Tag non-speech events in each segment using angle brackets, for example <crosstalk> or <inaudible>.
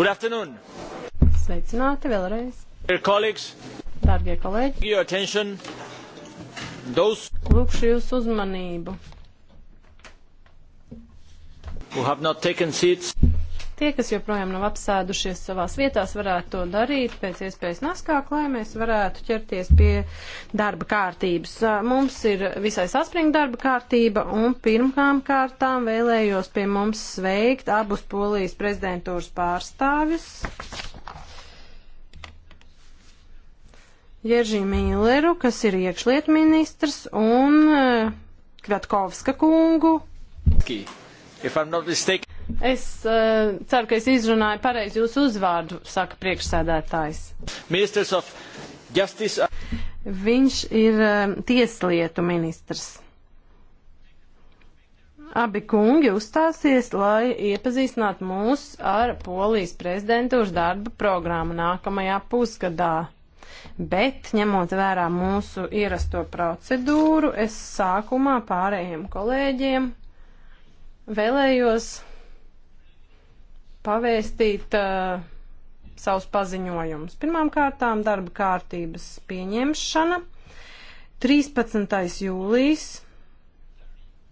Good afternoon. Sveicināti vēlreiz. Dear colleagues. Dārgie kolēģi. Your attention. Those. Lūkšu jūsu uzmanību. Who have not taken seats. Tie, kas joprojām nav apsēdušies savās vietās, varētu to darīt pēc iespējas naskāk, lai mēs varētu ķerties pie darba kārtības. Mums ir visai saspringta darba kārtība, un pirmām kārtām vēlējos pie mums sveikt abus polijas prezidentūras pārstāvis. Jeržī Mīleru, kas ir iekšlietu ministrs, un Kvetkovska kungu. If I'm not mistaken. Es uh, ceru, ka es izrunāju pareizi jūsu uzvārdu, saka priekšsēdētājs. Justice... Viņš ir uh, tieslietu ministrs. Abi kungi uzstāsies, lai iepazīstinātu mūs ar polijas prezidentūras darba programmu nākamajā pusgadā. Bet, ņemot vērā mūsu ierasto procedūru, es sākumā pārējiem kolēģiem vēlējos pavēstīt uh, savus paziņojumus. Pirmām kārtām darba kārtības pieņemšana 13. jūlijas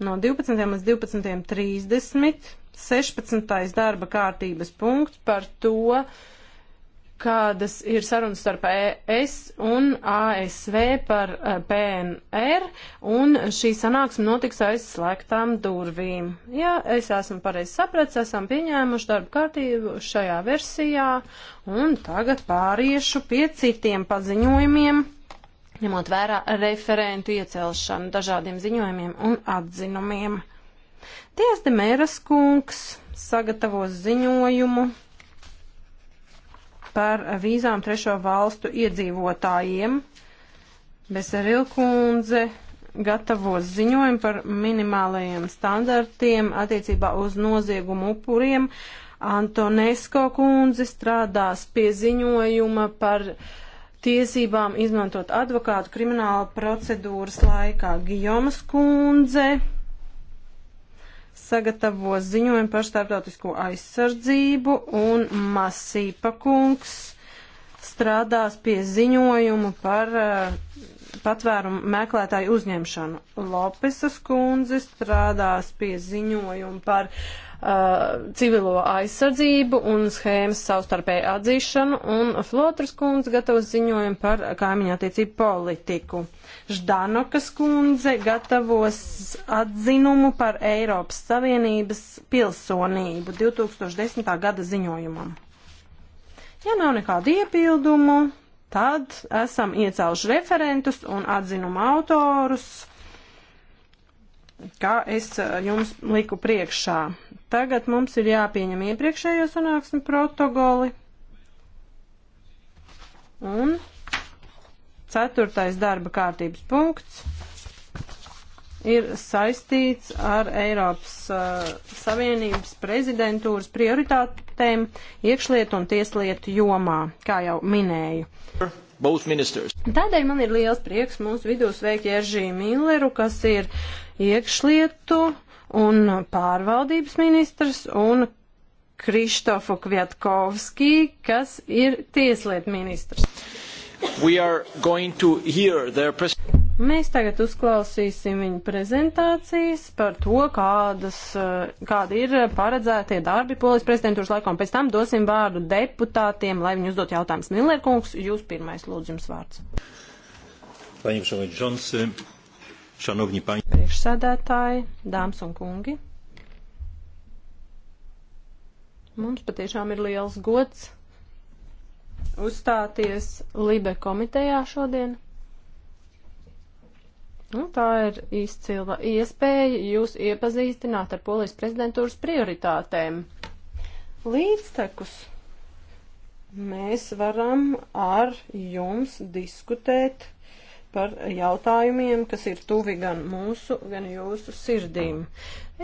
no 12. līdz 12.30. 16. darba kārtības punkts par to, uh, kādas ir sarunas starp ES un ASV par eh, PNR, un šī sanāksme notiks aiz slēgtām durvīm. Jā, es esmu pareizi sapratis, esam pieņēmuši darbu kārtību šajā versijā, un tagad pāriešu pie citiem paziņojumiem, ņemot vērā referentu iecelšanu dažādiem ziņojumiem un atzinumiem. Tiesdemēras kungs sagatavos ziņojumu par vīzām trešo valstu iedzīvotājiem. Beserilkundze gatavos ziņojumu par minimālajiem standartiem attiecībā uz noziegumu upuriem. Antonesko kundze strādās pie ziņojuma par tiesībām izmantot advokātu krimināla procedūras laikā. Gijomas kundze sagatavos ziņojumu par starptautisko aizsardzību un Masīpa kungs strādās pie ziņojumu par uh, patvērumu meklētāju uzņemšanu. Lopesas kundze strādās pie ziņojumu par uh, uh, civilo aizsardzību un schēmas savstarpēju atzīšanu, un Flotras kundze gatavos ziņojumu par kaimiņu attiecību politiku. Ždanokas kundze gatavos atzinumu par Eiropas Savienības pilsonību 2010. gada ziņojumam. Ja nav nekādu iebildumu, tad esam iecēluši referentus un atzinumu autorus kā es uh, jums liku priekšā. Tagad mums ir jāpieņem iepriekšējo sanāksmi protokoli. Un ceturtais darba kārtības punkts ir saistīts ar Eiropas uh, Savienības prezidentūras prioritātēm iekšlietu un tieslietu jomā, kā jau minēju. Tādēļ man ir liels prieks mūsu vidū sveikt Jeržī Milleru, kas ir uh, iekšlietu un pārvaldības ministrs un Krištofu Kvietkovski, kas ir tieslietu ministrs. Mēs tagad uzklausīsim viņa prezentācijas par to, kādas, kādi ir paredzētie darbi polijas prezidentūras laikā, un pēc tam dosim vārdu deputātiem, lai viņi uzdot jautājumus. Millerkungs, jūs pirmais lūdzu jums vārds. Panie Przewodniczący, Šanovņi paņi. Priekšsēdētāji, dāmas un kungi. Mums patiešām ir liels gods uzstāties Libe komitejā šodien. Nu, tā ir izcila iespēja jūs iepazīstināt ar polijas prezidentūras prioritātēm. Līdztekus mēs varam ar jums diskutēt par jautājumiem, kas ir tuvi gan mūsu, gan jūsu sirdīm.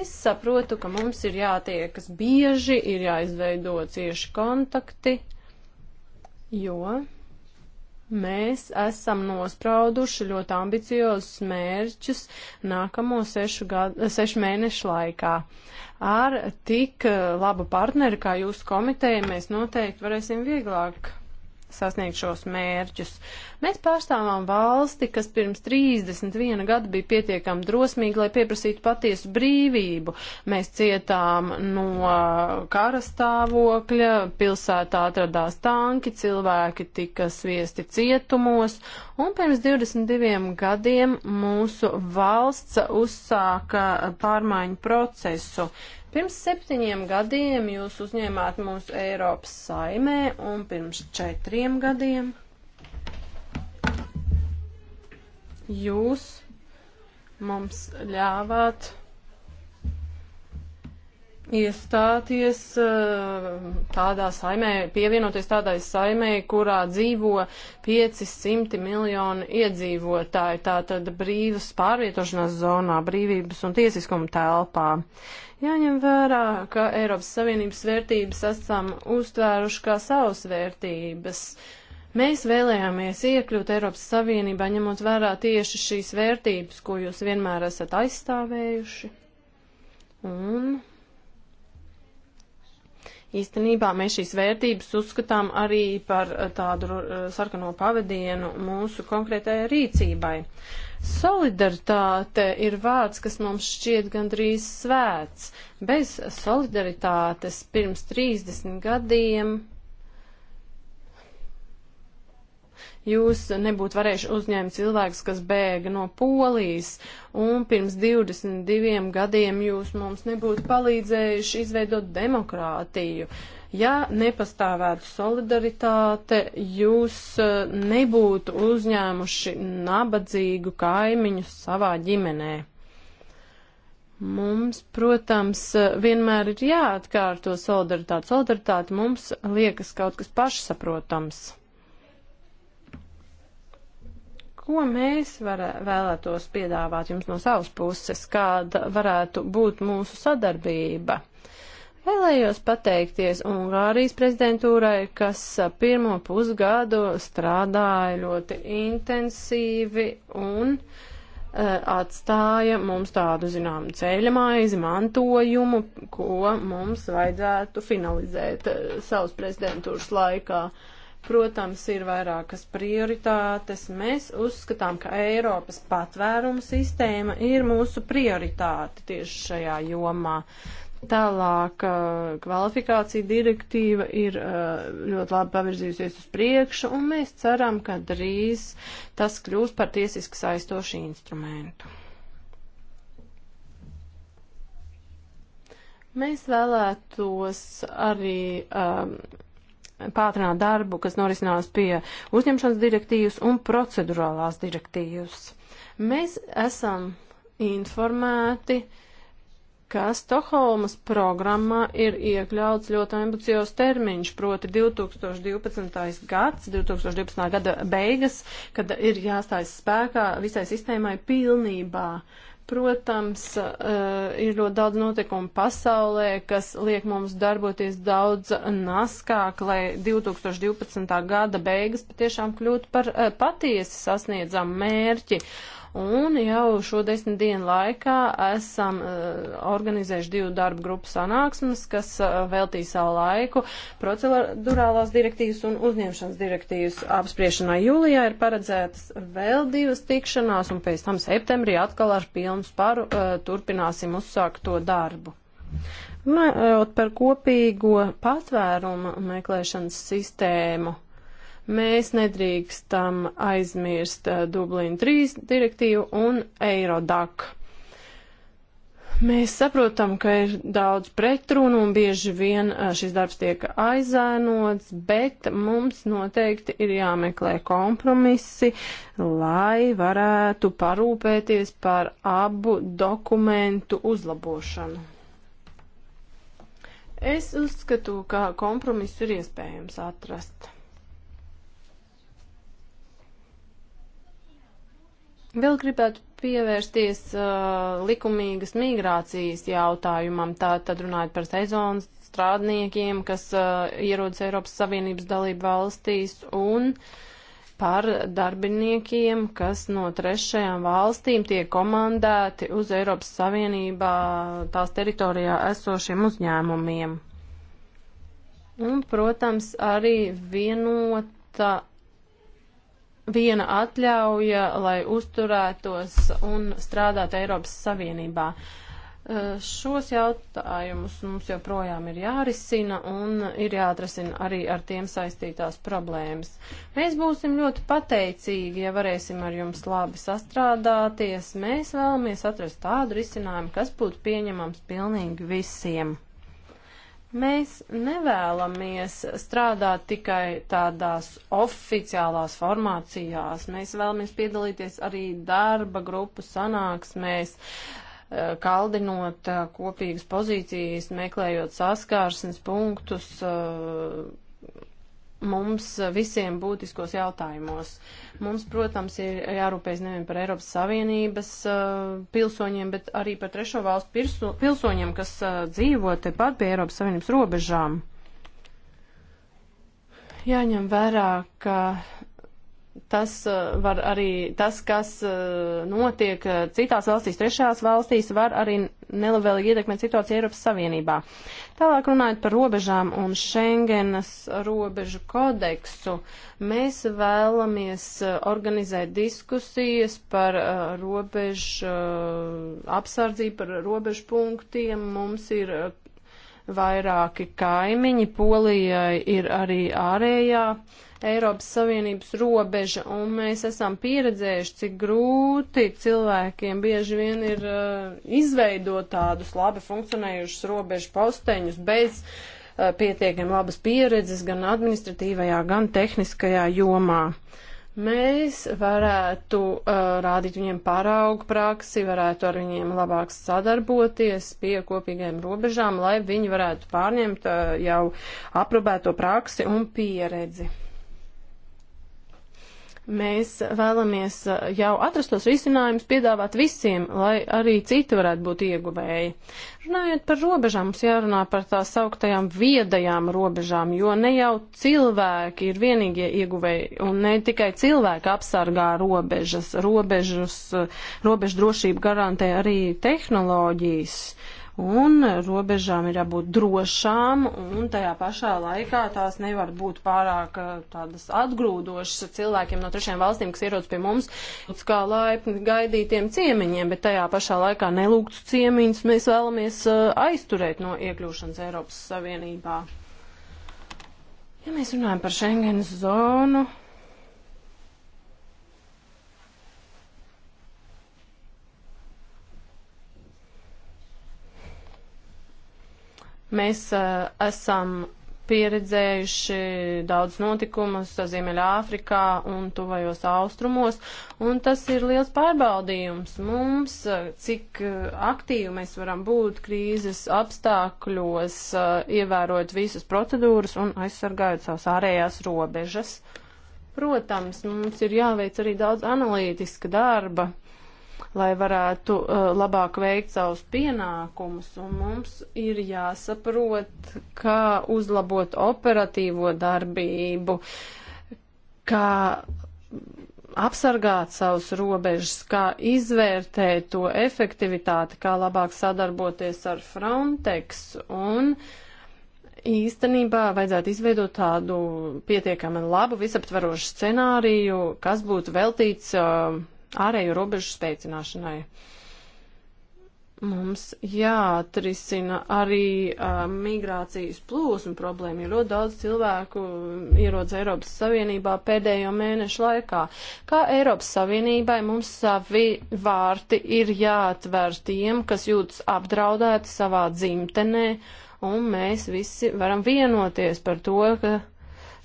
Es saprotu, ka mums ir jātiekas bieži, ir jāizveido cieši kontakti, jo mēs esam nosprauduši ļoti ambiciozus mērķus nākamo sešu, gadu, sešu mēnešu laikā. Ar tik labu partneri kā jūsu komiteja mēs noteikti varēsim vieglāk sasniegt šos mērķus. Mēs pārstāvām valsti, kas pirms 31 gadu bija pietiekami drosmīgi, lai pieprasītu patiesu brīvību. Mēs cietām no kara stāvokļa, pilsētā atradās tanki, cilvēki tika sviesti cietumos, un pirms 22 gadiem mūsu valsts uzsāka pārmaiņu procesu. Pirms septiņiem gadiem jūs uzņēmāt mūs Eiropas saimē un pirms četriem gadiem jūs mums ļāvāt iestāties eh, tādā saimē, pievienoties tādai saimē, kurā dzīvo 500 miljoni iedzīvotāji, tātad brīvas pārvietošanās zonā, brīvības un tiesiskuma telpā. Jāņem vērā, ka Eiropas Savienības vērtības esam uztvēruši kā savas vērtības. Mēs vēlējāmies iekļūt Eiropas Savienībā, ņemot vērā tieši šīs vērtības, ko jūs vienmēr esat aizstāvējuši. Un Īstenībā mēs šīs vērtības uzskatām arī par eh, tādu eh, sarkano pavadienu mūsu konkrētajai rīcībai. Solidaritāte ir vārds, kas mums šķiet gandrīz svēts. Bez solidaritātes pirms 30 gadiem jūs nebūtu varējuši uzņemt cilvēkus, kas bēga no Polijas, un pirms 22 gadiem jūs mums nebūtu palīdzējuši izveidot demokrātiju. Ja nepastāvētu solidaritāte, jūs eh, nebūtu uzņēmuši nabadzīgu kaimiņu savā ģimenē. Mums, protams, vienmēr ir jāatkārto solidaritāte. Solidaritāte mums liekas kaut kas pašsaprotams. Ko mēs varē, vēlētos piedāvāt jums no savas puses, kāda varētu būt mūsu sadarbība? Vēlējos pateikties Ungārijas prezidentūrai, kas pirmo pusgadu strādāja ļoti intensīvi un uh, atstāja mums tādu, zinām, ceļamaizi mantojumu, ko mums vajadzētu finalizēt uh, savas prezidentūras laikā. Uh, Protams, ir vairākas prioritātes. Mēs uzskatām, ka Eiropas patvērumu sistēma ir mūsu prioritāte tieši šajā jomā. Tālāk eh, kvalifikācija direktīva ir eh, ļoti labi pavirzījusies uz priekšu, un mēs ceram, ka drīz tas kļūs par tiesiski saistošu instrumentu. Mēs vēlētos arī um, pātrināt darbu, kas norisinās pie uzņemšanas direktīvas un procedurālās direktīvas. Mēs esam informēti, ka Stokholmas programmā ir iekļauts ļoti ambiciozs termiņš, proti 2012. gads, 2012. gada beigas, kad ir jāstājas spēkā visai sistēmai pilnībā. Uh, Protams, eh, ir ļoti daudz notikumu pasaulē, kas liek mums darboties daudz naskāk, lai 2012. gada beigas patiešām kļūtu par eh, patiesi sasniedzamu mērķi. Un jau šo desmit dienu laikā esam uh, organizējuši divu darbu grupu sanāksmes, kas uh, veltīja savu laiku procedurālās direktīvas un uzņemšanas direktīvas apspriešanai. Jūlijā ir paredzētas vēl divas tikšanās, un pēc tam septembrī atkal ar pilnu sparu uh, turpināsim uzsākt to darbu. Runājot par kopīgo patvērumu meklēšanas sistēmu, Mēs nedrīkstam aizmirst eh, Dublina 3 direktīvu un Eirodak. Mēs saprotam, ka ir daudz pretrunu un bieži vien eh, šis darbs tiek aizēnots, bet mums noteikti ir jāmeklē kompromisi, lai varētu parūpēties par abu dokumentu uzlabošanu. Es uzskatu, ka kompromisu ir iespējams atrast. Vēl gribētu pievērsties uh, likumīgas migrācijas jautājumam, tā tad runājot par sezonas strādniekiem, kas uh, ierodas Eiropas Savienības dalību valstīs un par darbiniekiem, kas no trešajām valstīm tiek komandēti uz Eiropas Savienībā tās teritorijā esošiem uzņēmumiem. Un, protams, arī vienota viena atļauja, lai uzturētos un strādātu Eiropas Savienībā. Eh, šos jautājumus mums joprojām ir jārisina un ir jāatrasina arī ar tiem saistītās problēmas. Mēs būsim ļoti pateicīgi, ja varēsim ar jums labi sastrādāties. Mēs vēlamies atrast tādu risinājumu, kas būtu pieņemams pilnīgi visiem. Mēs nevēlamies strādāt tikai tādās oficiālās formācijās. Mēs vēlamies piedalīties arī darba grupu sanāksmēs, eh, kaldinot eh, kopīgas pozīcijas, meklējot saskārsnes punktus, eh, mums visiem būtiskos jautājumos. Mums, protams, ir jārūpējas nevien par Eiropas Savienības uh, pilsoņiem, bet arī par trešo valstu pirso, pilsoņiem, kas uh, dzīvo tepat pie Eiropas Savienības robežām. Jāņem vērā, ka tas eh, var arī, tas, kas eh, notiek eh, citās valstīs, trešās valstīs, var arī nelabvēlīgi ietekmēt situāciju Eiropas Savienībā. Tālāk runājot par robežām un Schengenas robežu kodeksu, mēs vēlamies organizēt diskusijas par robežu apsardzību, par robežu punktiem. Mums ir vairāki kaimiņi. Polijai ir arī ārējā Eiropas Savienības robeža, un mēs esam pieredzējuši, cik grūti cilvēkiem bieži vien ir uh, izveidot tādus labi funkcionējušus robežu posteņus bez uh, pietiekami labas pieredzes gan administratīvajā, gan tehniskajā jomā. Uh, mēs varētu uh, rādīt viņiem paraugu praksi, varētu ar viņiem labāk sadarboties pie kopīgiem robežām, lai viņi varētu pārņemt uh, jau aprobēto praksi un pieredzi. Mēs vēlamies uh, jau atrastos risinājumus piedāvāt visiem, lai arī citi varētu būt ieguvēji. Runājot par robežām, mums jārunā par tās augtajām viedajām robežām, jo ne jau cilvēki ir vienīgie ieguvēji, un ne tikai cilvēki apsargā robežas. Robežus, uh, robežu drošību garantē arī tehnoloģijas. Uh, un robežām ir jābūt drošām, un tajā pašā laikā tās nevar būt pārāk eh, tādas atgrūdošas cilvēkiem no trešajām valstīm, kas ierodas pie mums, kā laipni gaidītiem ciemiņiem, bet tajā pašā laikā nelūgtus ciemiņus mēs vēlamies eh, aizturēt no iekļūšanas Eiropas Savienībā. Ja mēs runājam par Schengenas zonu, Mēs uh, esam pieredzējuši daudz notikumus Ziemeļāfrikā un tuvajos austrumos, un tas ir liels pārbaudījums mums, cik aktīvi mēs varam būt krīzes apstākļos, ievērojot visas procedūras un aizsargājot savas ārējās robežas. Protams, mums ir jāveic arī daudz analītiska darba, lai varētu uh, labāk veikt savus pienākumus, un mums ir jāsaprot, kā uzlabot operatīvo darbību, kā apsargāt savus robežas, kā izvērtēt to efektivitāti, kā labāk sadarboties ar Frontex un īstenībā vajadzētu izveidot tādu pietiekami labu visaptverošu scenāriju, kas būtu veltīts uh, ārēju robežu spēcināšanai. Mums jāatrisina arī uh, migrācijas plūsmu problēma, jo ļoti daudz cilvēku ierodas Eiropas Savienībā pēdējo mēnešu laikā. Kā Eiropas Savienībai mums savi vārti ir jāatver tiem, kas jūtas apdraudēti savā dzimtenē, un mēs visi varam vienoties par to, ka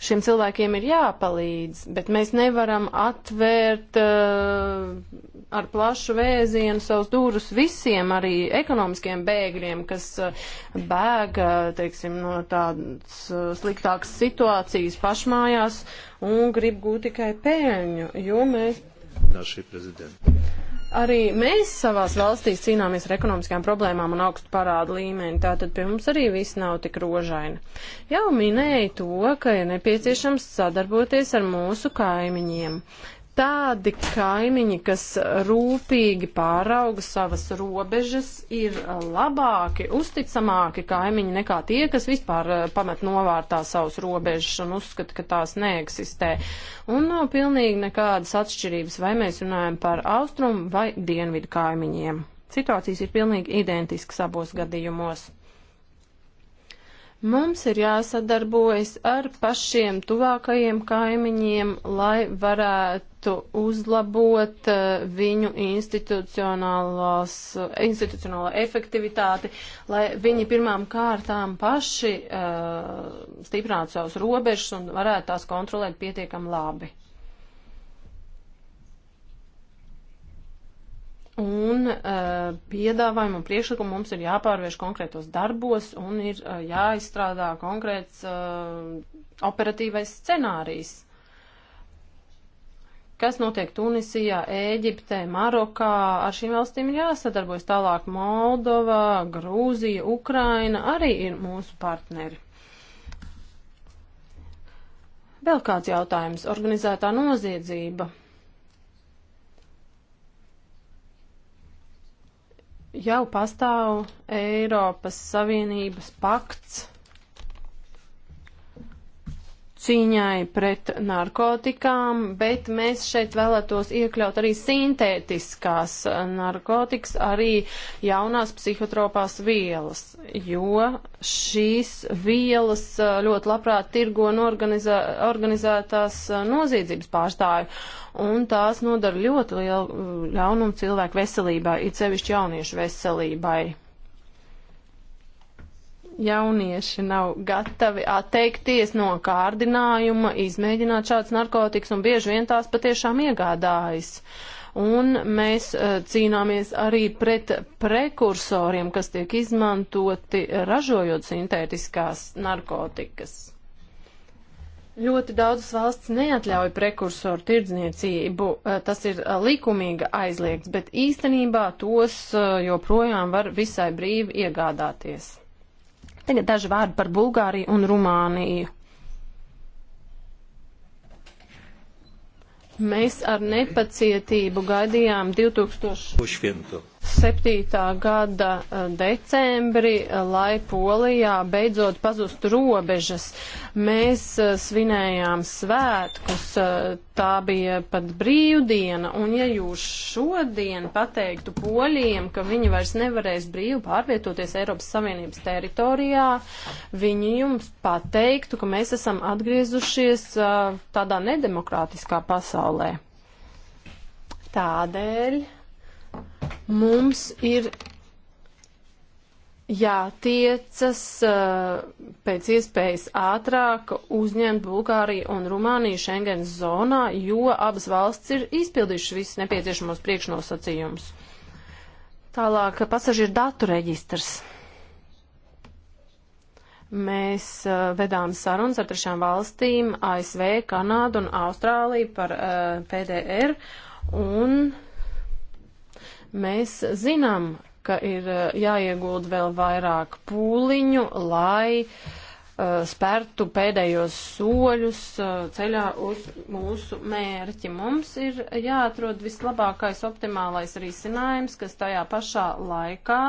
Šiem cilvēkiem ir jāpalīdz, bet mēs nevaram atvērt uh, ar plašu vēzienu savus dūrus visiem, arī ekonomiskiem bēgļiem, kas uh, eh, bēga, eh, teiksim, no tādas uh, sliktākas situācijas pašmājās un grib gūt tikai pēļņu, jo mēs. Naši prezidenti arī mēs savās valstīs cīnāmies ar ekonomiskām problēmām un augstu parādu līmeni, tātad pie mums arī viss nav tik rožaini. Jau minēju to, ka ir nepieciešams sadarboties ar mūsu kaimiņiem tādi kaimiņi, kas rūpīgi pārauga savas robežas, ir labāki, uzticamāki kaimiņi nekā tie, kas vispār eh, pamet novārtā savus robežas un uzskata, ka tās neeksistē. Un nav pilnīgi nekādas atšķirības, vai mēs runājam par austrumu vai dienvidu kaimiņiem. Situācijas ir pilnīgi identiskas abos gadījumos. Mums ir jāsadarbojas ar pašiem tuvākajiem kaimiņiem, lai varētu uzlabot eh, viņu eh, institucionālo efektivitāti, lai viņi pirmām kārtām paši uh, stiprinātu savus robežus un varētu tās kontrolēt pietiekam labi. Un uh, piedāvājumu un priekšlikumu mums ir jāpārvērš konkrētos darbos un ir uh, jāizstrādā konkrēts uh, operatīvais scenārijs. Kas notiek Tunisijā, Ēģiptē, Marokā, ar šīm valstīm ir jāsadarbojas tālāk Moldova, Grūzija, Ukraina arī ir mūsu partneri. Vēl kāds jautājums - organizētā noziedzība Jau pastāv Eiropas Savienības pakts cīņai pret narkotikām, bet mēs šeit vēlētos iekļaut arī sintētiskās narkotikas, arī jaunās psihotropās vielas, jo šīs vielas uh, ļoti labprāt tirgo un organizē, organizētās uh, noziedzības pārstāju, un tās nodara ļoti lielu uh, ļaunumu cilvēku veselībai, it sevišķi jauniešu veselībai jaunieši nav gatavi atteikties no kārdinājuma, izmēģināt šāds narkotikas un bieži vien tās patiešām iegādājas. Un mēs uh, cīnāmies arī pret prekursoriem, kas tiek izmantoti ražojot sintētiskās narkotikas. Ļoti daudzas valsts neatļauj prekursoru tirdzniecību, eh, tas ir eh, likumīga aizliegts, bet īstenībā tos joprojām var visai brīvi iegādāties. Tagad daži vārdi par Bulgāriju un Rumāniju. Mēs ar nepacietību gaidījām 2000. 2007. gada eh, decembri, eh, lai Polijā beidzot pazust robežas. Mēs eh, svinējām svētkus, tā bija pat brīvdiena, un ja jūs šodien pateiktu Poļiem, ka viņi vairs nevarēs brīvi pārvietoties Eiropas Savienības teritorijā, viņi jums pateiktu, ka mēs esam atgriezušies tādā nedemokrātiskā pasaulē. Tādēļ Mums ir jātiecas eh, pēc iespējas ātrāk uzņemt Bulgāriju un Rumāniju Schengens zonā, jo abas valsts ir izpildījušas visus nepieciešamos priekšnosacījumus. Tālāk eh, pasažieru datu reģistrs. Mēs eh, vedām sarunas ar trešām valstīm - ASV, Kanādu un Austrāliju par uh, PDR un uh, Mēs zinām, ka ir uh, jāiegulda vēl vairāk pūliņu, lai uh, spērtu pēdējos soļus uh, ceļā uz mūsu mērķi. Mums ir jāatrod vislabākais optimālais risinājums, kas tajā pašā laikā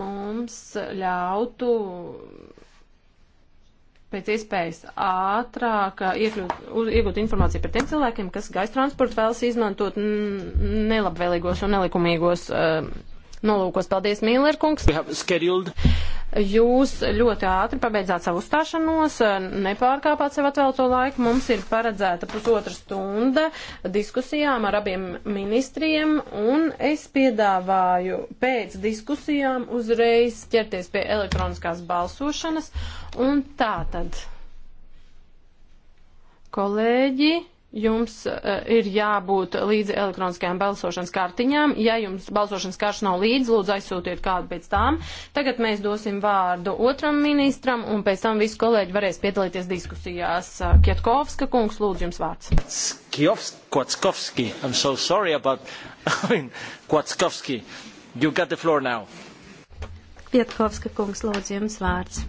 mums ļautu pēc iespējas ātrāk uh, iekļūt, iegūt informāciju par tiem cilvēkiem, kas gaisa transportu vēlas izmantot nelabvēlīgos un nelikumīgos uh, nolūkos. Paldies, Mīlēr kungs! Jūs ļoti ātri pabeidzāt savu uzstāšanos, nepārkāpāt sev atvēlto laiku. Mums ir paredzēta pusotra stunda diskusijām ar abiem ministriem, un es piedāvāju pēc diskusijām uzreiz ķerties pie elektroniskās balsošanas. Un tā tad, kolēģi jums uh, ir jābūt līdzi elektroniskajām balsošanas kartiņām. Ja jums balsošanas karš nav līdzi, lūdzu aizsūtiet kādu pēc tām. Tagad mēs dosim vārdu otram ministram, un pēc tam visi kolēģi varēs piedalīties diskusijās. Eh, Kietkovska kungs, lūdzu jums vārds. Kvatskovski, I'm so sorry about, <laughs> I mean, Kvatskovski, you got the floor now. Kvietkovska kungs, lūdzu jums vārds.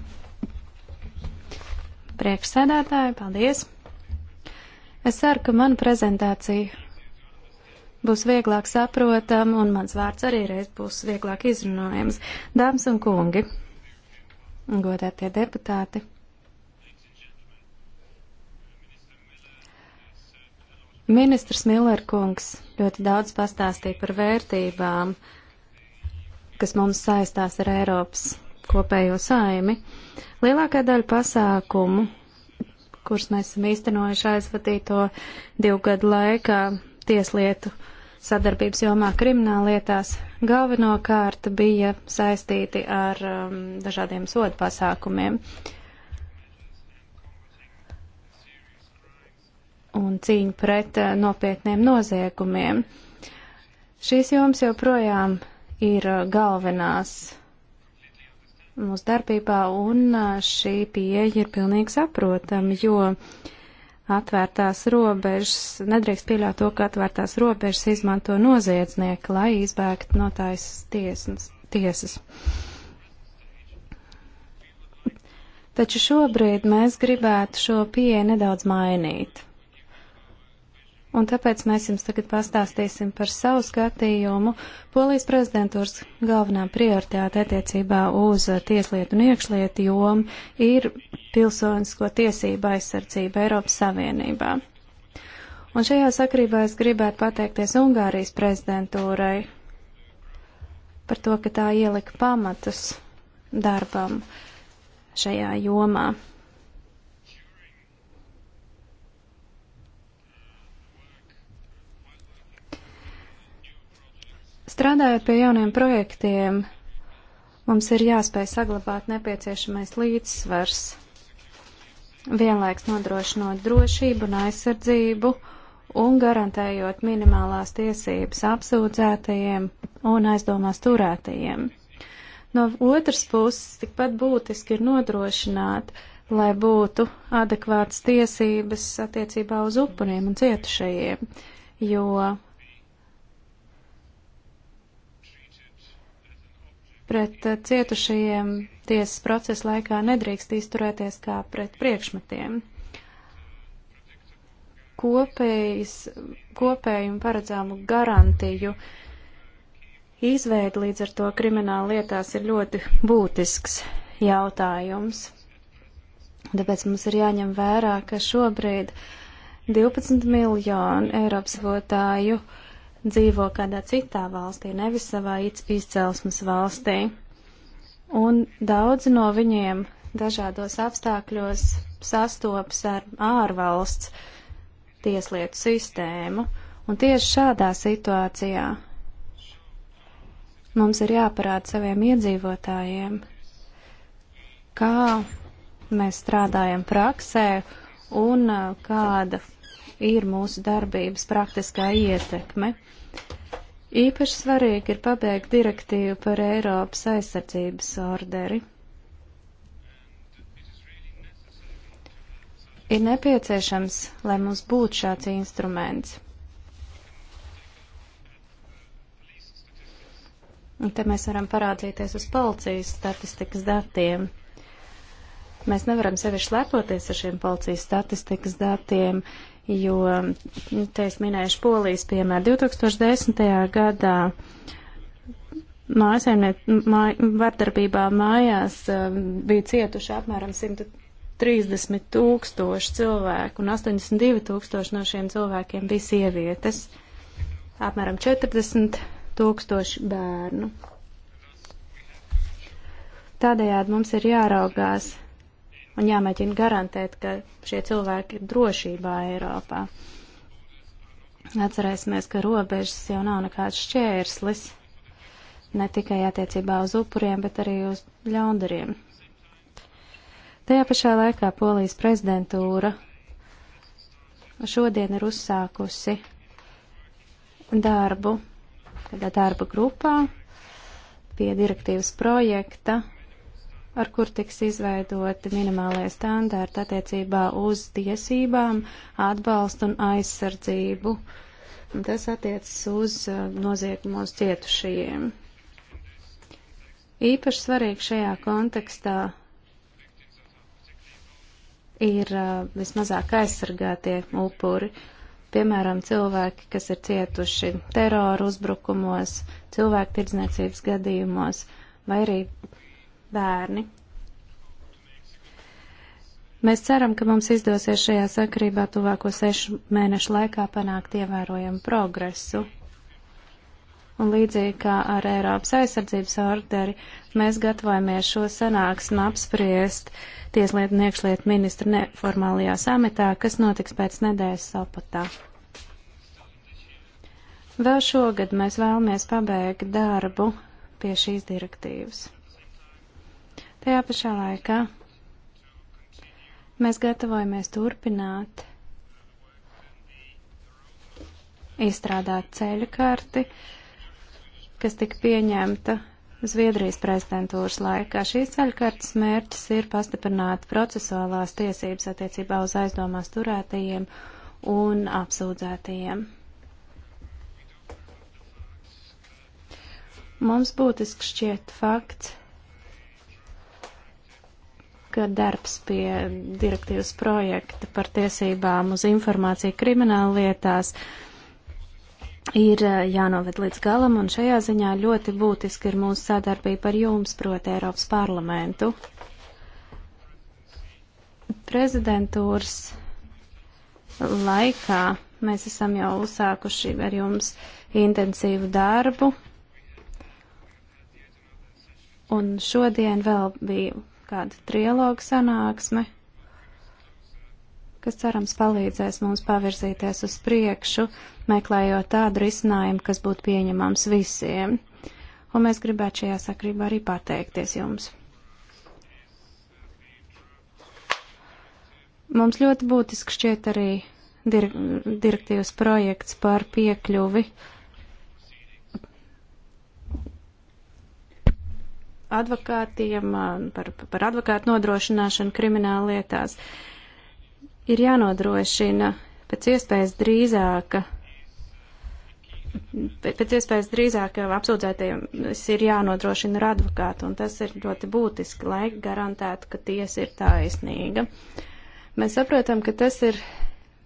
Priekšsēdētāji, paldies. Es ceru, ka mana prezentācija būs vieglāk saprotama un mans vārds arī reiz būs vieglāk izrunājams. Dāmas un kungi, godētie deputāti. Ministrs Millerkungs ļoti daudz pastāstīja par vērtībām, kas mums saistās ar Eiropas kopējo saimi. Lielākā daļa pasākumu kuras mēs esam īstenojuši aizvadīto divu gadu laikā tieslietu sadarbības jomā krimināllietās, galvenokārt bija saistīti ar um, dažādiem sodu pasākumiem un cīņu pret uh, nopietniem noziegumiem. Šīs joms joprojām ir uh, galvenās mūsu darbībā, un šī pieeja ir pilnīgi saprotama, jo atvērtās robežas, nedrīkst pieļaut to, ka atvērtās robežas izmanto noziedznieki, lai izbēgtu no taisas tiesas. tiesas. Taču šobrīd mēs gribētu šo pieeju nedaudz mainīt un tāpēc mēs jums tagad pastāstīsim par savu skatījumu Polijas prezidentūras galvenā prioritāte attiecībā uz tieslietu un iekšlietu jomu ir pilsonisko tiesību aizsardzība Eiropas Savienībā. Un šajā sakrībā es gribētu pateikties Ungārijas prezidentūrai par to, ka tā ielika pamatus darbam šajā jomā. Strādājot pie jauniem projektiem, mums ir jāspēj saglabāt nepieciešamais līdzsvars, vienlaiks nodrošinot drošību un aizsardzību un garantējot minimālās tiesības apsūdzētajiem un aizdomās turētajiem. No otras puses, tikpat būtiski ir nodrošināt, lai būtu adekvātas tiesības attiecībā uz upuriem un cietušajiem, jo Pret eh, cietušajiem tiesas procesa laikā nedrīkst izturēties kā pret priekšmetiem. Kopējas, kopēju un paredzāmu garantiju izveidi līdz ar to krimināla lietās ir ļoti būtisks jautājums. Tāpēc mums ir jāņem vērā, ka šobrīd 12 miljonu Eiropas votāju uh, dzīvo kādā citā valstī, nevis savā izcelsmes valstī. Un daudzi no viņiem dažādos apstākļos sastopas ar ārvalsts tieslietu sistēmu. Un tieši šādā situācijā mums ir jāparāda saviem iedzīvotājiem, kā mēs strādājam praksē un uh, kāda ir mūsu darbības praktiskā ietekme. Īpaši svarīgi ir pabeigt direktīvu par Eiropas aizsardzības orderi. Ir nepieciešams, lai mums būtu šāds instruments. Un te mēs varam parādīties uz policijas statistikas datiem. Mēs nevaram sevišķi lepoties ar šiem policijas statistikas datiem, jo, nu, te es minējuši polijas piemēru, 2010. gadā mājasemniet, māj, vardarbībā mājās um, bija cietuši apmēram 130 tūkstoši cilvēku, un 82 tūkstoši no šiem cilvēkiem bija sievietes, apmēram 40 tūkstoši bērnu. Tādējādi mums ir jāraugās un jāmēģina garantēt, ka šie cilvēki ir drošībā Eiropā. Atcerēsimies, ka robežas jau nav nekāds šķērslis, ne tikai attiecībā uz upuriem, bet arī uz ļaundariem. Tajā pašā laikā Polijas prezidentūra šodien ir uzsākusi darbu, tādā darba grupā pie direktīvas projekta, ar kur tiks izveidoti minimālie standārti attiecībā uz tiesībām, atbalstu un aizsardzību. Un tas attiecas uz uh, noziegumos cietušajiem. Īpaši svarīgi šajā kontekstā ir uh, vismazāk aizsargātie upuri, piemēram, cilvēki, kas ir cietuši terora uzbrukumos, cilvēku tirdzniecības gadījumos vai arī bērni. Mēs ceram, ka mums izdosies šajā sakarībā tuvāko sešu mēnešu laikā panākt ievērojamu progresu. Un līdzīgi kā ar Eiropas aizsardzības orderi, mēs gatavojamies šo sanāksmu apspriest Tieslietu un iekšlietu ministra neformālajā samitā, kas notiks pēc nedēļas Sopotā. Vēl šogad mēs vēlamies pabeigt darbu pie šīs direktīvas. Tajā pašā laikā mēs gatavojamies turpināt izstrādāt ceļu karti, kas tika pieņemta Zviedrijas prezidentūras laikā. Šīs ceļkartes mērķis ir pastiprināt procesuālās tiesības attiecībā uz aizdomās turētajiem un apsūdzētajiem. Mums būtisks šķiet fakts, ka darbs pie direktīvas projekta par tiesībām uz informāciju krimināla lietās ir eh, jānoved līdz galam, un šajā ziņā ļoti būtiski ir mūsu sadarbība ar jums, proti Eiropas parlamentu. Prezidentūras laikā mēs esam jau uzsākuši ar jums intensīvu darbu, un šodien vēl bija kāda trialoga sanāksme, kas cerams palīdzēs mums pavirzīties uz priekšu, meklējot tādu risinājumu, kas būtu pieņemams visiem. Un mēs gribētu šajā sakrībā arī pateikties jums. Mums ļoti būtiski šķiet arī dir direktīvas projekts par piekļuvi uh, advokātiem, par, par advokātu nodrošināšanu krimināla lietās. Ir jānodrošina pēc iespējas drīzāka, pēc iespējas drīzāk apsūdzētajiem ir jānodrošina ar advokātu, un tas ir ļoti būtiski, lai garantētu, ka tiesa ir taisnīga. Mēs saprotam, ka tas ir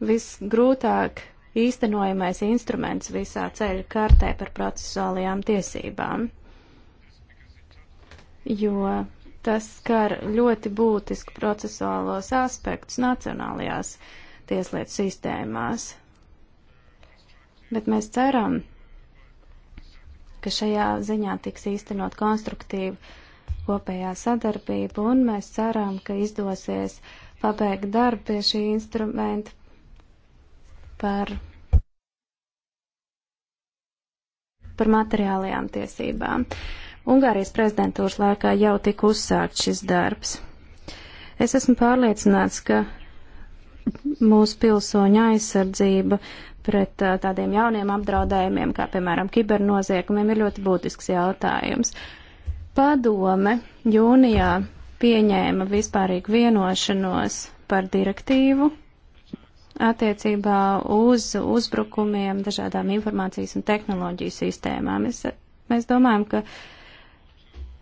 visgrūtāk īstenojamais instruments visā ceļa kartē par procesuālajām tiesībām jo tas skar ļoti būtisku procesuālos aspektus nacionālajās tieslietu sistēmās. Bet mēs ceram, ka šajā ziņā tiks īstenot konstruktīva kopējā sadarbība, un mēs ceram, ka izdosies pabeigt darbu pie šī instrumenta par, par materiālajām tiesībām. Uh, Ungārijas prezidentūras laikā jau tika uzsākt šis darbs. Es esmu pārliecināts, ka mūsu pilsoņu aizsardzība pret tādiem jauniem apdraudējumiem, kā piemēram kibernoziegumiem, ir ļoti būtisks jautājums. Padome jūnijā pieņēma vispārīgu vienošanos par direktīvu attiecībā uz uzbrukumiem dažādām informācijas un tehnoloģiju sistēmām. Es, mēs domājam, ka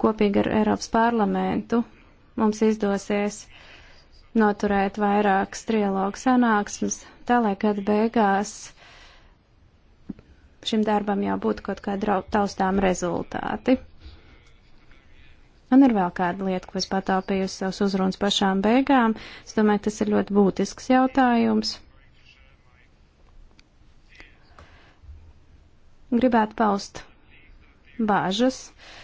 kopīgi ar Eiropas parlamentu mums izdosies noturēt vairākas trialogu sanāksmes, tā lai gada beigās šim darbam jau būtu kaut kādi taustām rezultāti. Man ir vēl kāda lieta, ko es pataupīju uz savas uzrunas pašām beigām. Es domāju, tas ir ļoti būtisks jautājums. Gribētu paust bāžas. Uh,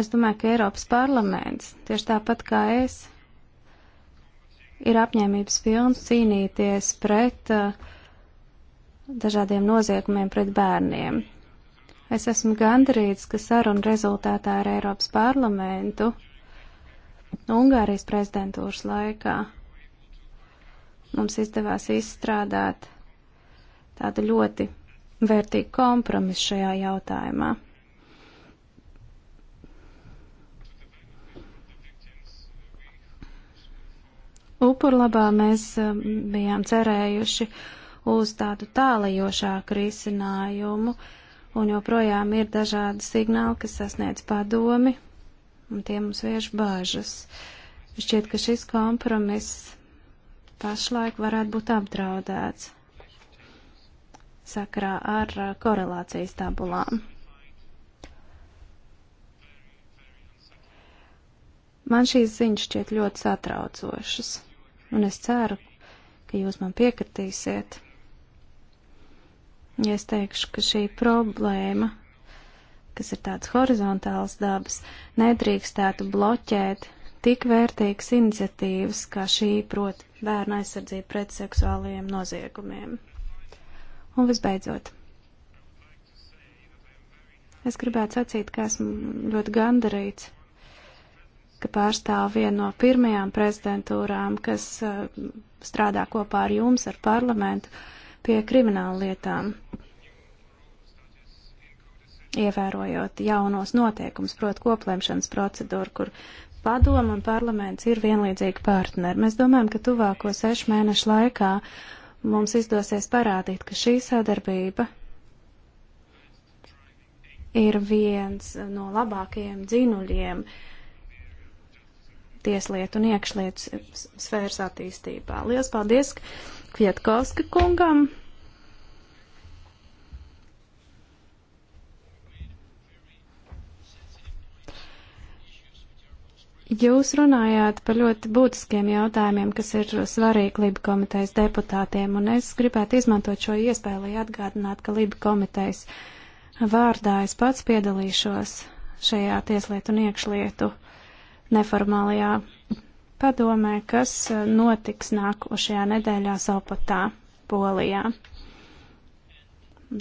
Es domāju, ka Eiropas parlaments, tieši tāpat kā es, ir apņēmības pilns cīnīties pret uh, dažādiem noziegumiem pret bērniem. Es esmu gandarīts, ka saruna rezultātā ar Eiropas parlamentu Ungārijas prezidentūras laikā mums izdevās izstrādāt tādu ļoti vērtīgu kompromisu šajā jautājumā. Upurlabā mēs um, bijām cerējuši uz tādu tālajošāku risinājumu, un joprojām ir dažādi signāli, kas sasniedz padomi, un tie mums vieš bāžas. Šķiet, ka šis kompromiss pašlaik varētu būt apdraudēts sakarā ar uh, korelācijas tabulām. Man šīs ziņas šķiet ļoti satraucošas, un es ceru, ka jūs man piekritīsiet. Ja es teikšu, ka šī problēma, kas ir tāds horizontāls dabas, nedrīkstētu bloķēt tik vērtīgas iniciatīvas, kā šī prot bērna aizsardzība pret seksuālajiem noziegumiem. Un visbeidzot, es gribētu sacīt, ka esmu ļoti gandarīts ka pārstāv vienu no pirmajām prezidentūrām, kas uh, strādā kopā ar jums, ar parlamentu, pie krimināla lietām, ievērojot jaunos noteikums, prot koplemšanas procedūru, kur padoma un parlaments ir vienlīdzīgi partneri. Mēs domājam, ka tuvāko sešu mēnešu laikā mums izdosies parādīt, ka šī sadarbība ir viens no labākajiem dzinuļiem, uh, tieslietu un iekšlietu sfēras attīstībā. Lielas paldies Kvietkovska kungam! Jūs runājāt par ļoti būtiskiem jautājumiem, kas ir svarīgi Liba komitejas deputātiem, un es gribētu izmantot šo iespēju, lai atgādinātu, ka Liba komitejas vārdā es pats piedalīšos šajā tieslietu un iekšlietu neformālajā padomē, kas uh, notiks nākošajā nedēļā Sopotā, Polijā.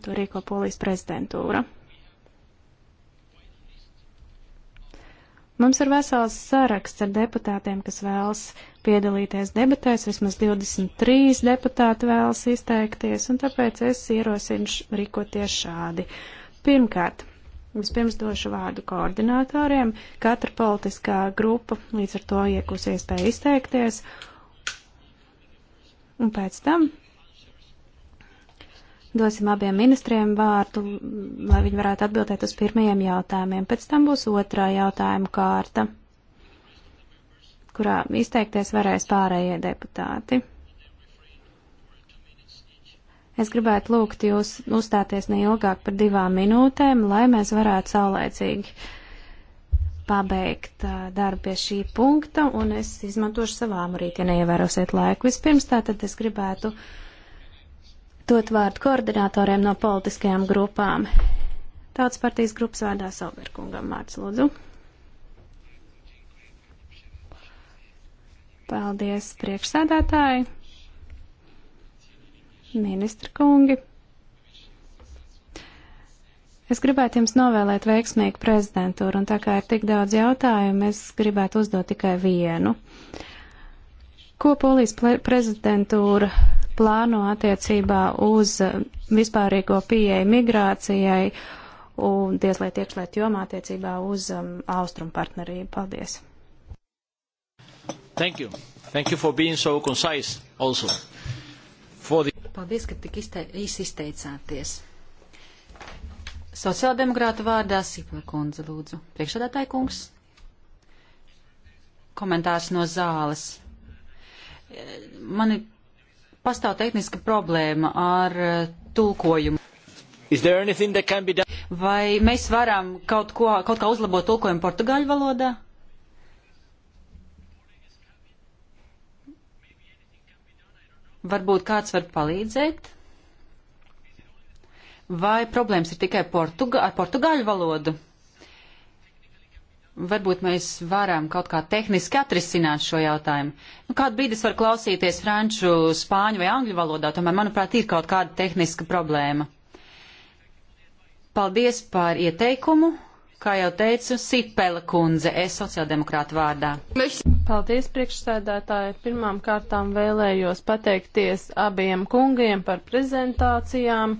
To rīko Polijas prezidentūra. Mums ir vesels saraksts ar deputātiem, kas vēlas piedalīties debatēs, vismaz 23 deputāti vēlas izteikties, un tāpēc es ierosinu rīkoties šādi. Pirmkārt, Vispirms došu vārdu koordinātoriem. Katra politiskā grupa līdz ar to iegūs iespēju izteikties. Un pēc tam dosim abiem ministriem vārdu, lai viņi varētu atbildēt uz pirmajiem jautājumiem. Pēc tam būs otrā jautājuma kārta, kurā izteikties varēs pārējie deputāti. Es gribētu lūgt jūs uzstāties neilgāk par divām minūtēm, lai mēs varētu saulēcīgi pabeigt uh, darbu pie šī punkta, un es izmantošu savām rīt, ja neievērosiet laiku. Vispirms tātad es gribētu dot vārdu koordinatoriem no politiskajām grupām. Tautas partijas grupas vārdā Sauberkungam vārds lūdzu. Paldies, priekšsēdētāji! ministra kungi. Es gribētu jums novēlēt veiksmīgu prezidentūru, un tā kā ir tik daudz jautājumu, es gribētu uzdot tikai vienu. Ko polijas prezidentūra plāno attiecībā uz vispārīgo pieeju migrācijai un tieslietu iekšlietu jomā attiecībā uz um, austrumu partnerību? Paldies! Thank you. Thank you for being so concise also the... Paldies, ka tik izte... īsi izteicāties. Sociāldemokrāta vārdā Sipla kundze, lūdzu. Priekšsēdētāji kungs. Komentārs no zāles. Man ir pastāv tehniska problēma ar eh, tulkojumu. Vai mēs varam kaut, ko, kaut kā uzlabot tulkojumu portugāļu valodā? Varbūt kāds var palīdzēt? Vai problēmas ir tikai portuga ar portugāļu valodu? Varbūt mēs varam kaut kā tehniski atrisināt šo jautājumu. Nu, kādu brīdi es varu klausīties franču, spāņu vai angļu valodā, tomēr, manuprāt, ir kaut kāda tehniska problēma. Paldies par ieteikumu kā jau teicu, Sipela kundze, es sociāldemokrātu vārdā. Paldies, priekšsēdētāji. Pirmām kārtām vēlējos pateikties abiem kungiem par prezentācijām.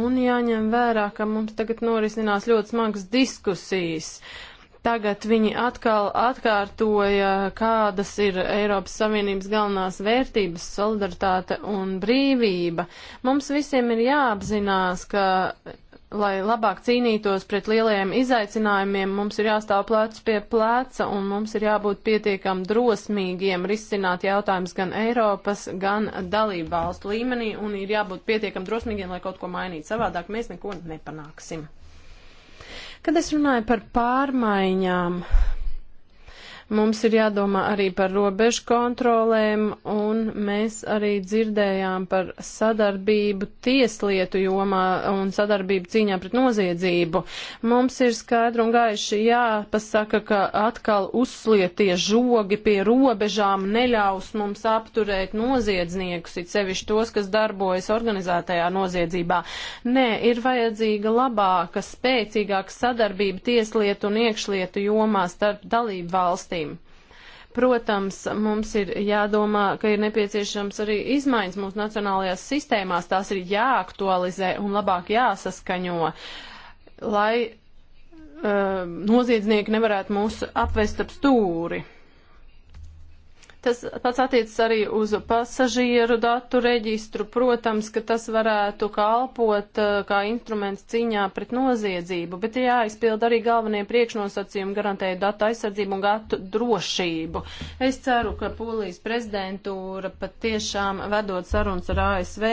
Un jāņem vērā, ka mums tagad norisinās ļoti smagas diskusijas. Tagad viņi atkal atkārtoja, kādas ir Eiropas Savienības galvenās vērtības - solidaritāte un brīvība. Mums visiem ir jāapzinās, ka lai labāk cīnītos pret lielajiem izaicinājumiem, mums ir jāstāv plecs pie pleca un mums ir jābūt pietiekam drosmīgiem risināt jautājumus gan Eiropas, gan dalību valstu līmenī un ir jābūt pietiekam drosmīgiem, lai kaut ko mainītu. Savādāk mēs neko nepanāksim. Kad es runāju par pārmaiņām, Mums ir jādomā arī par robežu kontrolēm, un mēs arī dzirdējām par sadarbību tieslietu jomā un sadarbību cīņā pret noziedzību. Mums ir skaidri un gaiši jāpasaka, ka atkal uzslietie žogi pie robežām neļaus mums apturēt noziedzniekus, it sevišķi tos, kas darbojas organizētajā noziedzībā. Nē, ir vajadzīga labāka, spēcīgāka sadarbība tieslietu un iekšlietu jomā starp dalību valstīm valstīm. Protams, mums ir jādomā, ka ir nepieciešams arī izmaiņas mūsu nacionālajās sistēmās, tās ir jāaktualizē un labāk jāsaskaņo, lai uh, noziedznieki nevarētu mūs apvest ap stūri. Tas pats attiecas arī uz pasažieru datu reģistru. Protams, ka tas varētu kalpot uh, kā instruments cīņā pret noziedzību, bet ir jāizpild arī galvenie priekšnosacījumi garantēja datu aizsardzību un datu drošību. Es ceru, ka Polijas prezidentūra patiešām vedot sarunas ar ASV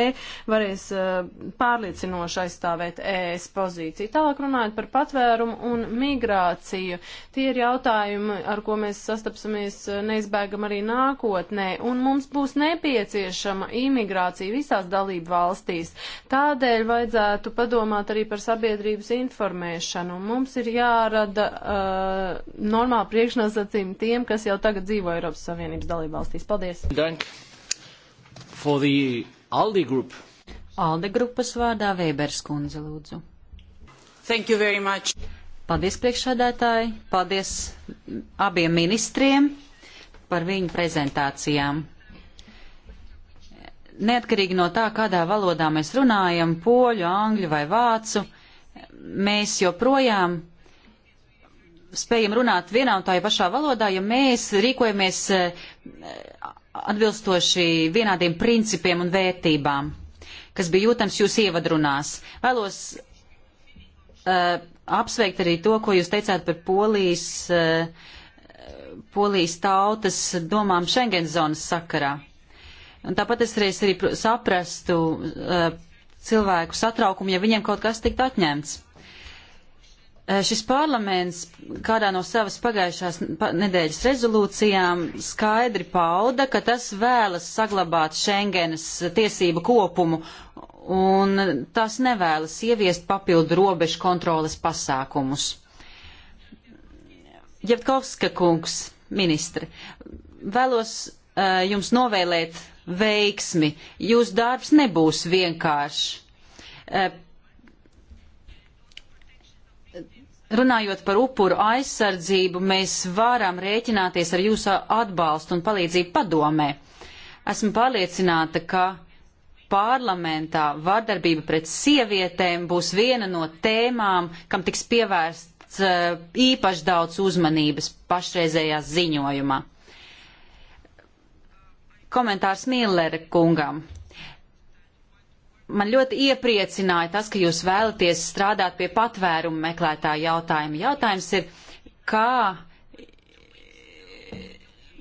varēs uh, pārliecinoši aizstāvēt ES pozīciju. Tālāk runājot par patvērumu un migrāciju. Tie ir jautājumi, ar ko mēs sastapsimies uh, neizbēgam arī nākotnē nākotnē, un mums būs nepieciešama imigrācija visās dalību valstīs. Tādēļ vajadzētu padomāt arī par sabiedrības informēšanu. Mums ir jārada uh, normāla priekšnosacījuma tiem, kas jau tagad dzīvo Eiropas Savienības dalību valstīs. Paldies! Dank. For the ALDE group. ALDE grupas vārdā Vēbers kundze lūdzu. Thank you very much. Paldies priekšsādātāji, paldies abiem ministriem par viņu prezentācijām. Neatkarīgi no tā, kādā valodā mēs runājam, poļu, angļu vai vācu, mēs joprojām spējam runāt vienā un tā pašā valodā, ja mēs rīkojamies eh, atbilstoši vienādiem principiem un vērtībām, kas bija jūtams jūs ievadrunās. Vēlos uh, apsveikt arī to, ko jūs teicāt par polijas uh, polijas tautas domām Schengen zonas sakarā. Un tāpat es reiz arī saprastu uh, cilvēku satraukumu, ja viņiem kaut kas tiktu atņemts. Uh, šis parlaments kādā no savas pagājušās nedēļas rezolūcijām skaidri pauda, ka tas vēlas saglabāt Schengenas tiesību kopumu un tas nevēlas ieviest papildu robežu kontroles pasākumus. Jevkovska kungs, ministri, vēlos uh, jums novēlēt veiksmi. Jūsu darbs nebūs vienkāršs. Uh, runājot par upuru aizsardzību, mēs varam rēķināties ar jūsu atbalstu un palīdzību padomē. Esmu pārliecināta, ka parlamentā vardarbība pret sievietēm būs viena no tēmām, kam tiks pievērst pievērsts eh, īpaši daudz uzmanības pašreizējā ziņojumā. Komentārs Millera kungam. Man ļoti iepriecināja tas, ka jūs vēlaties strādāt pie patvērumu meklētāju jautājuma. Jautājums ir, kā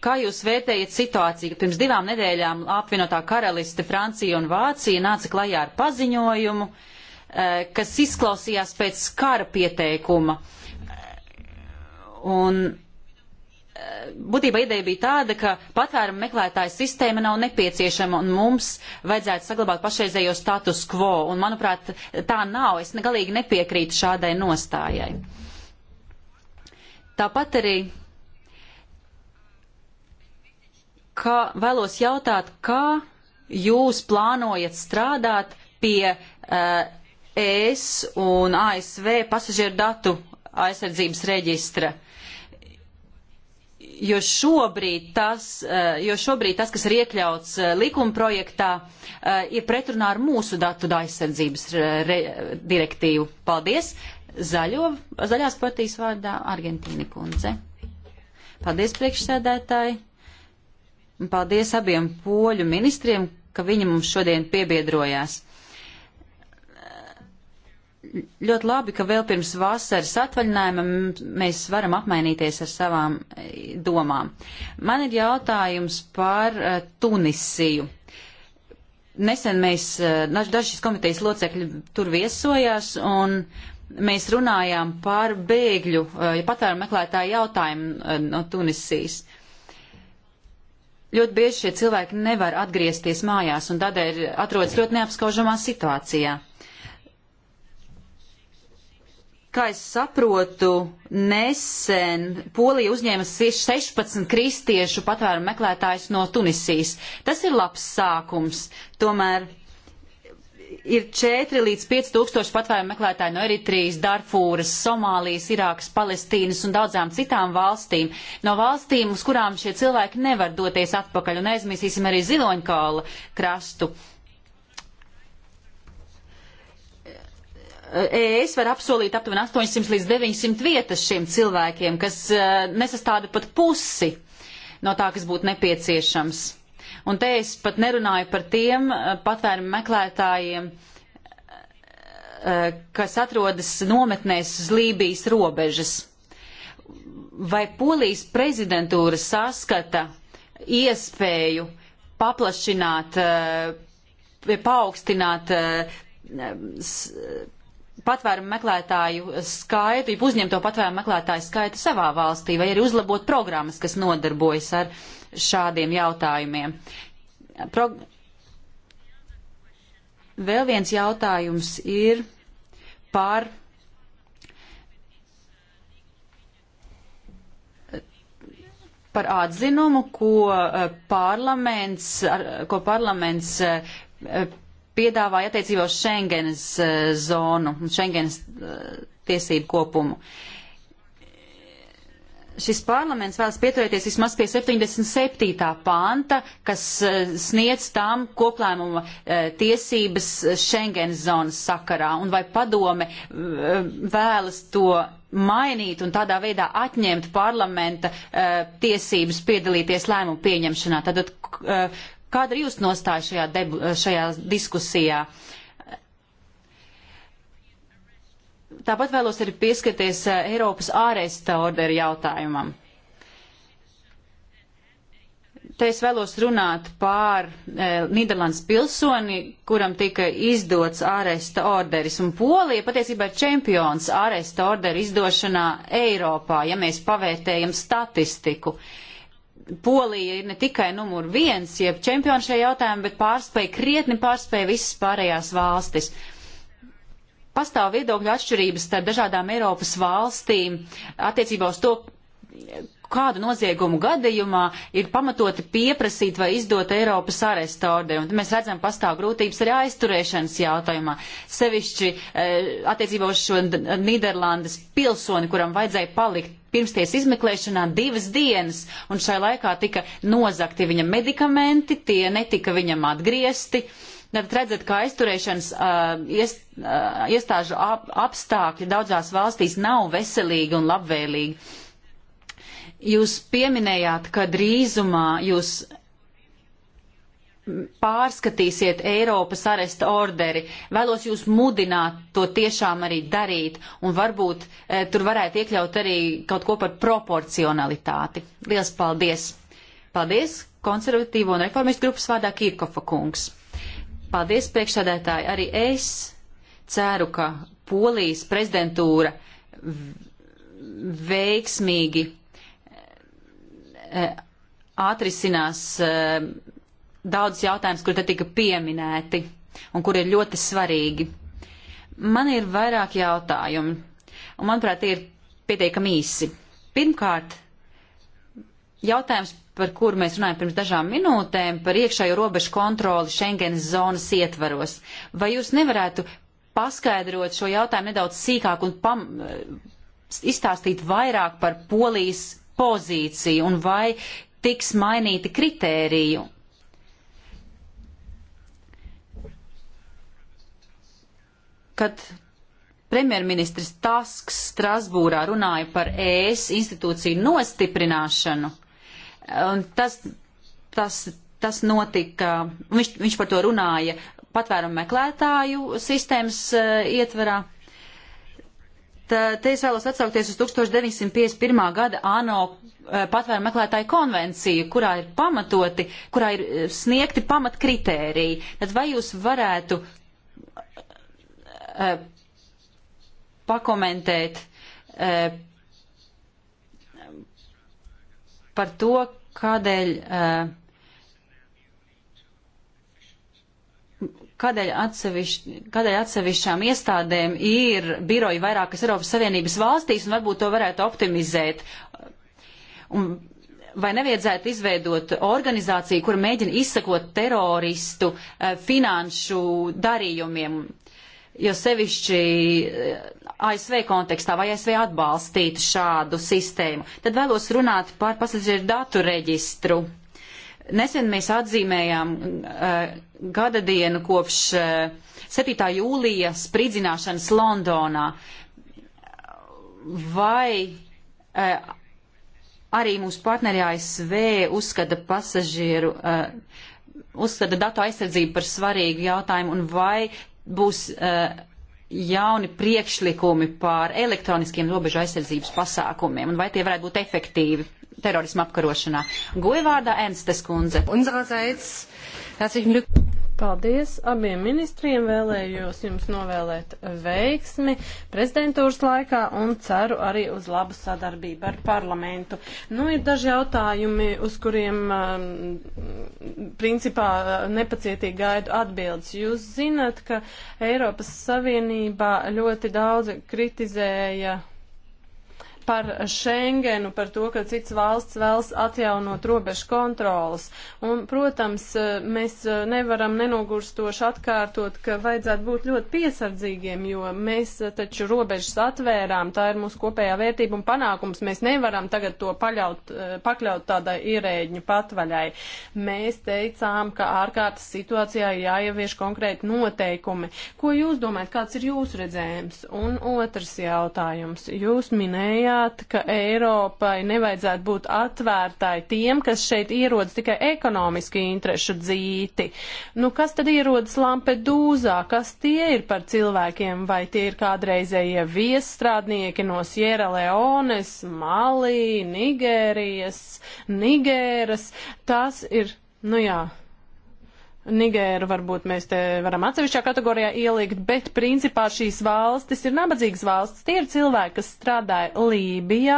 kā jūs vērtējat situāciju, ka pirms divām nedēļām apvienotā karaliste Francija un Vācija nāca klajā ar paziņojumu, uh, Eh, kas izklausījās pēc kara pieteikuma. Un eh, būtībā ideja bija tāda, ka patvērumu meklētāju sistēma nav nepieciešama un mums vajadzētu saglabāt pašreizējo status quo. Un, manuprāt, tā nav. Es galīgi nepiekrītu šādai nostājai. Tāpat arī kā, vēlos jautāt, kā jūs plānojat strādāt pie uh, ES un ASV pasažieru datu aizsardzības reģistra. Jo šobrīd, tas, eh, jo šobrīd tas, kas ir iekļauts eh, likuma projektā, eh, ir pretrunā ar mūsu datu aizsardzības re, direktīvu. Paldies! Zaļo, zaļās partijas vārdā Argentīna kundze. Paldies priekšsēdētāji! Paldies abiem poļu ministriem, ka viņi mums šodien piebiedrojās ļoti labi, ka vēl pirms vasaras atvaļinājuma mēs varam apmainīties ar savām e, domām. Man ir jautājums par uh, Tunisiju. Nesen mēs, uh, e, dažas komitejas locekļi tur viesojās un mēs runājām par bēgļu, uh, patēru meklētāju jautājumu no Tunisijas. Ļoti bieži šie cilvēki nevar atgriezties mājās un tādēļ atrodas ļoti neapskaužamā situācijā. Kā es saprotu, nesen Polija uzņēma 16 kristiešu patvērumu meklētājus no Tunisijas. Tas ir labs sākums. Tomēr ir 4 līdz 5 tūkstoši patvērumu meklētāju no Eritrijas, Darfūras, Somālijas, Irākas, Palestīnas un daudzām citām valstīm. No valstīm, uz kurām šie cilvēki nevar doties atpakaļ, un aizmirsīsim arī Ziloņkāla krastu. ES var apsolīt aptuveni 800 līdz 900 vietas šiem cilvēkiem, kas e, nesastāda pat pusi no tā, kas būtu nepieciešams. Un te es pat nerunāju par tiem e, patvērumu meklētājiem, e, kas atrodas nometnēs uz Lībijas robežas. Vai Polijas prezidentūra saskata iespēju paplašināt, paaugstināt patvērumu meklētāju skaitu, jeb uzņemto patvērumu meklētāju skaitu savā valstī, vai arī uzlabot programmas, kas nodarbojas ar šādiem jautājumiem. Pro... Vēl viens jautājums ir par par atzinumu, ko eh, parlaments, ko parlaments eh, piedāvāja attiecībā uz Schengenas eh, zonu un Schengenas eh, tiesību kopumu. Šis parlaments vēlas pieturēties vismaz pie 77. panta, kas eh, sniedz tām koplēmuma tiesības Schengenas zonas sakarā, un vai padome vēlas to mainīt un tādā veidā atņemt parlamenta tiesības piedalīties lēmumu pieņemšanā. Tātad Kāda ir jūsu nostāja šajā, debu, šajā diskusijā? Tāpat vēlos arī pieskarties eh, Eiropas ārēsta orderi jautājumam. Te es vēlos runāt pār e, eh, Nīderlandes pilsoni, kuram tika izdots āresta orderis. Un Polija patiesībā ir čempions āresta orderu izdošanā Eiropā, ja mēs pavērtējam statistiku. E, Polija ir ne tikai numur viens, jeb čempioni šajā jautājumā, bet pārspēja, krietni pārspēja visas pārējās valstis. Pastāv viedokļu atšķirības starp dažādām Eiropas valstīm attiecībā uz to, kādu noziegumu gadījumā ir pamatoti pieprasīt vai izdot Eiropas aresta orderi. Un mēs redzam, pastāv grūtības arī aizturēšanas jautājumā. Sevišķi eh, attiecībā uz šo Nīderlandes pilsoni, kuram vajadzēja palikt pirmsties izmeklēšanā divas dienas, un šai laikā tika nozakti viņa medikamenti, tie netika viņam atgriezti. Tad redzat, kā aizturēšanas uh, iest, uh, iestāžu ap, apstākļi daudzās valstīs nav veselīgi un labvēlīgi. Jūs pieminējāt, ka drīzumā jūs pārskatīsiet Eiropas aresta orderi. Vēlos jūs mudināt to tiešām arī darīt, un varbūt e, tur varētu iekļaut arī kaut ko par proporcionalitāti. Lielas paldies! Paldies konservatīvo un reformistu grupas vārdā Kirkofa kungs. Paldies priekšsādētāji. Arī es ceru, ka Polijas prezidentūra veiksmīgi e, atrisinās e, daudz jautājumus, kur te tika pieminēti un kur ir ļoti svarīgi. Man ir vairāk jautājumu, un manuprāt, tie ir pietiekami īsi. Pirmkārt, jautājums, par kuru mēs runājam pirms dažām minūtēm, par iekšējo robežu kontroli Schengenas zonas ietvaros. Vai jūs nevarētu paskaidrot šo jautājumu nedaudz sīkāk un pam, eh, izstāstīt vairāk par polijas pozīciju un vai tiks mainīti kritēriju kad premjerministrs Tasks Strasbūrā runāja par ES institūciju nostiprināšanu. Un tas, tas, tas notika, viņš, viņš par to runāja patvērumu meklētāju sistēmas uh, eh, ietverā. Tad es vēlos atsaukties uz 1951. gada ANO eh, patvērumu meklētāju konvenciju, kurā ir pamatoti, kurā ir eh, sniegti pamatkritēriji. Tad vai jūs varētu Eh, pakomentēt eh, par to, kādēļ, eh, kādēļ, atsevišķi, kādēļ atsevišķām iestādēm ir biroji vairākas Eiropas Savienības valstīs un varbūt to varētu optimizēt. Un vai nevajadzētu izveidot organizāciju, kur mēģina izsakot teroristu finanšu darījumiem? jo sevišķi eh, ASV kontekstā vai ASV atbalstītu šādu sistēmu. Tad vēlos runāt par pasažieru datu reģistru. Nesen mēs atzīmējām uh, gada dienu kopš uh, eh, 7. jūlija spridzināšanas Londonā. Vai uh, arī mūsu partneri ASV uzskata pasažieru, uh, uzskata datu aizsardzību par svarīgu jautājumu un vai būs uh, jauni priekšlikumi par elektroniskiem robežu aizsardzības pasākumiem un vai tie varētu būt efektīvi terorismu apkarošanā. Goja vārdā Ernstes kundze. Unsererseits herzlichen Glückwunsch. Paldies abiem ministriem. Vēlējos jums novēlēt veiksmi prezidentūras laikā un ceru arī uz labu sadarbību ar parlamentu. Nu, ir daži jautājumi, uz kuriem um, principā nepacietīgi gaidu atbildes. Jūs zinat, ka Eiropas Savienībā ļoti daudz kritizēja par Schengenu, par to, ka cits valsts vēlas atjaunot robežu kontrolas. Un, protams, eh, mēs eh, nevaram nenogurstoši atkārtot, ka vajadzētu būt ļoti piesardzīgiem, jo mēs eh, taču robežas atvērām, tā ir mūsu kopējā vērtība un panākums. Mēs nevaram tagad to paļaut, pakļaut tādai ierēģņu patvaļai. Mēs teicām, ka ārkārtas situācijā ir jāievieš konkrēti noteikumi. Ko jūs domājat, kāds ir jūsu redzējums? Un otrs jautājums. Jūs minējāt, teicāt, ka Eiropai nevajadzētu būt atvērtai tiem, kas šeit ierodas tikai ekonomiski interešu dzīti. Nu, kas tad ierodas Lampedūzā? Kas tie ir par cilvēkiem? Vai tie ir kādreizējie viesstrādnieki no Sierra Leones, Malī, Nigērijas, Nigēras? Tas ir, nu jā, Nigēru varbūt mēs te varam atsevišķā kategorijā ielikt, bet principā šīs valstis ir nabadzīgas valstis. Tie ir cilvēki, kas strādāja Lībijā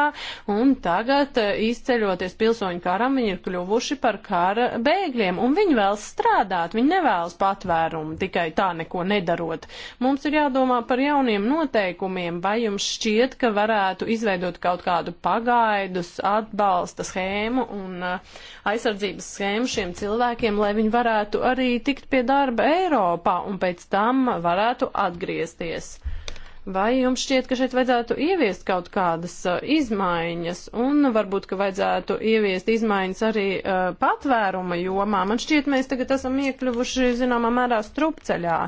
un tagad eh, izceļoties pilsoņu karam, viņi ir kļuvuši par kara bēgļiem un viņi vēlas strādāt, viņi nevēlas patvērumu tikai tā neko nedarot. Mums ir jādomā par jauniem noteikumiem, vai jums šķiet, ka varētu izveidot kaut kādu pagaidus atbalsta schēmu un eh, aizsardzības schēmu šiem cilvēkiem, lai viņi varētu arī arī tikt pie darba Eiropā un pēc tam varētu atgriezties. Vai jums šķiet, ka šeit vajadzētu ieviest kaut kādas uh, izmaiņas, un varbūt, ka vajadzētu ieviest izmaiņas arī uh, patvēruma jomā? Man šķiet, mēs tagad esam iekļuvuši, zināmā mērā, strupceļā.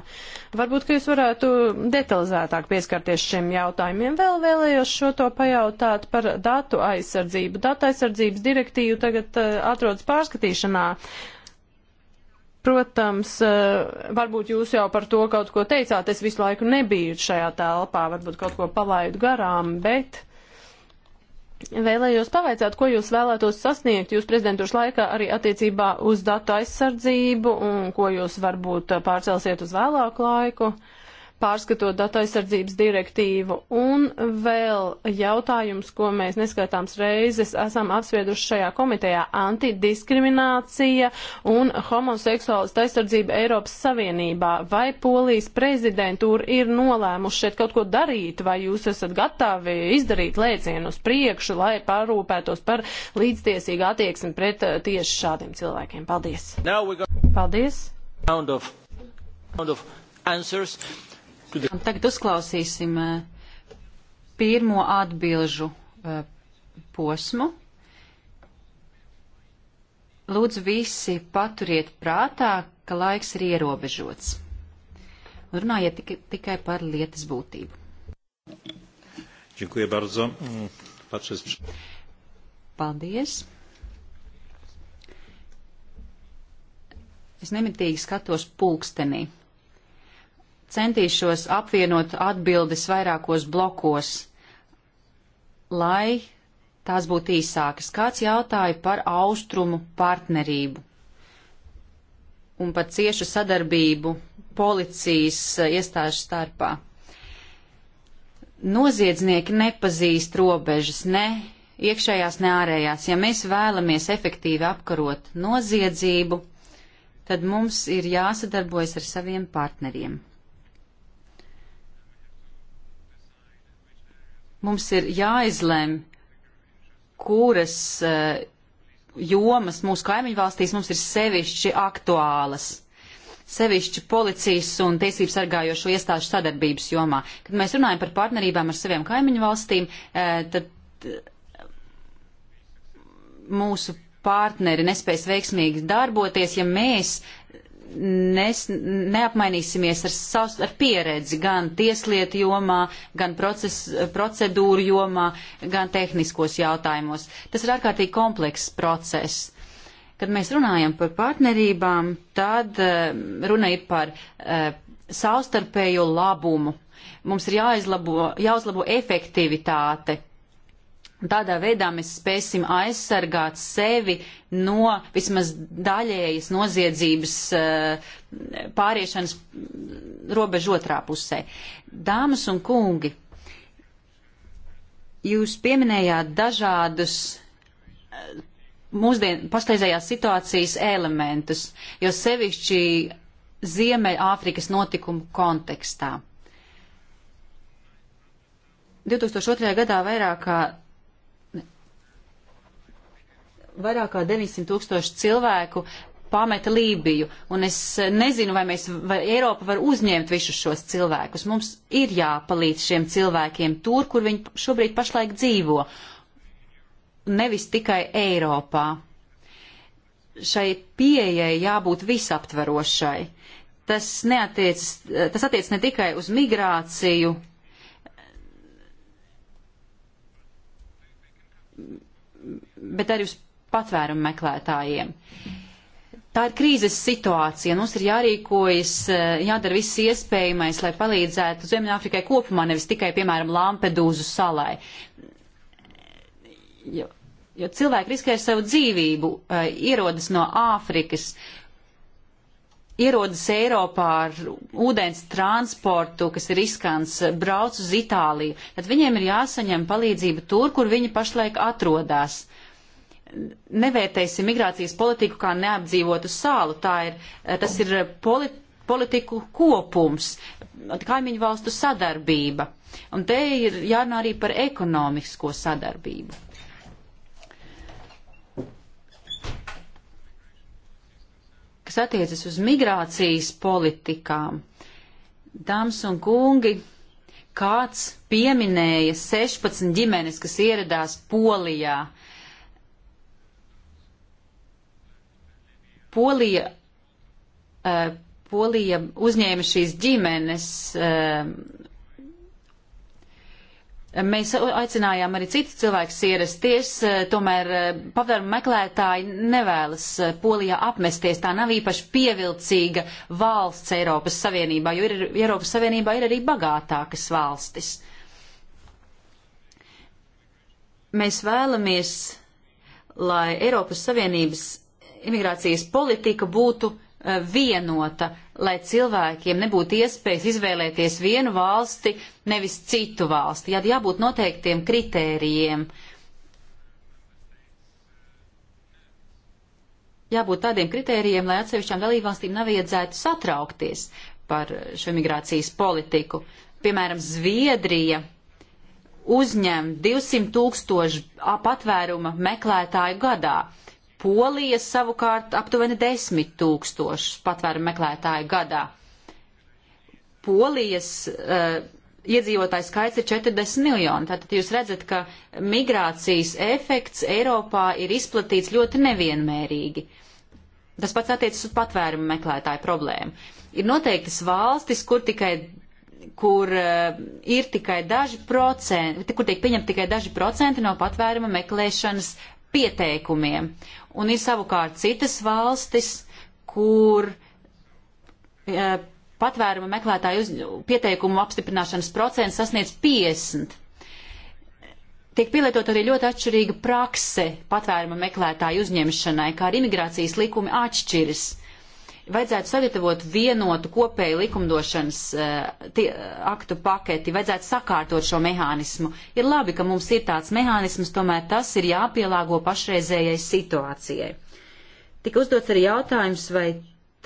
Varbūt, ka jūs varētu detalizētāk pieskarties šiem jautājumiem. Vēl vēlējos šo to pajautāt par datu aizsardzību. Data aizsardzības direktīva tagad uh, atrodas pārskatīšanā. Uh, Protams, eh, varbūt jūs jau par to kaut ko teicāt, es visu laiku nebiju šajā telpā, varbūt kaut ko palaidu garām, bet vēlējos pavaicāt, ko jūs vēlētos sasniegt jūs prezidentūras laikā arī attiecībā uz datu aizsardzību un ko jūs varbūt eh, pārcelsiet uz vēlāku laiku. Uh, pārskatot datu aizsardzības direktīvu. Un vēl jautājums, ko mēs neskaitāms reizes esam apsvieduši šajā komitejā - antidiskriminācija un homoseksuālas aizsardzība Eiropas Savienībā. Vai Polijas prezidentūra ir nolēmuši šeit kaut ko darīt, vai jūs esat gatavi izdarīt lēcienu uz priekšu, lai parūpētos par līdztiesīgu attieksmi pret eh, tieši šādiem cilvēkiem? Paldies! Paldies! Round of, round of answers. Tagad uzklausīsim eh, pirmo atbilžu eh, posmu. Lūdzu, visi paturiet prātā, ka laiks ir ierobežots. Runājiet tik, tikai par lietas būtību. Dziękuję bardzo. Mm, patrzę z... Paldies. Es nemitīgi skatos pulkstenī centīšos apvienot atbildes vairākos blokos, lai tās būtu īsākas. Kāds jautāja par austrumu partnerību un par ciešu sadarbību policijas iestāžu starpā? Noziedznieki nepazīst robežas, ne iekšējās, ne ārējās. Ja mēs vēlamies efektīvi apkarot noziedzību, tad mums ir jāsadarbojas ar saviem partneriem. Mums ir jāizlem, kuras uh, jomas mūsu kaimiņu valstīs mums ir sevišķi aktuālas, sevišķi policijas un tiesību sargājošo iestāžu sadarbības jomā. Kad mēs runājam par partnerībām ar saviem kaimiņu valstīm, eh, tad eh, mūsu partneri nespēs veiksmīgi darboties, ja mēs nes, neapmainīsimies ar, savs, ar pieredzi gan tieslietu jomā, gan proces, procedūru jomā, gan tehniskos jautājumos. Tas ir ārkārtīgi komplekss process. Kad mēs runājam par partnerībām, tad uh, runa ir par uh, savstarpējo labumu. Mums ir jāizlabo, jāuzlabo efektivitāte Tādā veidā mēs spēsim aizsargāt sevi no vismaz daļējas noziedzības eh, pāriešanas mm, robežu otrā pusē. Dāmas un kungi, jūs pieminējāt dažādus eh, mūsdienu pašreizējās situācijas elementus, jo sevišķi Ziemeļāfrikas notikumu kontekstā. 2002. gadā vairāk kā vairāk kā 900 tūkstoši cilvēku pameta Lībiju, un es eh, nezinu, vai, mēs, vai Eiropa var uzņemt visus šos cilvēkus. Mums ir jāpalīdz šiem cilvēkiem tur, kur viņi šobrīd pašlaik dzīvo, nevis tikai Eiropā. Šai pieejai jābūt visaptverošai. Tas, neatiec, tas attiec ne tikai uz migrāciju, bet arī uz patvērumu meklētājiem. Tā ir krīzes situācija. Mums ir jārīkojas, e, jādara viss iespējamais, lai palīdzētu Ziemeļāfrikai kopumā, nevis tikai, piemēram, Lampedūzu salai. Jo, jo cilvēki riskē savu dzīvību, e, ierodas no Āfrikas, ierodas Eiropā ar ūdens transportu, kas ir riskants, e, brauc uz Itāliju. Tad viņiem ir jāsaņem palīdzība tur, kur viņi pašlaik atrodas nevērtēsim migrācijas politiku kā neapdzīvotu sālu. Tā ir, eh, tas ir eh, polit, politiku kopums, kaimiņu valstu sadarbība. Un te ir jārunā arī par ekonomisko sadarbību. Kas attiecas uz migrācijas politikām, dāmas un kungi, kāds pieminēja 16 ģimenes, kas ieradās Polijā uh, Polija, uh, Polija uzņēma šīs ģimenes. Uh, mēs aicinājām arī citus cilvēkus ierasties, uh, tomēr uh, patvērumu meklētāji nevēlas Polijā apmesties. Tā nav īpaši pievilcīga valsts Eiropas Savienībā, jo ir, Eiropas Savienībā ir arī bagātākas valstis. Mēs vēlamies, lai Eiropas Savienības imigrācijas politika būtu e, vienota, lai cilvēkiem nebūtu iespējas izvēlēties vienu valsti, nevis citu valsti. Jā, jābūt noteiktiem kritērijiem. Jābūt tādiem kritērijiem, lai atsevišķām dalībvalstīm nav iedzētu satraukties par šo migrācijas politiku. Piemēram, Zviedrija uzņem 200 tūkstošu patvēruma meklētāju gadā. Uh, Polijas savukārt aptuveni 10 tūkstošus patvēru meklētāju gadā. Polijas uh, iedzīvotāju skaits ir 40 miljoni. Tātad jūs redzat, ka migrācijas efekts Eiropā ir izplatīts ļoti nevienmērīgi. Tas pats attiecas uz patvērumu meklētāju problēmu. Ir noteiktas valstis, kur tikai kur uh, ir tikai daži procenti, kur tiek pieņemti tikai daži procenti no patvēruma meklēšanas pieteikumiem un ir savukārt citas valstis, kur e, patvēruma meklētāju uz, pieteikumu apstiprināšanas procents sasniedz 50. Tiek pielietot arī ļoti atšķirīga prakse patvēruma meklētāju uzņemšanai, kā arī imigrācijas likumi atšķiras vajadzētu sagatavot vienotu kopēju likumdošanas uh, tie, aktu paketi, vajadzētu sakārtot šo mehānismu. Ir labi, ka mums ir tāds mehānisms, tomēr tas ir jāpielāgo pašreizējai situācijai. Tik uzdots arī jautājums, vai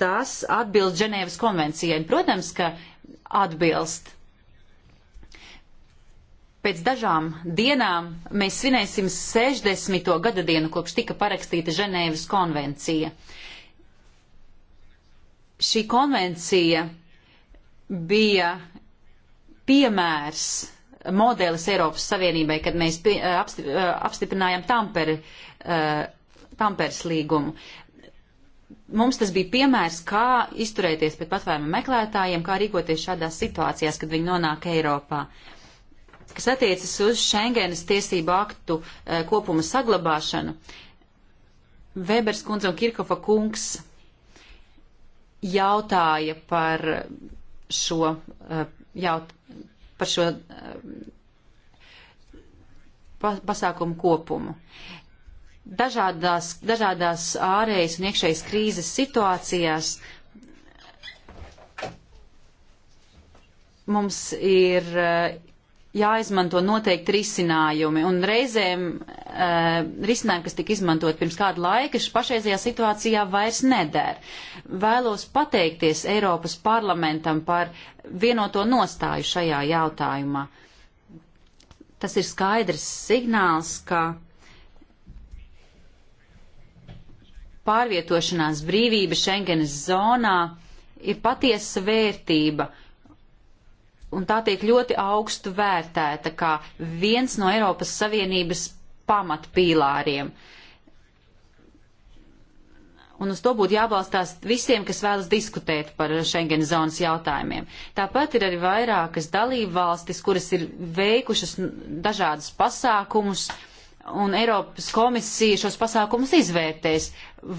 tas atbilst Ženēvas konvencijai. Protams, ka atbilst. Pēc dažām dienām mēs svinēsim 60. gada dienu, kopš tika parakstīta Ženēvas konvencija. Uh, Šī konvencija bija piemērs modelis Eiropas Savienībai, kad mēs pie, apsti, apstiprinājām Tamperi, Tamperes līgumu. Mums tas bija piemērs, kā izturēties pret patvērumu meklētājiem, kā rīkoties šādās situācijās, kad viņi nonāk Eiropā. Kas attiecas uz Schengenas tiesību aktu kopuma saglabāšanu, Weberskundze un Kirkofa kungs jautāja par šo, eh, jaut, par šo eh, pasākumu kopumu. Dažādās, dažādās ārējas un iekšējas krīzes situācijās mums ir eh, jāizmanto noteikti risinājumi, un reizēm uh, risinājumi, kas tika izmantot pirms kāda laika, pašreizajā situācijā vairs neder. Vēlos pateikties Eiropas parlamentam par vienoto nostāju šajā jautājumā. Tas ir skaidrs signāls, ka pārvietošanās brīvība Schengenes zonā ir patiesa vērtība. Uh, un tā tiek ļoti augstu vērtēta kā viens no Eiropas Savienības pamatpīlāriem. Un uz to būtu jābalstās visiem, kas vēlas diskutēt par Schengen zonas jautājumiem. Tāpat ir arī vairākas dalība valstis, kuras ir veikušas dažādas pasākumus, un Eiropas komisija šos pasākumus izvērtēs,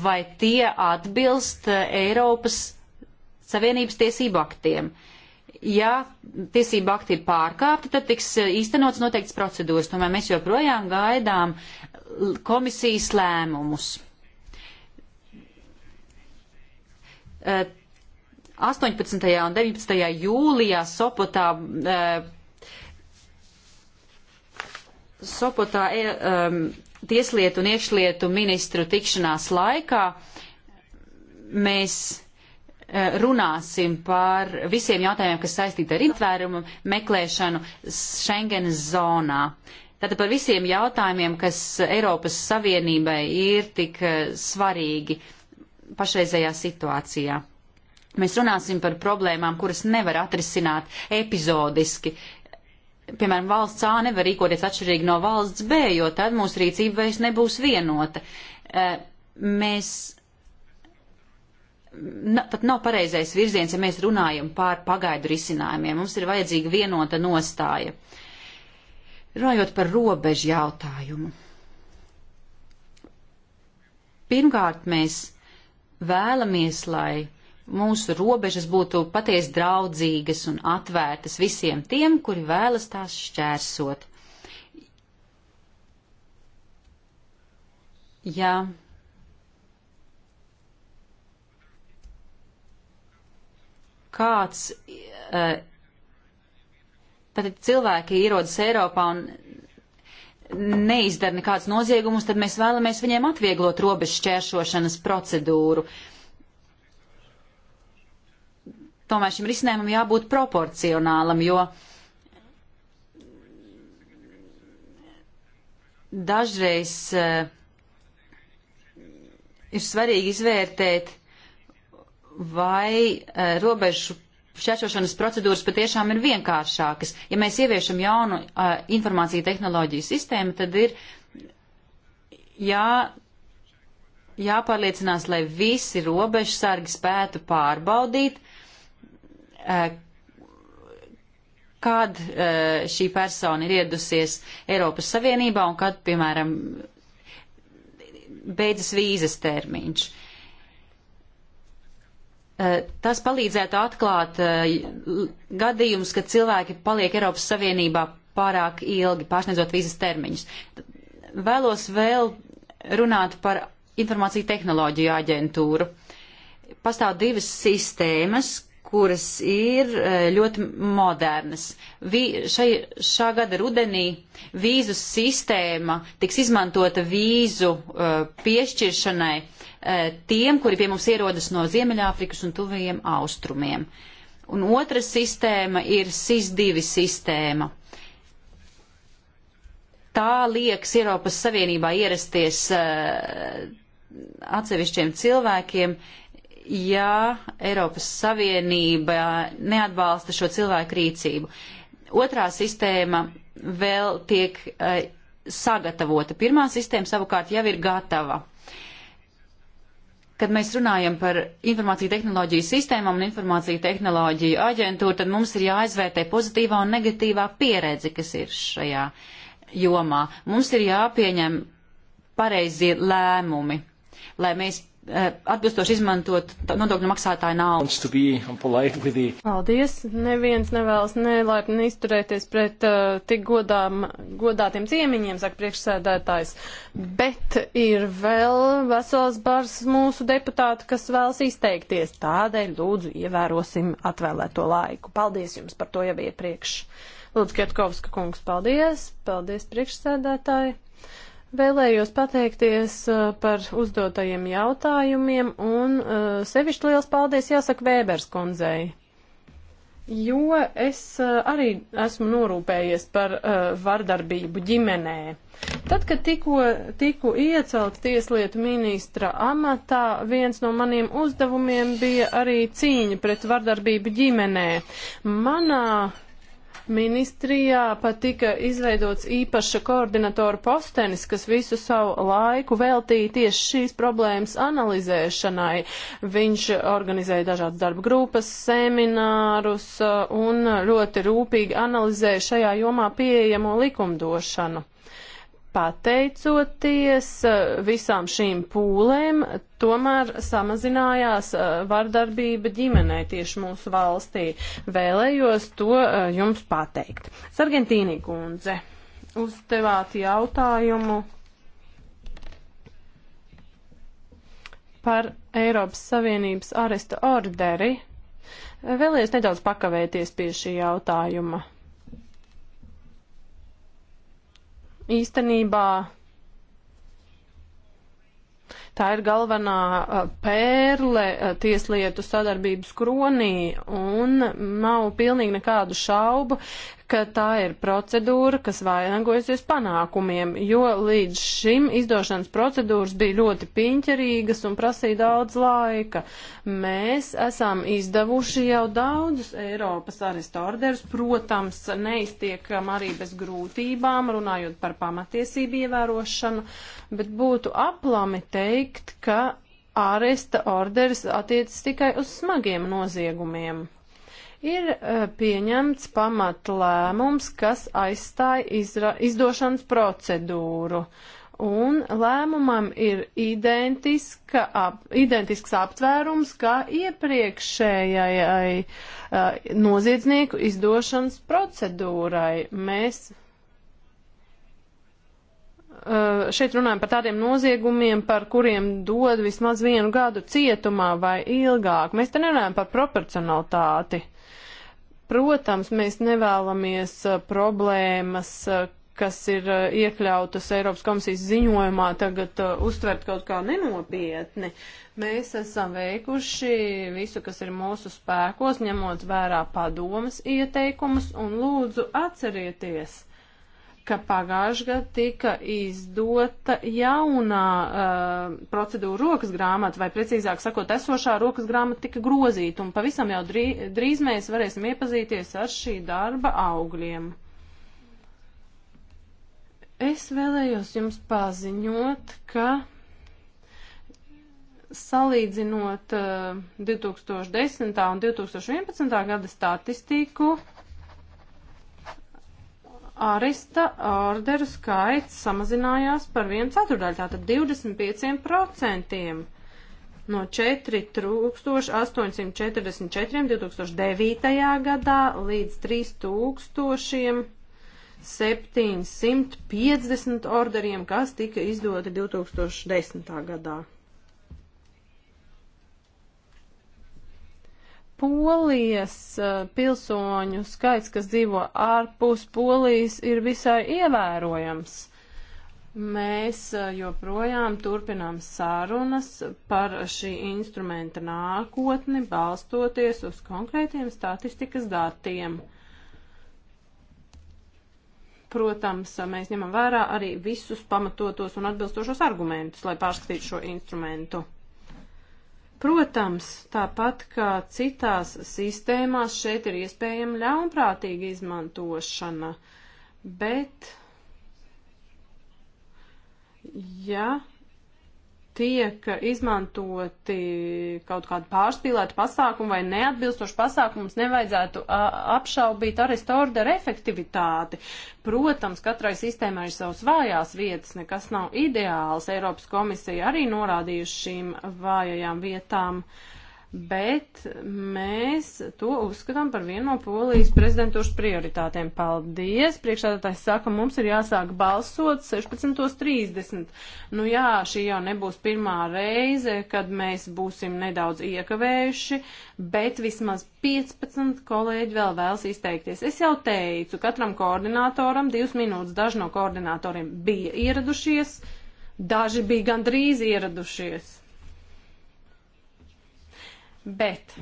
vai tie atbilst Eiropas Savienības tiesību aktiem. Uh, ja tiesība akti ir pārkāpti, tad tiks eh, īstenots noteikts procedūras. Tomēr mēs joprojām gaidām komisijas lēmumus. 18. Eh, un 19. jūlijā Sopotā, eh, Sopotā um, tieslietu un iekšlietu ministru tikšanās laikā mēs Eh, runāsim par visiem jautājumiem, kas saistīti ar intvērumu meklēšanu Schengenas zonā. Tātad par visiem jautājumiem, kas Eiropas Savienībai ir tik eh, svarīgi pašreizējā situācijā. Mēs runāsim par problēmām, kuras nevar atrisināt epizodiski. Piemēram, valsts A nevar rīkoties atšķirīgi no valsts B, jo tad mūsu rīcība vairs nebūs vienota. Eh, mēs na, pat nav pareizais virziens, ja mēs runājam par pagaidu risinājumiem. Mums ir vajadzīga vienota nostāja. Runājot par robežu jautājumu. Pirmkārt, mēs vēlamies, lai mūsu robežas būtu patiesi draudzīgas un atvērtas visiem tiem, kuri vēlas tās šķērsot. Jā. Ja kāds. Tātad e, cilvēki ierodas Eiropā un neizdara nekādus noziegumus, tad mēs vēlamies viņiem atvieglot robežu šķēršošanas procedūru. Tomēr šim risinājumam jābūt proporcionālam, jo dažreiz uh, ir svarīgi izvērtēt, vai e, robežu šķēršošanas procedūras patiešām ir vienkāršākas. Ja mēs ieviešam jaunu e, informāciju tehnoloģiju sistēmu, tad ir jā, jāpārliecinās, lai visi robežsargi spētu pārbaudīt, e, kad šī persona ir iedusies Eiropas Savienībā un kad, piemēram, beidzas vīzas termiņš. Uh, Eh, tas palīdzētu atklāt eh, gadījumus, kad cilvēki paliek Eiropas Savienībā pārāk ilgi, pārsniedzot vīzas termiņus. Vēlos vēl runāt par informāciju tehnoloģiju aģentūru. Pastāv divas sistēmas, kuras ir eh, ļoti modernas. Vi, šai, šā gada rudenī vīzu sistēma tiks izmantota vīzu uh, piešķiršanai uh, E, tiem, kuri pie mums ierodas no Ziemeļāfrikas un tuvajiem austrumiem. Un otra sistēma ir SIS-2 sistēma. Tā liekas Eiropas Savienībā ierasties uh, atsevišķiem cilvēkiem, ja Eiropas Savienība neatbalsta šo cilvēku rīcību. Otrā sistēma vēl tiek uh, sagatavota. Pirmā sistēma savukārt jau ir gatava kad mēs runājam par informāciju tehnoloģiju sistēmām un informāciju tehnoloģiju aģentūru, tad mums ir jāizvērtē pozitīvā un negatīvā pieredze, kas ir šajā jomā. Mums ir jāpieņem pareizie lēmumi, lai mēs Eh, atbilstoši izmantot nodokļu maksātāju naudu. Paldies! Neviens nevēlas nelaipni izturēties pret uh, tik godām, godātiem ciemiņiem, saka priekšsēdētājs, bet ir vēl vesels bars mūsu deputātu, kas vēlas izteikties. Tādēļ lūdzu ievērosim atvēlēto laiku. Paldies jums par to jau iepriekš. Lūdzu, Kietkovska kungs, paldies! Paldies priekšsēdētāji! Vēlējos pateikties uh, par uzdotajiem jautājumiem un uh, sevišķi liels paldies jāsaka Vēbers kundzei. Jo es uh, arī esmu norūpējies par vardarbību ģimenē. Tad, kad tikko tiku iecelts tieslietu ministra amatā, viens no maniem uzdevumiem bija arī cīņa pret vardarbību ģimenē. Manā ministrijā pat tika izveidots īpaša koordinatora postenis, kas visu savu laiku veltīja tieši šīs problēmas analizēšanai. Viņš organizēja dažādas darba grupas, seminārus uh, un ļoti rūpīgi analizēja šajā jomā pieejamo likumdošanu pateicoties eh, visām šīm pūlēm, tomēr samazinājās eh, vardarbība ģimenē tieši mūsu valstī. Vēlējos to eh, jums pateikt. Sargentīni kundze, uzdevāt jautājumu par Eiropas Savienības aresta orderi. Vēlējos nedaudz pakavēties pie šī jautājuma. īstenībā tā ir galvenā uh, pērle uh, tieslietu sadarbības kronī un nav pilnīgi nekādu šaubu, ka tā ir procedūra, kas vainagojusies panākumiem, jo līdz šim izdošanas procedūras bija ļoti piņķerīgas un prasīja daudz laika. Mēs esam izdevuši jau daudzus Eiropas aresta orderus, protams, neiztiekam arī bez grūtībām, runājot par pamatiesību ievērošanu, bet būtu aplami teikt, ka āresta orders attiecas tikai uz smagiem noziegumiem ir eh, pieņemts pamat lēmums, kas aizstāja izra, izdošanas procedūru. Un lēmumam ir identiska, ap, identisks aptvērums kā iepriekšējai uh, noziedznieku izdošanas procedūrai. Mēs Uh, šeit runājam par tādiem noziegumiem, par kuriem dod vismaz vienu gadu cietumā vai ilgāk. Mēs te nerunājam par proporcionalitāti. Protams, mēs nevēlamies problēmas, kas ir iekļautas Eiropas komisijas ziņojumā, tagad uztvert kaut kā nenopietni. Mēs esam veikuši visu, kas ir mūsu spēkos, ņemot vērā padomas ieteikumus un lūdzu atcerieties, ka pagājušajā gadā tika izdota jaunā uh, procedūra rokas grāmata, vai precīzāk sakot, esošā rokas grāmata tika grozīta, un pavisam jau drī, drīz mēs varēsim iepazīties ar šī darba augļiem. Es vēlējos jums paziņot, ka salīdzinot uh, eh, 2010. un 2011. gada statistiku, arista orderu skaits samazinājās par 1 ceturdaļu, tātad 25% no 4844 2009. gadā līdz 3750 orderiem, kas tika izdoti 2010. gadā. Polijas eh, pilsoņu skaits, kas dzīvo ārpus Polijas, ir visai ievērojams. Mēs eh, joprojām turpinām sārunas par šī instrumenta nākotni, balstoties uz konkrētiem statistikas datiem. Protams, mēs ņemam vērā arī visus pamatotos un atbilstošos argumentus, lai pārskatītu šo instrumentu. Protams, tāpat kā citās sistēmās, šeit ir iespējama ļaunprātīga izmantošana, bet ja tiek izmantoti kaut kādi pārspīlēti pasākumi vai neatbilstoši pasākumi, mums nevajadzētu apšaubīt arestu orderu efektivitāti. Protams, katrai sistēmai ir savas vājās vietas, nekas nav ideāls. Eiropas komisija arī norādījusi šīm vājajām vietām. Uh, bet mēs to uzskatām par vienu no polijas prezidentūras prioritātēm. Paldies! Priekšādātājs saka, mums ir jāsāk balsot 16.30. Nu jā, šī jau nebūs pirmā reize, kad mēs būsim nedaudz iekavējuši, bet vismaz 15 kolēģi vēl vēlas izteikties. Es jau teicu, katram koordinatoram divas minūtes daži no koordinatoriem bija ieradušies, daži bija gandrīz ieradušies. Bet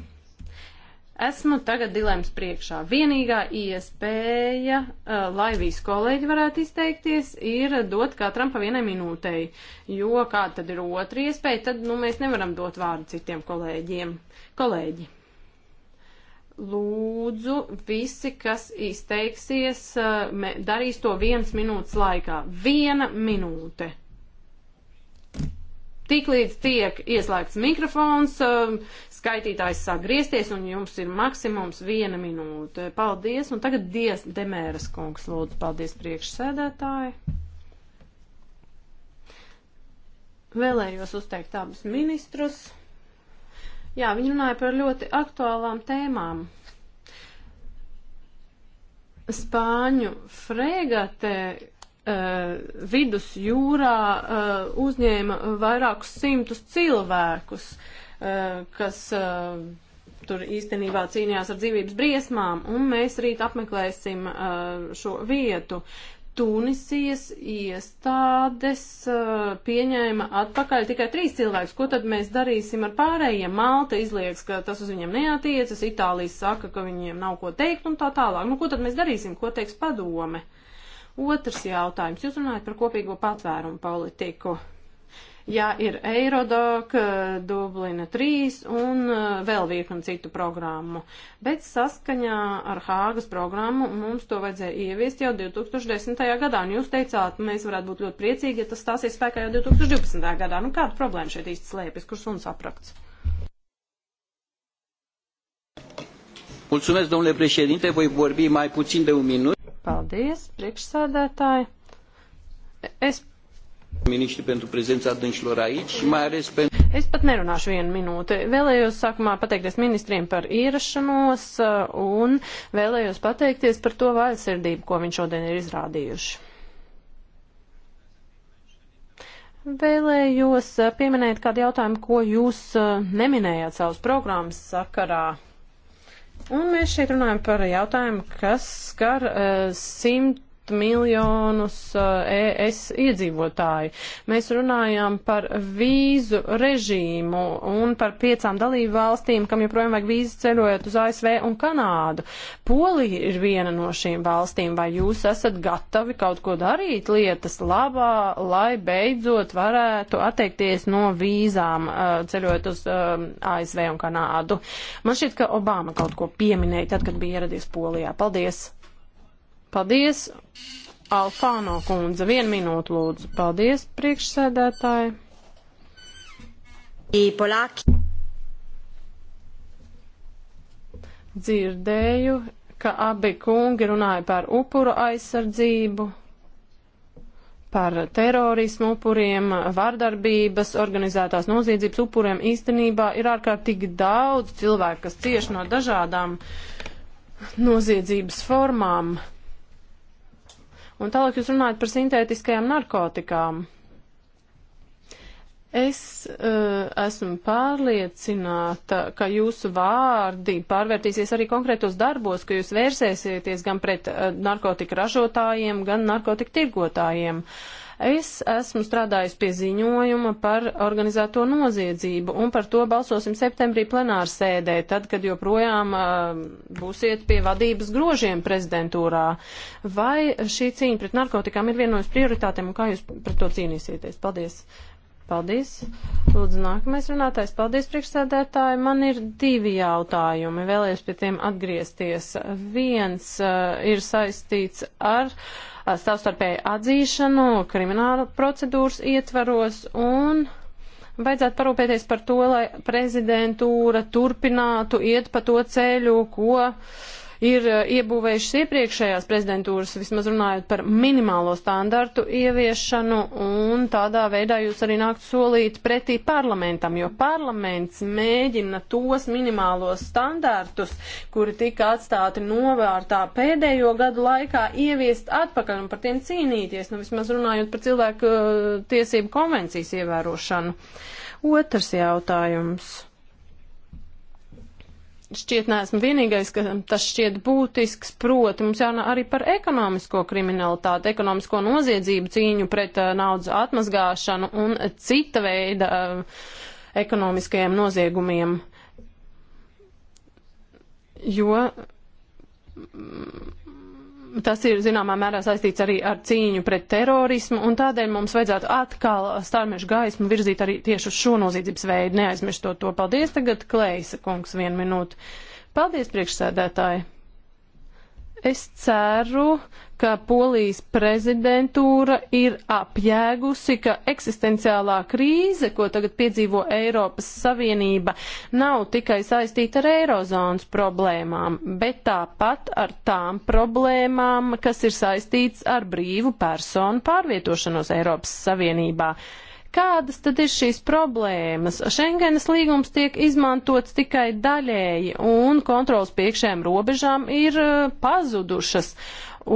esmu tagad dilemmas priekšā. Vienīgā iespēja, uh, lai visi kolēģi varētu izteikties, ir dot katram pa vienai minūtei. Jo kāda tad ir otra iespēja, tad nu, mēs nevaram dot vārdu citiem kolēģiem. Kolēģi, lūdzu, visi, kas izteiksies, uh, darīs to viens minūtes laikā. Viena minūte. Tiklīdz tiek ieslēgts mikrofons, um, skaitītājs sāk griezties un jums ir maksimums viena minūte. Paldies, un tagad Dievs Demēras kungs lūdzu, paldies priekšsēdētāji. Vēlējos uzteikt abus ministrus. Jā, viņi runāja par ļoti aktuālām tēmām. Spāņu frēgatē Eh, vidus jūrā eh, uzņēma vairākus simtus cilvēkus, eh, kas tur īstenībā cīnījās ar dzīvības briesmām, un mēs rīt apmeklēsim šo vietu. Tunisijas iestādes pieņēma atpakaļ tikai trīs cilvēkus. Ko tad mēs darīsim ar pārējiem? Malta izlieks, ka tas uz viņiem neatiecas, Itālijas saka, ka viņiem nav ko teikt un tā tālāk. Nu, ko tad mēs darīsim? Ko teiks padome? Otrs jautājums. Jūs runājat par kopīgo patvērumu politiku. Jā, ir Eirodok, Dublina 3 un eh, vēl virkni citu programmu. Bet saskaņā ar Hāgas programmu mums to vajadzēja ieviest jau 2010. gadā. Un jūs teicāt, mēs varētu būt ļoti priecīgi, ja tas stāsies spēkā jau 2012. gadā. Nu, kāda problēma šeit īsti slēpjas, kurš un saprakts? Mulțumesc, domnule președinte, voi vorbi mai puțin de un minut. Paldies, priekšsēdētāji. Es miniștri pentru prezența dânșilor aici și mai ales pentru... Es pat nerunāšu vienu minūti. Vēlējos sākumā pateikties ministriem par ierašanos uh, un vēlējos pateikties par to vaļasirdību, ko viņi šodien ir izrādījuši. Vēlējos uh, pieminēt kādu jautājumu, ko jūs uh, neminējāt savas programmas sakarā. Un mēs šeit runājam par jautājumu, kas skar uh, simt miljonus eh, ES iedzīvotāji. Mēs runājām par vīzu režīmu un par piecām dalību valstīm, kam joprojām vajag vīzu ceļojot uz ASV un Kanādu. Polija ir viena no šīm valstīm. Vai jūs esat gatavi kaut ko darīt lietas labā, lai beidzot varētu atteikties no vīzām eh, ceļojot uz eh, ASV un Kanādu? Man šķiet, ka Obama kaut ko pieminēja tad, kad bija ieradies Polijā. Paldies! Paldies, Alfāno kundze. Vienu minūtu lūdzu. Paldies, priekšsēdētāji. Polāki. Dzirdēju, ka abi kungi runāja par upuru aizsardzību par terorismu upuriem, vardarbības, organizētās noziedzības upuriem īstenībā ir ārkārtīgi daudz cilvēku, kas cieši no dažādām noziedzības formām. Un tālāk jūs runājat par sintētiskajām narkotikām. Es uh, esmu pārliecināta, ka jūsu vārdi pārvērtīsies arī konkrētos darbos, ka jūs vērsēsieties gan pret uh, narkotika ražotājiem, gan narkotika tirgotājiem. Uh, Es esmu strādājis pie ziņojuma par organizēto noziedzību un par to balsosim septembrī plenāru sēdē, tad, kad joprojām uh, būsiet pie vadības grožiem prezidentūrā. Vai šī cīņa pret narkotikām ir viena no prioritātēm un kā jūs pret to cīnīsieties? Paldies! Paldies. Lūdzu, nākamais runātājs. Paldies, priekšsēdētāji. Man ir divi jautājumi. Vēlējos pie tiem atgriezties. Viens uh, ir saistīts ar uh, savstarpēju atzīšanu krimināla procedūras ietvaros un vajadzētu parūpēties par to, lai prezidentūra turpinātu iet pa to ceļu, ko uh, ir eh, iebūvējušas iepriekšējās prezidentūras, vismaz runājot par minimālo standartu ieviešanu, un tādā veidā jūs arī nākt solīt pretī parlamentam, jo parlaments mēģina tos minimālos standartus, kuri tika atstāti novārtā pēdējo gadu laikā, ieviest atpakaļ un par tiem cīnīties, nu vismaz runājot par cilvēku eh, tiesību konvencijas ievērošanu. Otrs jautājums šķiet neesmu vienīgais, ka tas šķiet būtisks, proti mums jārunā arī par ekonomisko kriminalitāti, ekonomisko noziedzību, cīņu pret uh, naudas atmazgāšanu un cita veida uh, ekonomiskajiem noziegumiem. Jo. Mm, tas ir zināmā mērā saistīts arī ar cīņu pret terorismu, un tādēļ mums vajadzētu atkal starmešu gaismu virzīt arī tieši uz šo noziedzības veidu, neaizmirstot to. Paldies tagad, Kleisa kungs, vienu minūtu. Paldies, priekšsēdētāji! Es ceru, ka Polijas prezidentūra ir apjēgusi, ka eksistenciālā krīze, ko tagad piedzīvo Eiropas Savienība, nav tikai saistīta ar eirozonas problēmām, bet tāpat ar tām problēmām, kas ir saistīts ar brīvu personu pārvietošanos Eiropas Savienībā. Uh, Kādas tad ir šīs problēmas? Šengenas līgums tiek izmantots tikai daļēji, un kontrols piekšējām robežām ir e, pazudušas.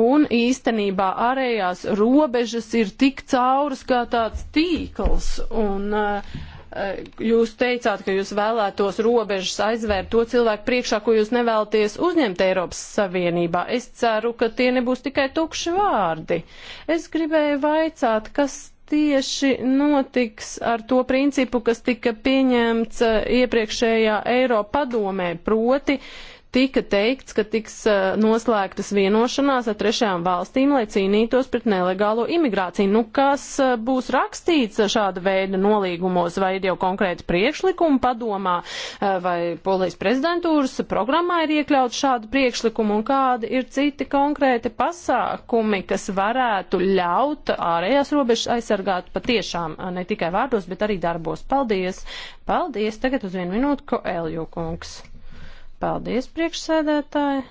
Un īstenībā ārējās robežas ir tik cauras kā tāds tīkls. Un, uh, jūs teicāt, ka jūs vēlētos robežas aizvērt to cilvēku priekšā, ko jūs nevēlaties uzņemt Eiropas Savienībā. Es ceru, ka tie nebūs tikai tukši vārdi. Es gribēju vaicāt, kas tieši notiks ar to principu, kas tika pieņemts eh, iepriekšējā Eiropadomē, proti uh, tika teikts, ka tiks noslēgtas vienošanās ar trešajām valstīm, lai cīnītos pret nelegālo imigrāciju. Nu, kas būs rakstīts šāda veida nolīgumos, vai ir jau konkrēti priekšlikumi padomā, vai polijas prezidentūras programmā ir iekļauts šādi priekšlikumi, un kādi ir citi konkrēti pasākumi, kas varētu ļaut ārējās robežas aizsargāt patiešām ne tikai vārdos, bet arī darbos. Paldies! Paldies! Tagad uz vienu minūtu, ko Elju kungs. Paldies, priekšsēdētāji!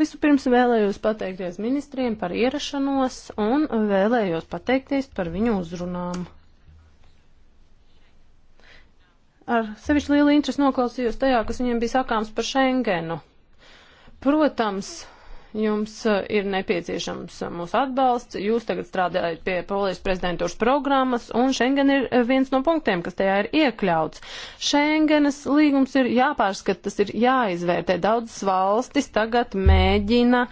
Vispirms vēlējos pateikties ministriem par ierašanos un vēlējos pateikties par viņu uzrunām. Ar sevišķi lielu interesi noklausījos tajā, kas viņiem bija sakāms par Schengenu. Protams, jums uh, ir nepieciešams uh, mūsu atbalsts. Jūs tagad strādājat pie polijas prezidentūras programmas, un Schengen ir uh, viens no punktiem, kas tajā ir iekļauts. Schengenas līgums ir jāpārskata, tas ir jāizvērtē. Daudzas valstis tagad mēģina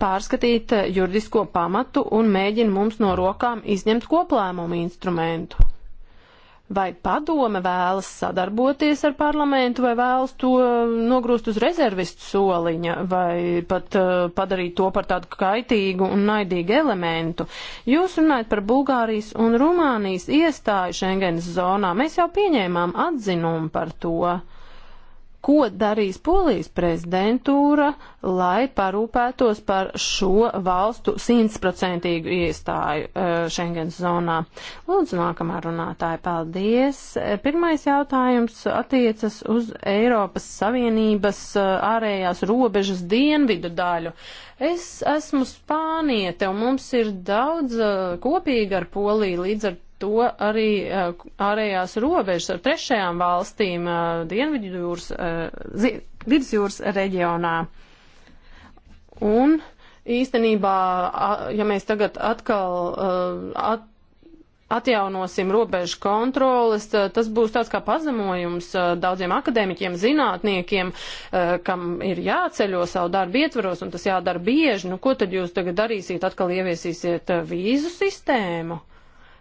pārskatīt juridisko pamatu un mēģina mums no rokām izņemt koplēmumu instrumentu. Vai padome vēlas sadarboties ar parlamentu, vai vēlas to nogrūst uz rezervistu soliņa, vai pat uh, padarīt to par tādu kaitīgu un naidīgu elementu? Jūs runājat par Bulgārijas un Rumānijas iestāju Schengenas zonā. Mēs jau pieņēmām atzinumu par to. Uh, ko darīs Polijas prezidentūra, lai parūpētos par šo valstu simtprocentīgu iestāju e, Schengens zonā. Lūdzu, nākamā runātāja, paldies. E, pirmais jautājums attiecas uz Eiropas Savienības e, ārējās robežas dienvidu daļu. Es esmu spāniete, un mums ir daudz kopīga ar Poliju līdz ar to arī eh, ārējās robežas ar trešajām valstīm eh, Dienvidjūras, eh, Vidusjūras reģionā. Un īstenībā, ja mēs tagad atkal at, atjaunosim robežu kontroles, tas būs tāds kā pazemojums daudziem akadēmiķiem, zinātniekiem, kam ir jāceļo savu darbu ietvaros un tas jādara bieži. Nu, ko tad jūs tagad darīsiet? Atkal ieviesīsiet vīzu sistēmu?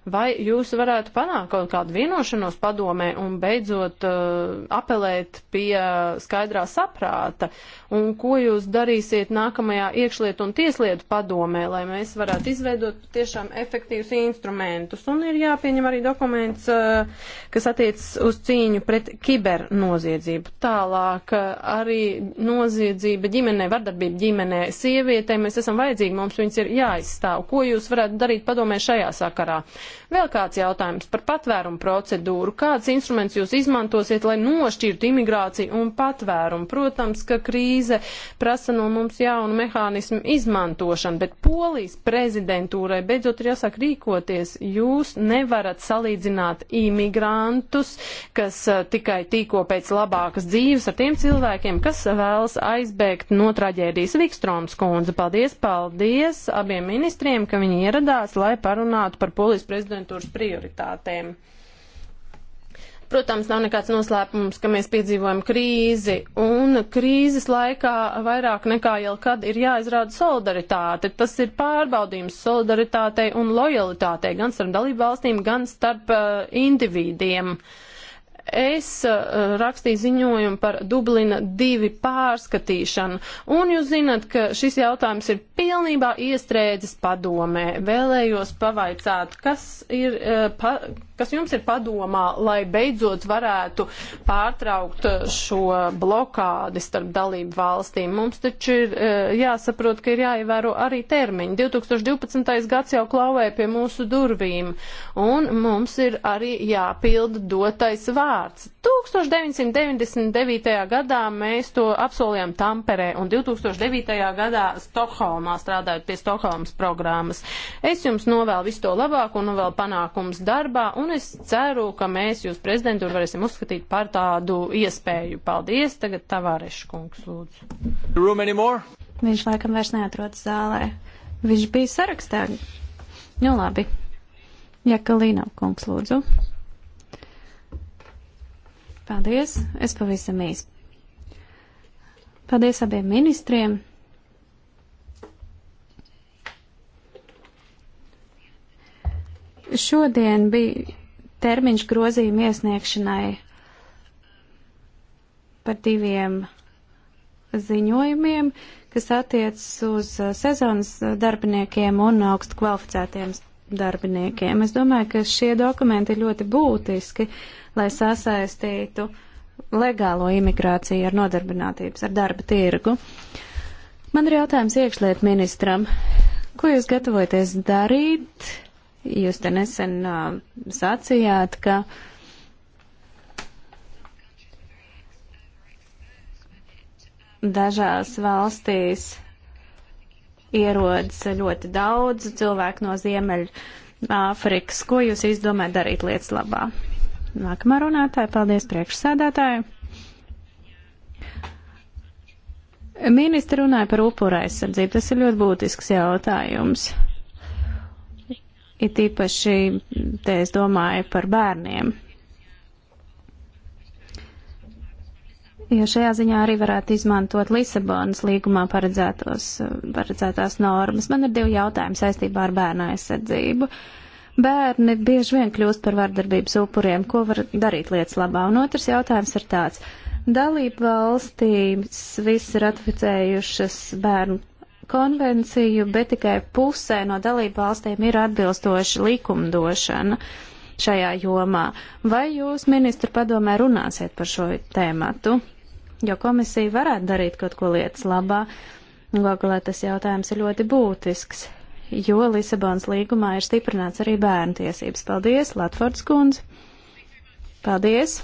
Vai jūs varētu panākt kaut kādu vienošanos padomē un beidzot uh, apelēt pie skaidrā saprāta? Un ko jūs darīsiet nākamajā iekšlietu un tieslietu padomē, lai mēs varētu izveidot tiešām efektīvus instrumentus? Un ir jāpieņem arī dokuments, uh, kas attiecas uz cīņu pret kibernoziedzību. Tālāk uh, arī noziedzība ģimenē, vardarbība ģimenē, sievietēm mēs esam vajadzīgi, mums viņas ir jāizstāv. Ko jūs varētu darīt padomē šajā sakarā? Vēl kāds jautājums par patvērumu procedūru. Kāds instruments jūs izmantosiet, lai nošķirtu imigrāciju un patvērumu? Protams, ka krīze prasa no mums jaunu mehānismu izmantošanu, bet polijas prezidentūrai beidzot ir jāsāk rīkoties. Jūs nevarat salīdzināt imigrantus, kas tikai tīko pēc labākas dzīves ar tiem cilvēkiem, kas vēlas aizbēgt no traģēdijas Vikstroms kundze. Paldies, paldies abiem ministriem, ka viņi ieradās, lai parunātu par polijas prezidentūru prezidentūras prioritātēm. Protams, nav nekāds noslēpums, ka mēs piedzīvojam krīzi, un krīzes laikā vairāk nekā jebkad ir jāizrāda solidaritāte. Tas ir pārbaudījums solidaritātei un lojalitātei gan starp dalību valstīm, gan starp uh, individiem. Uh, es uh, rakstīju ziņojumu par Dublina divi pārskatīšanu, un jūs zinat, ka šis jautājums ir pilnībā iestrēdzis padomē. Vēlējos pavaicāt, kas ir, uh, pa, Kas jums ir padomā, lai beidzot varētu pārtraukt šo blokādi starp dalību valstīm? Mums taču ir e, jāsaprot, ka ir jāievēro arī termiņi. 2012. gads jau klauvē pie mūsu durvīm, un mums ir arī jāpilda dotais vārds. 1999. gadā mēs to apsolījām Tamperē, un 2009. gadā Stokholmā strādājot pie Stokholmas programmas. Es jums novēlu visu to labāko, novēlu panākums darbā. Un un es ceru, ka mēs jūs prezidentūru varēsim uzskatīt par tādu iespēju. Paldies, tagad tavārešu kungs lūdzu. Viņš laikam vairs neatrodas zālē. Viņš bija sarakstā. Nu labi. Jakalīna kungs lūdzu. Paldies, es pavisam īsti. Paldies abiem ministriem Šodien bija termiņš grozījuma iesniegšanai par diviem ziņojumiem, kas attiecas uz uh, sezonas darbiniekiem un augstu kvalificētiem darbiniekiem. Es domāju, ka šie dokumenti ir ļoti būtiski, lai sasaistītu legālo imigrāciju ar nodarbinātības, ar darba tirgu. Man ir jautājums iekšliet ministram. Ko jūs gatavojaties darīt? Jūs te nesen uh, sacījāt, ka dažās valstīs ierodas ļoti daudz cilvēku no Ziemeļāfrikas. Ko jūs izdomājat darīt lietas labā? Nākamā runātāja, paldies priekšsēdētāju. Ministra runāja par upura aizsardzību. Tas ir ļoti būtisks jautājums. It īpaši te es domāju par bērniem. Jo šajā ziņā arī varētu izmantot Lisabonas līgumā paredzētās normas. Man ir divi jautājumi saistībā ar bērnu aizsardzību. Bērni bieži vien kļūst par vardarbības upuriem. Ko var darīt lietas labā? Un otrs jautājums ir tāds. Dalību valstīs visi ratificējušas bērnu konvenciju, bet tikai pusē no dalību valstīm ir atbilstoša likumdošana šajā jomā. Vai jūs, ministra padomē, runāsiet par šo tēmatu? Jo komisija varētu darīt kaut ko lietas labā. Gogolē tas jautājums ir ļoti būtisks, jo Lisabonas līgumā ir stiprināts arī bērnu tiesības. Paldies, Latvords kundze! Paldies!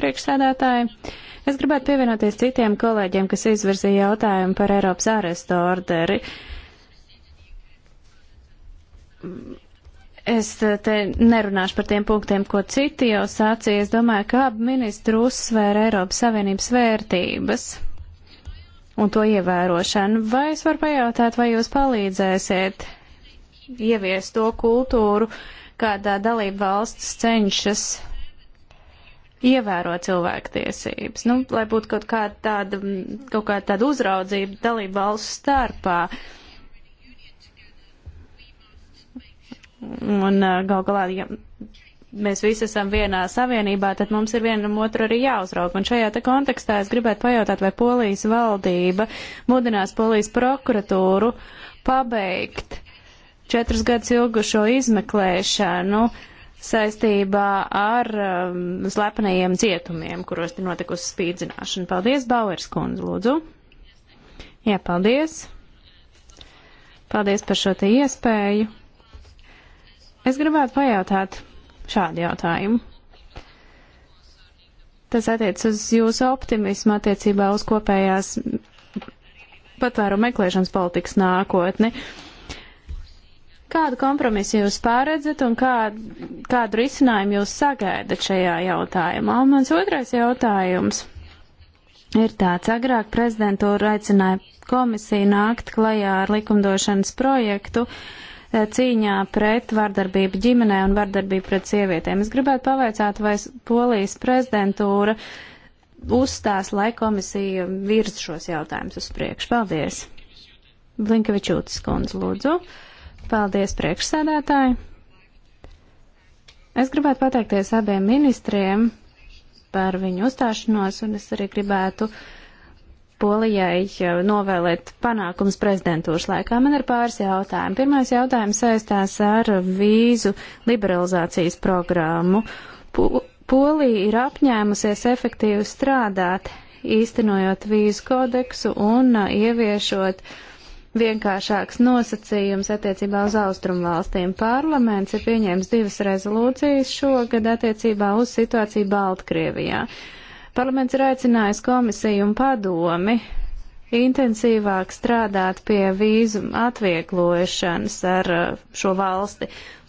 priekšsēdētāji. Es gribētu pievienoties citiem kolēģiem, kas izvirzīja jautājumu par Eiropas ārestu orderi. Es te nerunāšu par tiem punktiem, ko citi jau sācīja. Es domāju, ka abi ministri uzsvēra Eiropas Savienības vērtības un to ievērošanu. Vai es varu pajautāt, vai jūs palīdzēsiet ieviest to kultūru, kādā dalība valsts cenšas ievēro cilvēktiesības. Nu, lai būtu kaut kāda tāda, kaut kāda tāda uzraudzība dalību valsts starpā. Un gal galā, ja mēs visi esam vienā savienībā, tad mums ir vienam otru arī jāuzrauk. Un šajā te kontekstā es gribētu pajautāt, vai polijas valdība mudinās polijas prokuratūru pabeigt četrus gadus ilgušo izmeklēšanu. Nu, saistībā ar um, slepenajiem cietumiem, kuros ir notikusi spīdzināšana. Paldies, Bauers kundze, lūdzu. Jā, paldies. Paldies par šo te iespēju. Es gribētu pajautāt šādu jautājumu. Tas attiec uz jūsu optimismu attiecībā uz kopējās patvēru meklēšanas politikas nākotni. Uh, Kādu kompromisu jūs pāredzat un kādu, kādu risinājumu jūs sagaidat šajā jautājumā? Un mans otrais jautājums ir tāds. Agrāk prezidentūra aicināja komisiju nākt klajā ar likumdošanas projektu eh, cīņā pret vardarbību ģimenē un vardarbību pret sievietēm. Es gribētu pavaicāt, vai Polijas prezidentūra uzstās, lai komisija virz šos jautājumus uz priekšu. Paldies! Blinkevičūtas kundze, lūdzu. Uh, Paldies, priekšsēdētāji! Es gribētu pateikties abiem ministriem par viņu uzstāšanos, un es arī gribētu Polijai novēlēt panākums prezidentūras laikā. Man ir pāris jautājumi. Pirmais jautājums saistās ar vīzu liberalizācijas programmu. Po Polija ir apņēmusies efektīvi strādāt, īstenojot vīzu kodeksu un uh, ieviešot uh, vienkāršāks nosacījums attiecībā uz austrumu valstīm. Parlaments ir pieņēmis divas rezolūcijas šogad attiecībā uz situāciju Baltkrievijā. Parlaments ir aicinājis komisiju un padomi intensīvāk strādāt pie vīzu atvieglošanas ar uh, šo valsti.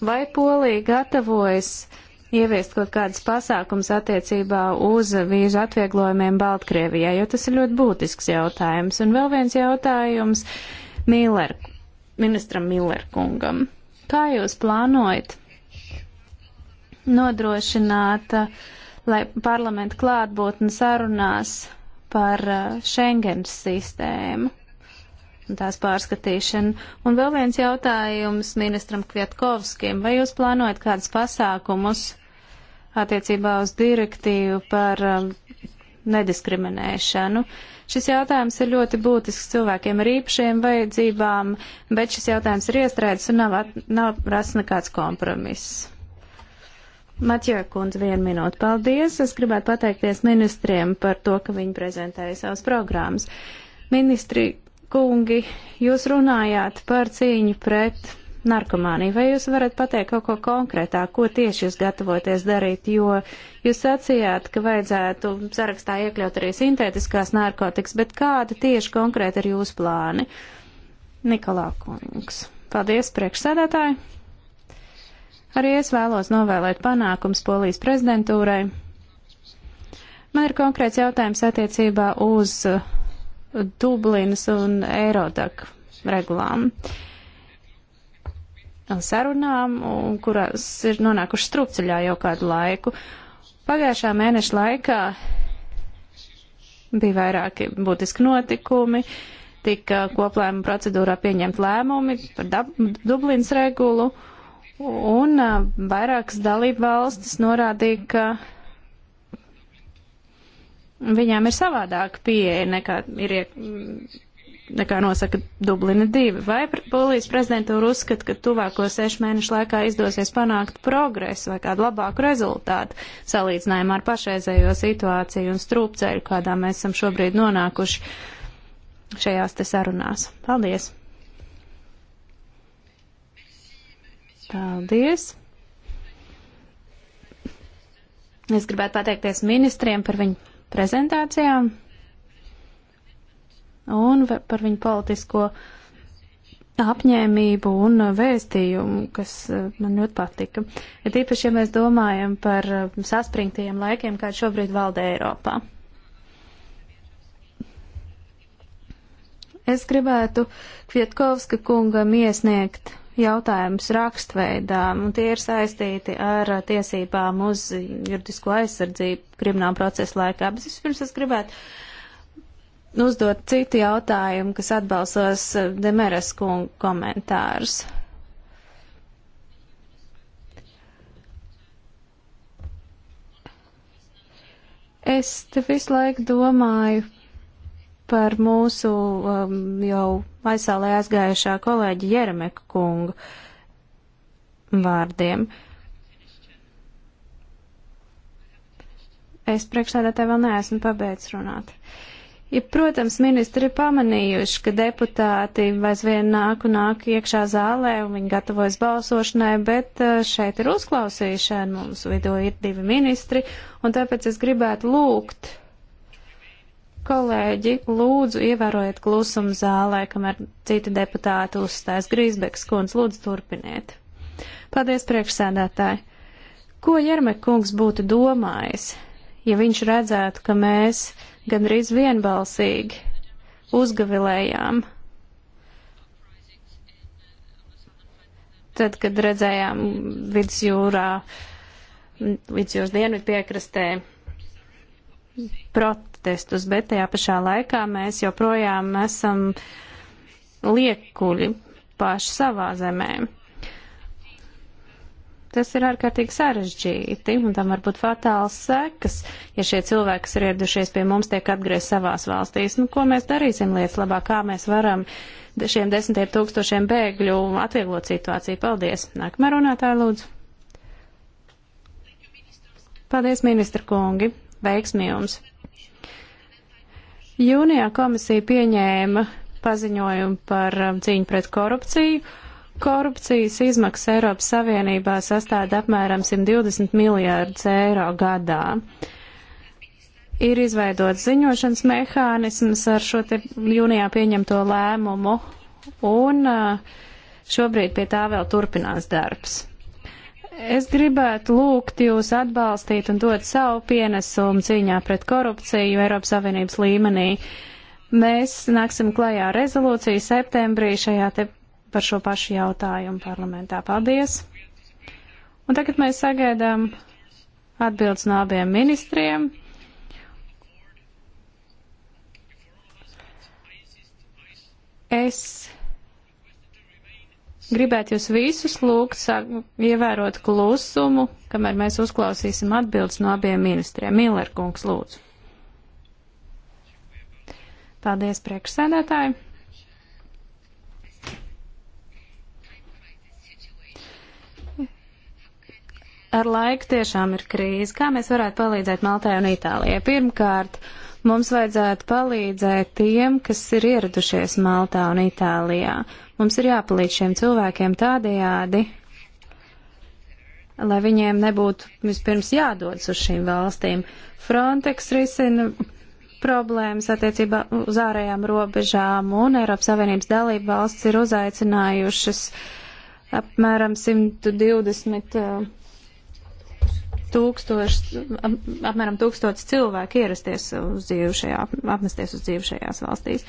Vai Polija gatavojas ieviest kaut kādas pasākums attiecībā uz vīzu atvieglojumiem Baltkrievijai, jo tas ir ļoti būtisks jautājums. Un vēl viens jautājums Miller, ministram Miller kungam. Kā jūs plānojat nodrošināt, uh, lai parlamenta klātbūtne sarunās par uh, Schengens sistēmu un tās pārskatīšanu? Un vēl viens jautājums ministram Kvietkovskim. Vai jūs plānojat kādus pasākumus attiecībā uz direktīvu par um, nediskriminēšanu? Uh, Šis jautājums ir ļoti būtisks cilvēkiem ar īpašiem vajadzībām, bet šis jautājums ir iestrēdzis un nav, at, nav rasts nekāds kompromiss. Matjā kundze, vienu minūti. Paldies! Es gribētu pateikties ministriem par to, ka viņi prezentēja savas programmas. Ministri kungi, jūs runājāt par cīņu pret narkomāniju. Vai jūs varat pateikt kaut ko konkrētāk, ko tieši jūs gatavoties darīt, jo jūs sacījāt, ka vajadzētu sarakstā iekļaut arī sintētiskās narkotikas, bet kāda tieši konkrēti ir jūsu plāni? Nikolā Kungs. Paldies, priekšsēdētāji. Arī es vēlos novēlēt panākums Polijas prezidentūrai. Man ir konkrēts jautājums attiecībā uz Dublinas un Eirodak regulām. Uh, sarunām, kurās ir nonākuši strupceļā jau kādu laiku. Pagājušā mēneša laikā bija vairāki būtiski notikumi, tika koplēma procedūrā pieņemt lēmumi par Dublins regulu, un uh, vairākas dalība valstis norādīja, ka viņām ir savādāka pieeja nekā ir nekā nosaka Dublina 2. Vai Polijas prezidentūra uzskata, ka tuvāko sešu mēnešu laikā izdosies panākt progresu vai kādu labāku rezultātu salīdzinājumā ar pašreizējo situāciju un strūpceļu, kādā mēs esam šobrīd nonākuši šajās te sarunās? Paldies! Paldies! Es gribētu pateikties ministriem par viņu prezentācijām un par viņu politisko apņēmību un vēstījumu, kas eh, man ļoti patika. Ir ja īpaši, ja mēs domājam par eh, saspringtajiem laikiem, kāda šobrīd valda Eiropā. Es gribētu Kvietkovska kungam iesniegt jautājumus rakstveidā, un tie ir saistīti ar tiesībām uz juridisko aizsardzību krimināla procesa laikā. Bet vispirms es gribētu uzdot citu jautājumu, kas atbalstos eh, Demeres kungu komentārus. Es te visu laiku domāju par mūsu um, jau aizsālē aizgājušā kolēģi Jeremeka kungu vārdiem. Es priekšsēdētāji vēl neesmu pabeidz runāt. Uh, Ja, protams, ministri ir pamanījuši, ka deputāti aizvien nāk un nāk iekšā zālē un viņi gatavojas balsošanai, bet eh, šeit ir uzklausīšana, mums vidū ir divi ministri, un tāpēc es gribētu lūgt, kolēģi, lūdzu ievērojiet klusumu zālē, kamēr citi deputāti uzstājas. Grīsbeks kundz, lūdzu turpiniet. Paldies, priekšsēdētāji. Ko Jermek kungs būtu domājis, ja viņš redzētu, ka mēs gandrīz vienbalsīgi uzgavilējām. Tad, kad redzējām vidusjūrā, vidusjūras dienvidu piekrastē protestus, bet tajā pašā laikā mēs joprojām esam liekuļi paši savā zemē tas ir ārkārtīgi sarežģīti un tam var būt fatāls sekas, ja šie cilvēki, kas ir ieradušies pie mums, tiek atgriezt savās valstīs. Nu, ko mēs darīsim lietas labā, kā mēs varam šiem desmitiem tūkstošiem bēgļu atvieglot situāciju? Paldies. Nākamā runātāja lūdzu. Paldies, ministra kungi. Veiksmi jums. Jūnijā komisija pieņēma paziņojumu par um, cīņu pret korupciju Korupcijas izmaksas Eiropas Savienībā sastāda apmēram 120 miljārdus eiro gadā. Ir izveidots ziņošanas mehānisms ar šo te jūnijā pieņemto lēmumu, un uh, šobrīd pie tā vēl turpinās darbs. Es gribētu lūgt jūs atbalstīt un dot savu pienesumu cīņā pret korupciju Eiropas Savienības līmenī. Mēs nāksim klajā rezolūciju septembrī šajā te par šo pašu jautājumu parlamentā. Paldies! Un tagad mēs sagaidām atbildes no abiem ministriem. Es gribētu jūs visus lūgt ievērot klusumu, kamēr mēs uzklausīsim atbildes no abiem ministriem. Miller kungs, lūdzu. Paldies, priekšsēdētāji! ar laiku tiešām ir krīze. Kā mēs varētu palīdzēt Maltai un Itālijai? Pirmkārt, mums vajadzētu palīdzēt tiem, kas ir ieradušies Maltā un Itālijā. Mums ir jāpalīdz šiem cilvēkiem tādējādi, lai viņiem nebūtu vispirms jādodas uz šīm valstīm. Frontex risina problēmas attiecībā uz ārējām robežām, un Eiropas Savienības dalība valsts ir uzaicinājušas apmēram 120 tūkstoši, apmēram tūkstots cilvēku ierasties uz dzīvu šajā, apmesties uz dzīvu šajās valstīs.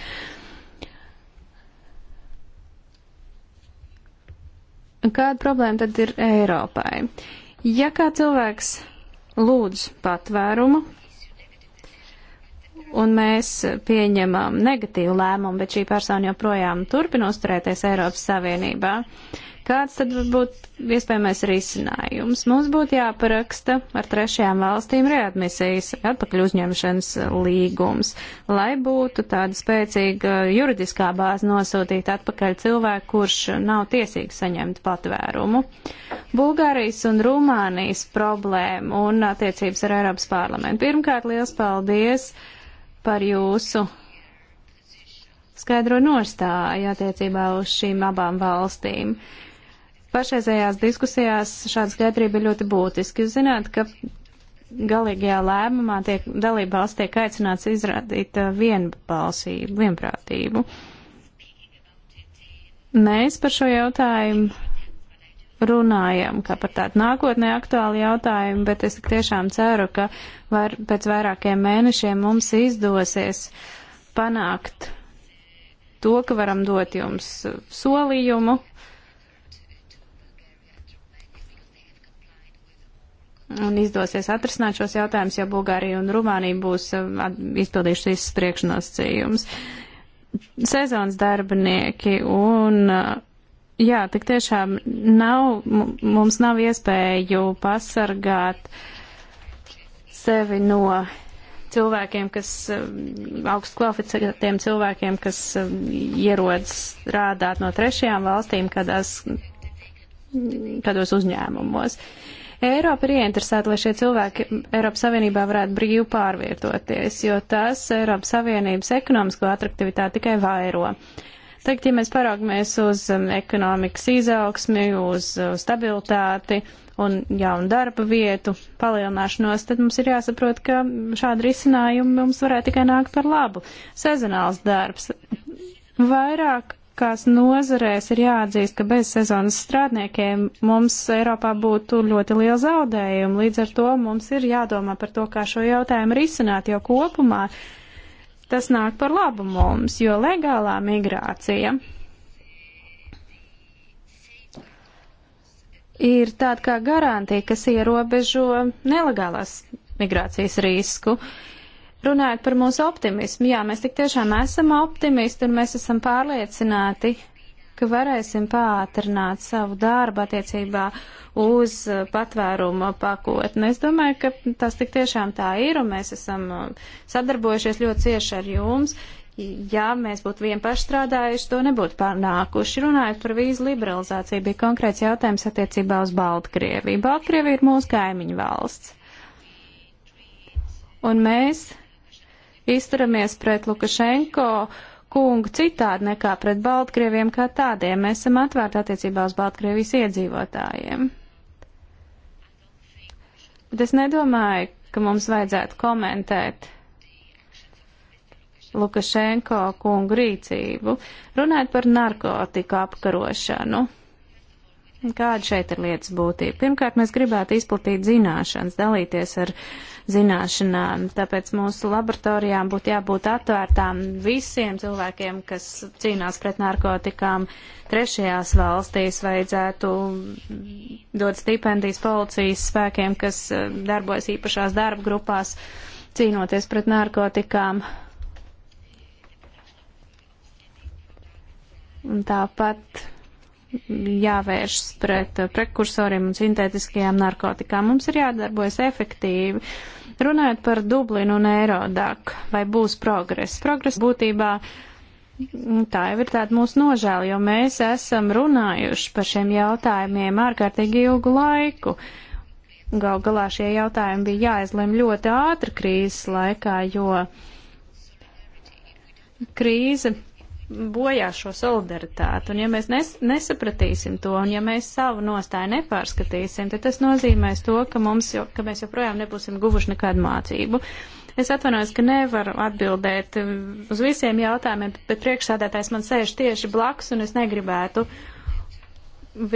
Kāda problēma tad ir Eiropai? Ja kā cilvēks lūdz patvērumu, un mēs pieņemam negatīvu lēmumu, bet šī persona joprojām turpina uzturēties Eiropas Savienībā, uh, Kāds tad būtu iespējamais risinājums? Mums būtu jāparaksta ar trešajām valstīm readmisijas atpakaļ uzņemšanas līgums, lai būtu tāda spēcīga juridiskā bāze nosūtīt atpakaļ cilvēku, kurš nav tiesīgs saņemt patvērumu. Bulgārijas un Rumānijas problēma un attiecības ar Eiropas parlamentu. Pirmkārt, liels paldies par jūsu skaidro nostāju attiecībā uz šīm abām valstīm. Uh, pašreizējās diskusijās šāda skaidrība ir ļoti būtiska. Jūs zināt, ka galīgajā lēmumā tiek dalībvalsts tiek aicināts izrādīt uh, vienbalsību, vienprātību. Mēs par šo jautājumu runājam, kā par tādu nākotnē aktuālu jautājumu, bet es tiešām ceru, ka var, pēc vairākiem mēnešiem mums izdosies panākt to, ka varam dot jums solījumu, uh, un izdosies atrisināt šos jautājumus, ja Bulgārija un Rumānija būs um, izpildījuši visas priekšnosacījumus. Sezonas darbinieki un, uh, jā, tik tiešām nav, mums nav iespēju pasargāt sevi no cilvēkiem, kas um, augstu kvalificētiem cilvēkiem, kas um, ierodas strādāt no trešajām valstīm, kādās, kādos uzņēmumos. Uh, Eiropa ir ieinteresēta, lai šie cilvēki Eiropas Savienībā varētu brīvi pārvietoties, jo tas Eiropas Savienības ekonomisko atraktivitāti tikai vairo. Tagad, ja mēs paraugamies uz um, ekonomikas izaugsmi, uz uh, stabilitāti un jaunu darba vietu palielināšanos, tad mums ir jāsaprot, ka šādi risinājumi mums varētu tikai nākt par labu. Sezonāls darbs. Vairāk vairākās nozarēs ir jāatzīst, ka bez sezonas strādniekiem mums Eiropā būtu ļoti liela zaudējuma. Līdz ar to mums ir jādomā par to, kā šo jautājumu risināt, jo kopumā tas nāk par labu mums, jo legālā migrācija ir tāda kā garantija, kas ierobežo nelegālās migrācijas risku. Uh, Runājot par mūsu optimismu, jā, mēs tik tiešām esam optimisti un mēs esam pārliecināti, ka varēsim pātrināt savu darbu attiecībā uz uh, patvērumu pakotni. Es domāju, ka tas tik tiešām tā ir, un mēs esam uh, sadarbojušies ļoti cieši ar jums. Ja mēs būtu vien paši strādājuši, to nebūtu pārnākuši. Runājot par vīzu liberalizāciju, bija konkrēts jautājums attiecībā uz Baltkrieviju. Baltkrievija ir mūsu kaimiņu valsts. Un mēs izturamies pret Lukašenko kungu citādi nekā pret Baltkrieviem kā tādiem. Mēs esam atvērti attiecībā uz Baltkrievijas iedzīvotājiem. Bet es nedomāju, ka mums vajadzētu komentēt Lukašenko kungu rīcību. Runājot par narkotiku apkarošanu. Kāda šeit ir lietas būtība? Pirmkārt, mēs gribētu izplatīt zināšanas, dalīties ar uh, zināšanām. Tāpēc mūsu laboratorijām būtu jābūt atvērtām visiem cilvēkiem, kas cīnās pret narkotikām trešajās valstīs. Vajadzētu dot stipendijas policijas spēkiem, kas eh, darbojas īpašās darba grupās cīnoties pret narkotikām. Un tāpat jāvēršas pret prekursoriem un sintētiskajām narkotikām. Mums ir jādarbojas efektīvi. Uh, Runājot par Dublinu un Eirodaku, vai būs progress? Progress būtībā mm, tā jau ir tāda mūsu nožēla, jo mēs esam runājuši par šiem jautājumiem ārkārtīgi ilgu laiku. Gal galā šie jautājumi bija jāizlem ļoti ātri krīzes laikā, jo krīze bojā šo solidaritāti. Un ja mēs nes, nesapratīsim to, un ja mēs savu nostāju nepārskatīsim, tad tas nozīmēs to, ka, mums, jo, ka mēs joprojām nebūsim guvuši nekādu mācību. Es atvainojos, ka nevaru atbildēt uz visiem jautājumiem, bet priekšsādātājs man sēž tieši blakus, un es negribētu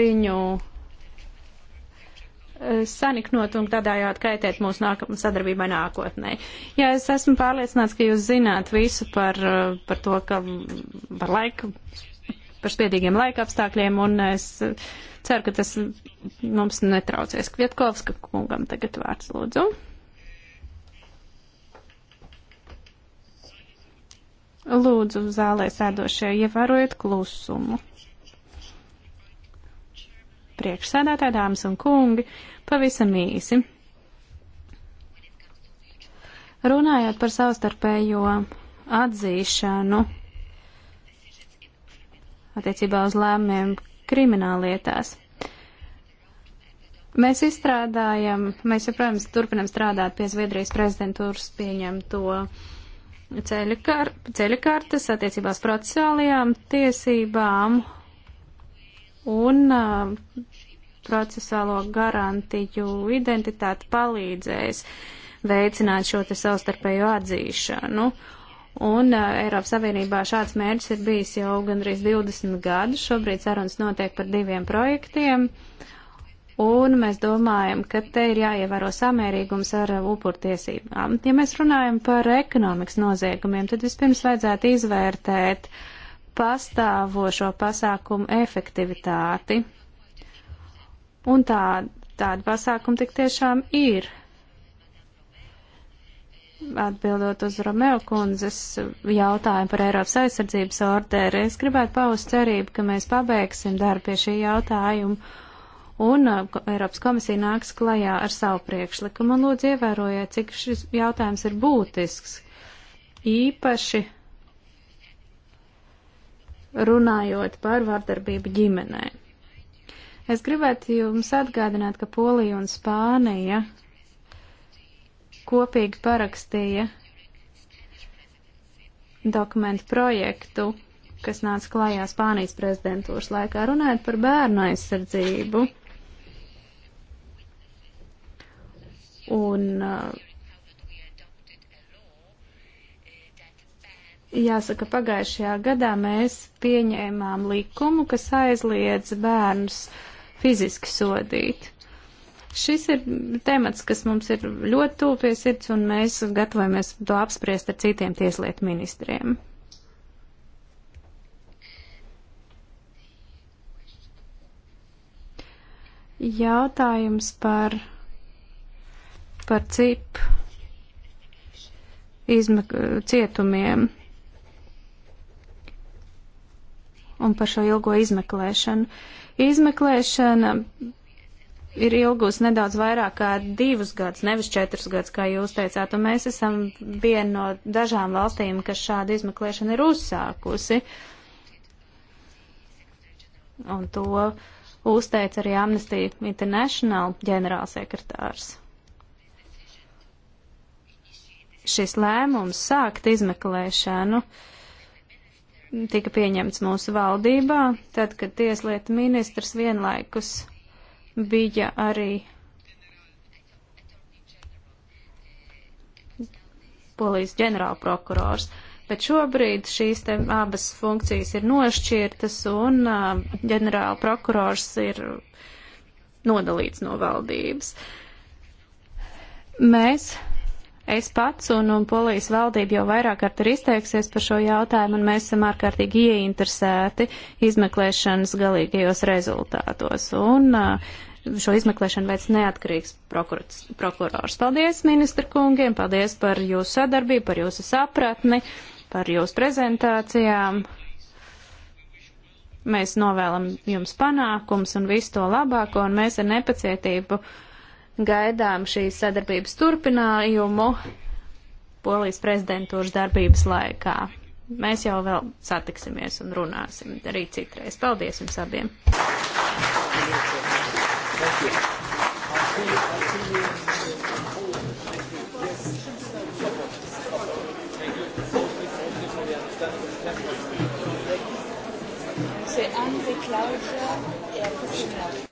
viņu saniknot un tādējādi kaitēt mūsu nākamā sadarbībai nākotnē. Jā, es esmu pārliecināts, ka jūs zināt visu par, par to, ka par laiku, par spiedīgiem laika apstākļiem, un es ceru, ka tas mums netraucēs. Kvietkovska kungam tagad vārds lūdzu. Lūdzu, zālē sēdošie, ievērojiet klusumu priekšsēdētāji, dāmas un kungi, pavisam īsi. Runājot par savstarpējo atzīšanu attiecībā uz lēmumiem krimināllietās. Mēs izstrādājam, mēs joprojām turpinam strādāt pie Zviedrijas prezidentūras pieņemto ceļa, kar, ceļa kartes attiecībās procesuālajām tiesībām un um, procesālo garantiju identitāte palīdzēs veicināt šo te savstarpēju atzīšanu. Un uh, Eiropas Savienībā šāds mērķis ir bijis jau gandrīz 20 gadus. Šobrīd sarunas notiek par diviem projektiem. Un mēs domājam, ka te ir jāievēro samērīgums ar uh, upurtiesībām. Ja mēs runājam par ekonomikas noziegumiem, tad vispirms vajadzētu izvērtēt uh, pastāvošo pasākumu efektivitāti. Un tā, tāda pasākuma tik tiešām ir. Atbildot uz Romeo kundzes jautājumu par Eiropas aizsardzības orderi, es gribētu paust cerību, ka mēs pabeigsim darbu pie šī jautājuma un uh, Eiropas komisija nāks klajā ar savu priekšlikumu. Un lūdzu ievērojiet, cik šis jautājums ir būtisks. Īpaši runājot par vardarbību ģimenē. Es gribētu jums atgādināt, ka Polija un Spānija kopīgi parakstīja dokumentu projektu, kas nāca klajā Spānijas prezidentūras laikā, runājot par bērnu aizsardzību. Un uh, Jāsaka, pagājušajā gadā mēs pieņēmām likumu, kas aizliedz bērnus fiziski sodīt. Šis ir temats, kas mums ir ļoti tuvu pie sirds, un mēs gatavojamies to apspriest ar citiem tieslietu ministriem. Jautājums par, par cipu izmek cietumiem. un par šo ilgo izmeklēšanu. Izmeklēšana ir ilgus nedaudz vairāk kā divus gadus, nevis četrus gadus, kā jūs teicāt, un mēs esam viena no dažām valstīm, kas šādu izmeklēšanu ir uzsākusi. Un to uzteica arī Amnesty International ģenerālsekretārs. Šis lēmums sākt izmeklēšanu uh, tika pieņemts mūsu valdībā, tad, kad tieslietu ministrs vienlaikus bija arī polijas ģenerālprokurors. Bet šobrīd šīs te abas funkcijas ir nošķirtas un uh, ģenerālprokurors ir nodalīts no valdības. Mēs Es pats un, un polijas valdība jau vairāk kārt ir izteiksies par šo jautājumu, un mēs esam ārkārtīgi ieinteresēti izmeklēšanas galīgajos rezultātos. Un uh, šo izmeklēšanu veids neatkarīgs prokurors. Paldies, ministra kungiem, paldies par jūsu sadarbību, par jūsu sapratni, par jūsu prezentācijām. Mēs novēlam jums panākums un visu to labāko, un mēs ar nepacietību gaidām šīs sadarbības turpinājumu Polijas prezidentūras darbības laikā. Mēs jau vēl satiksimies un runāsim arī citreiz. Paldies jums abiem! Thank you. I'll see you. I'll see you. c'est Anne et Claudia et après c'est Claudia.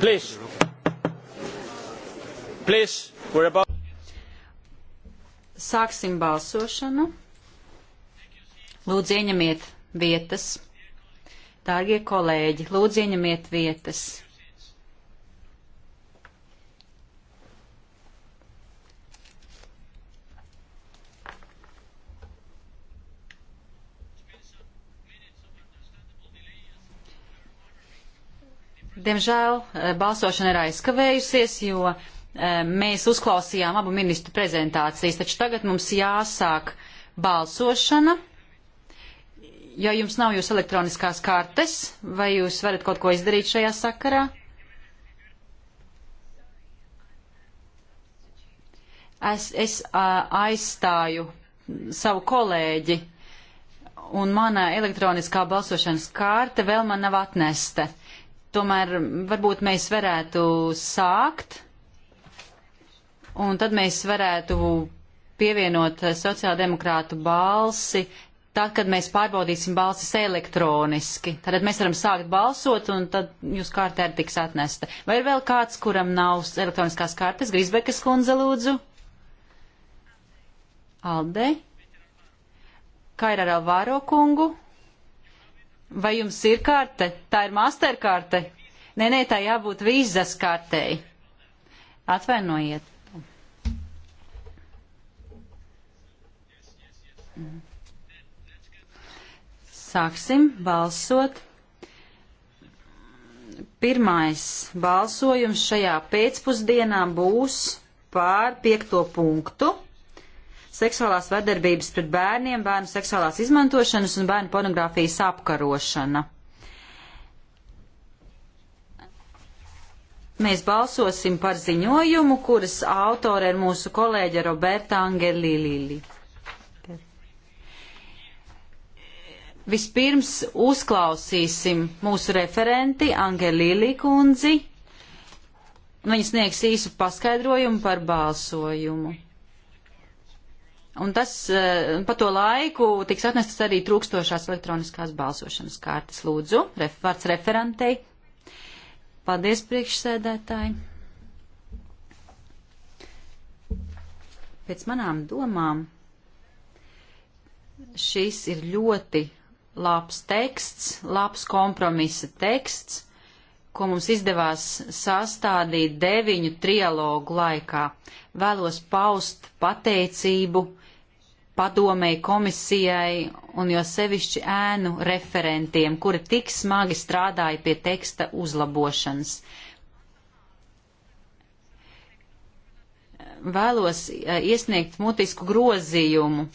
Please. Please. We're about... Sāksim balsošanu. Lūdzu, ieņemiet vietas. Dārgie kolēģi, lūdzu, ieņemiet vietas. Diemžēl eh, balsošana ir aizkavējusies, jo eh, mēs uzklausījām abu ministru prezentācijas, taču tagad mums jāsāk balsošana. Ja jums nav jūsu elektroniskās kartes, vai jūs varat kaut ko izdarīt šajā sakarā? Es, es aizstāju savu kolēģi, un mana elektroniskā balsošanas kārta vēl man nav atnesta. Tomēr varbūt mēs varētu sākt, un tad mēs varētu pievienot sociāldemokrātu balsi, tad, kad mēs pārbaudīsim balsis elektroniski. Tad mēs varam sākt balsot, un tad jūs kārtē arī tiks atnesta. Vai ir vēl kāds, kuram nav elektroniskās kārtas? Grisbekas kundze, lūdzu. Alde. Kā ir ar Alvāro kungu? Vai jums ir karte? Tā ir masterkarte? Nē, nē, tā jābūt vīzas kartei. Atvainojiet. Sāksim balsot. Pirmais balsojums šajā pēcpusdienā būs pār piekto punktu seksuālās vardarbības pret bērniem, bērnu seksuālās izmantošanas un bērnu pornogrāfijas apkarošana. Mēs balsosim par ziņojumu, kuras autore ir mūsu kolēģe Roberta Angelīlīli. Vispirms uzklausīsim mūsu referenti Angelīlī kundzi, un viņas sniegs īsu paskaidrojumu par balsojumu un tas eh, pa to laiku tiks atnestas arī trūkstošās elektroniskās balsošanas kārtas. Lūdzu, ref, vārds referentei. Paldies, priekšsēdētāji. Pēc manām domām šis ir ļoti labs teksts, labs kompromisa teksts, ko mums izdevās sastādīt deviņu trialogu laikā. Vēlos paust pateicību padomēji komisijai un jo sevišķi ēnu referentiem, kuri tik smagi strādāja pie teksta uzlabošanas. Vēlos eh, iesniegt mutisku grozījumu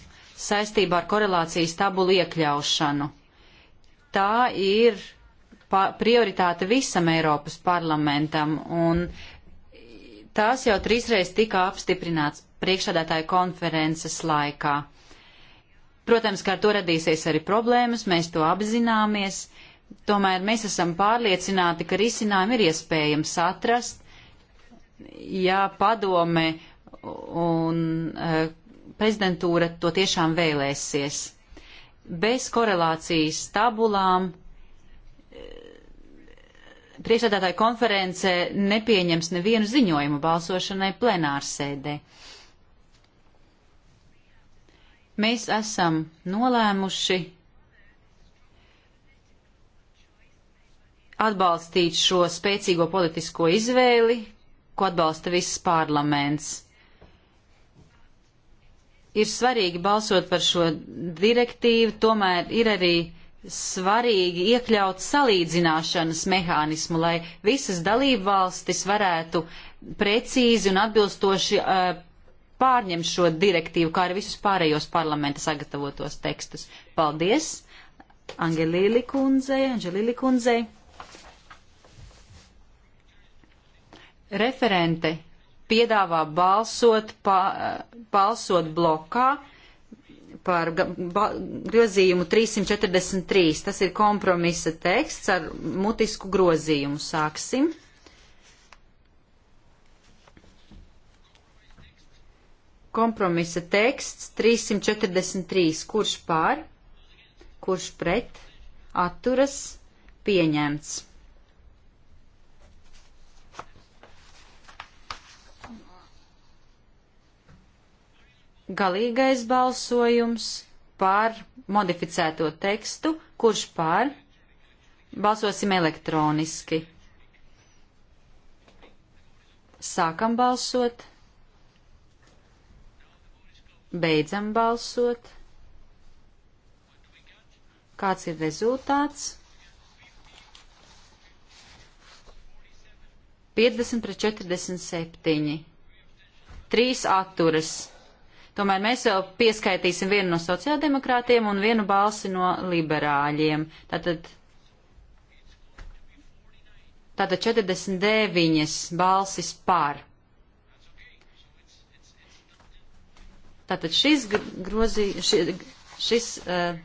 saistībā ar korelācijas tabulu iekļaušanu. Tā ir prioritāte visam Eiropas parlamentam, un tās jau trīsreiz tika apstiprināts priekšsēdētāju konferences laikā. Protams, ka ar to radīsies arī problēmas, mēs to apzināmies, tomēr mēs esam pārliecināti, ka risinājumi ir iespējams atrast, ja padome un uh, prezidentūra to tiešām vēlēsies. Bez korelācijas tabulām eh, priekšsēdētāja konference nepieņems nevienu ziņojumu balsošanai plenārsēdē. Uh, Mēs esam nolēmuši atbalstīt šo spēcīgo politisko izvēli, ko atbalsta viss parlaments. Ir svarīgi balsot par šo direktīvu, tomēr ir arī svarīgi iekļaut salīdzināšanas mehānismu, lai visas dalību valstis varētu precīzi un atbilstoši uh, pārņem šo direktīvu, kā arī visus pārējos parlamenta sagatavotos tekstus. Paldies Angelīli kundzei, Angelīli kundzei. Referente piedāvā balsot, pa, balsot blokā par grozījumu 343. Tas ir kompromisa teksts ar mutisku grozījumu. Sāksim. Kompromisa teksts 343. Kurš pār, kurš pret, atturas, pieņemts. Galīgais balsojums par modificēto tekstu, kurš pār, balsosim elektroniski. Sākam balsot. Beidzam balsot. Kāds ir rezultāts? 50 pret 47. Trīs atturas. Tomēr mēs vēl pieskaitīsim vienu no sociāldemokrātiem un vienu balsi no liberāļiem. Tātad, tātad 49 balsis par. Tātad šis, grozī, šis, šis uh,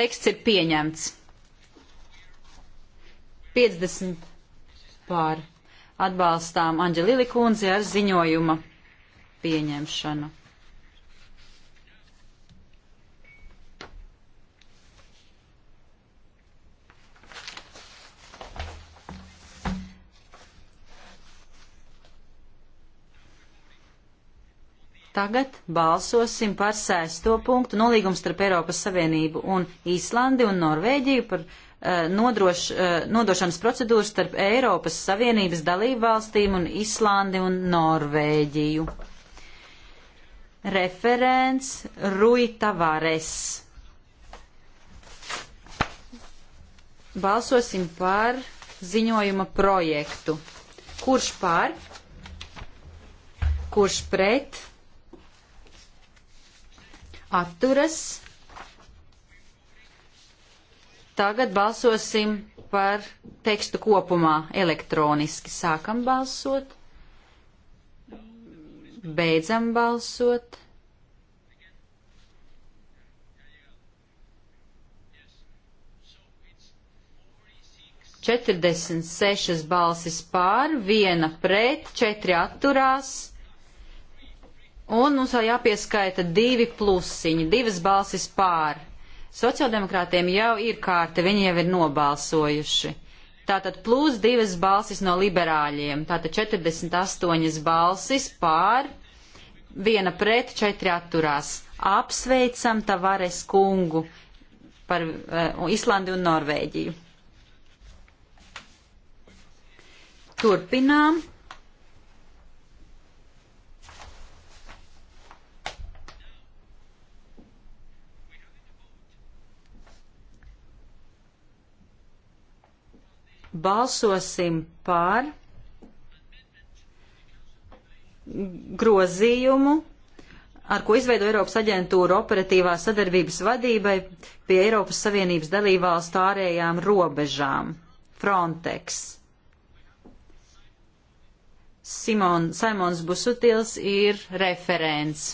teksts ir pieņemts. 50 pār atbalstām Anģelili kundzi ar ziņojuma pieņemšanu. Tagad balsosim par sesto punktu nolīgums starp Eiropas Savienību un Īslandi un Norvēģiju par uh, nodroš, uh, nodošanas procedūru starp Eiropas Savienības dalību valstīm un Īslandi un Norvēģiju. Referents Rui Tavares. Balsosim par ziņojuma projektu. Kurš par? Kurš pret? atturas. Tagad balsosim par tekstu kopumā elektroniski. Sākam balsot, beidzam balsot. Četrdesmit sešas balsis pār, viena pret, četri atturās. Un mums vēl jāpieskaita divi plusiņi, divas balsis pār. Sociāldemokrātiem jau ir kārta, viņi jau ir nobalsojuši. Tātad plus divas balsis no liberāļiem, tātad 48 balsis pār, viena pret, četri atturās. Apsveicam Tavares kungu par uh, Islandi un Norvēģiju. Turpinām. balsosim pār grozījumu, ar ko izveido Eiropas aģentūra operatīvā sadarbības vadībai pie Eiropas Savienības dalībvalstu ārējām robežām - Frontex. Simon, Simons Busutils ir referents.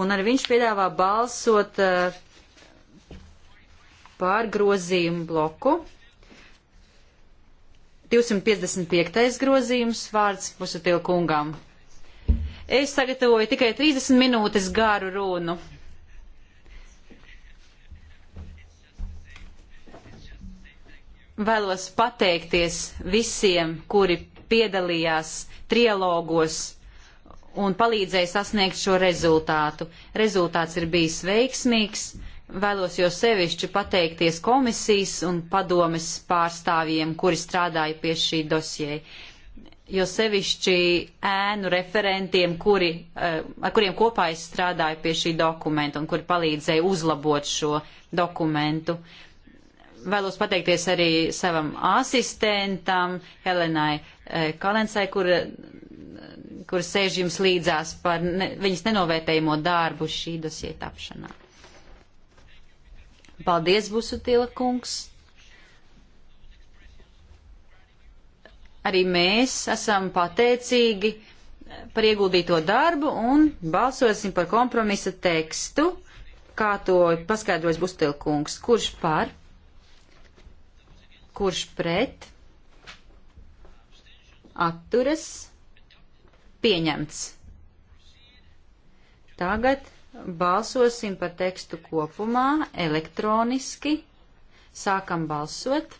Un arī viņš piedāvā balsot uh, par grozījumu bloku. 255. grozījums vārds Pusutilkungam. Es sagatavoju tikai 30 minūtes garu runu. Vēlos pateikties visiem, kuri piedalījās trialogos un palīdzēja sasniegt šo rezultātu. Rezultāts ir bijis veiksmīgs Vēlos jau sevišķi pateikties komisijas un padomes pārstāvjiem, kuri strādāja pie šī dosjē. Jo sevišķi ēnu referentiem, kuri, eh, ar kuriem kopā es strādāju pie šī dokumenta un kuri palīdzēja uzlabot šo dokumentu. Vēlos pateikties arī savam asistentam, Helenai eh, Kalensai, kur, kur sēž jums līdzās par ne, viņas nenovērtējumu darbu šī dosjē tapšanā. Paldies, Busutila kungs. Arī mēs esam pateicīgi par ieguldīto darbu un balsosim par kompromisa tekstu, kā to paskaidros Busutila kungs. Kurš par? Kurš pret? Atturas? Pieņemts. Tagad Balsosim par tekstu kopumā elektroniski. Sākam balsot.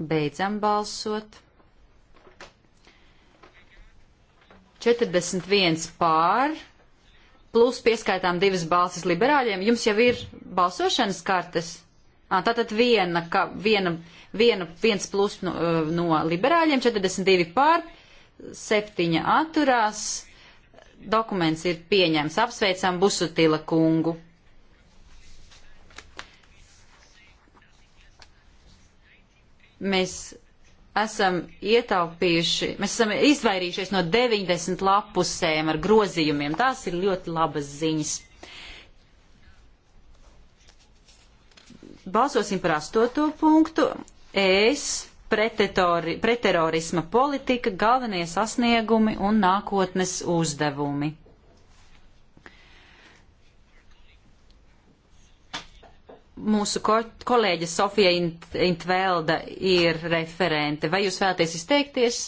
Beidzam balsot. 41 pār, plus pieskaitām divas balsis liberāļiem. Jums jau ir balsošanas kartes? À, tātad viena, ka, viena, viena, viens plus no, no liberāļiem, 42 pār septiņi atturās. Dokuments ir pieņems. Apsveicam Busutila kungu. Mēs esam ietaupījuši, mēs esam izvairījušies no 90 lapusēm ar grozījumiem. Tās ir ļoti labas ziņas. Balsosim par astoto punktu. Es pretterorisma politika, galvenie sasniegumi un nākotnes uzdevumi. Mūsu ko kolēģe Sofija Intvelda ir referente. Vai jūs vēlaties izteikties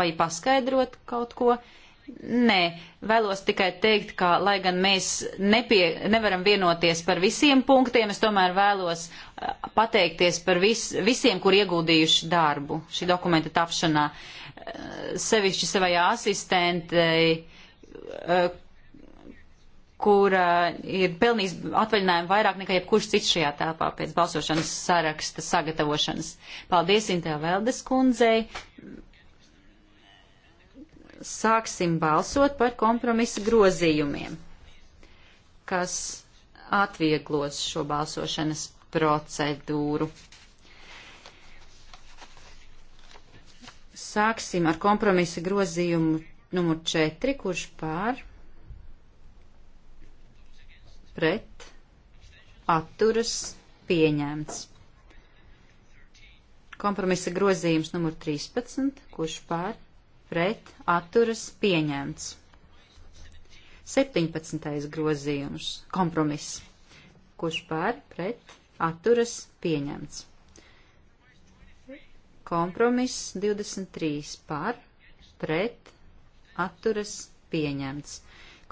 vai paskaidrot kaut ko? Uh, Nē, vēlos tikai teikt, ka, lai gan mēs nepie, nevaram vienoties par visiem punktiem, es tomēr vēlos uh, pateikties par vis, visiem, kur ieguldījuši darbu šī dokumenta tapšanā. Uh, sevišķi savai asistentei, uh, kura ir pelnījis atvaļinājumu vairāk nekā jebkurš cits šajā telpā pēc balsošanas saraksta sagatavošanas. Paldies Intē Veldes kundzei sāksim balsot par kompromisa grozījumiem, kas atvieglos šo balsošanas procedūru. Sāksim ar kompromisa grozījumu numur 4, kurš pār, pret, atturas, pieņemts. Kompromisa grozījums numur 13, kurš pār, pret atturas pieņemts. 17. grozījums - kompromiss, kurš par pret atturas pieņemts. Kompromiss 23 par pret atturas pieņemts.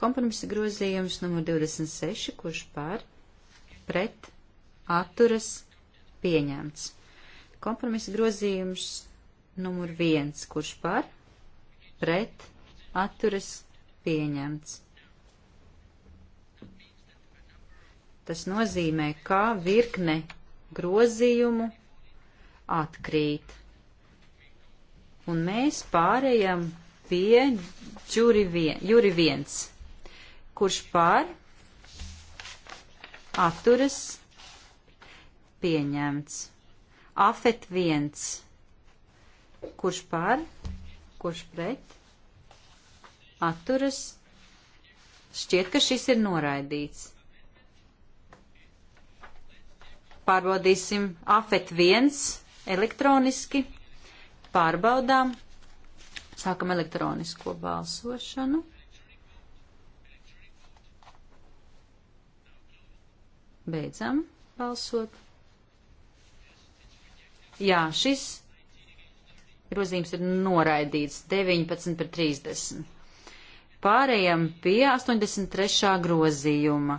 Kompromisa grozījums numur 26, kurš par pret atturas pieņemts. Kompromisa grozījums numur 1, kurš par pret atturas pieņemts. Tas nozīmē, ka virkne grozījumu atkrīt. Un mēs pārējām pie Juri 1, kurš pār atturas pieņemts. Afet 1, kurš pār kurš pret, atturas, šķiet, ka šis ir noraidīts. Pārbaudīsim afet viens elektroniski, pārbaudām, sākam elektronisko balsošanu. Beidzam balsot. Jā, šis grozījums ir noraidīts 19 par 30. Pārējām pie 83. grozījuma.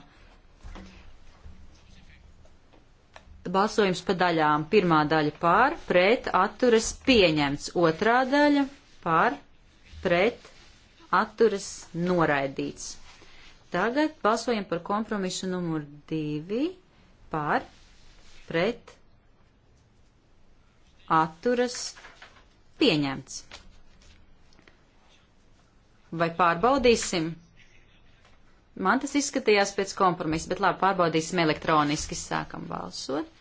Balsojums pa daļām. Pirmā daļa pār, pret, atturas, pieņemts. Otrā daļa pār, pret, atturas, noraidīts. Tagad balsojam par kompromisu numur divi pār, pret, atturas, noraidīts pieņemts. Vai pārbaudīsim? Man tas izskatījās pēc kompromisa, bet labi, pārbaudīsim elektroniski, sākam balsot.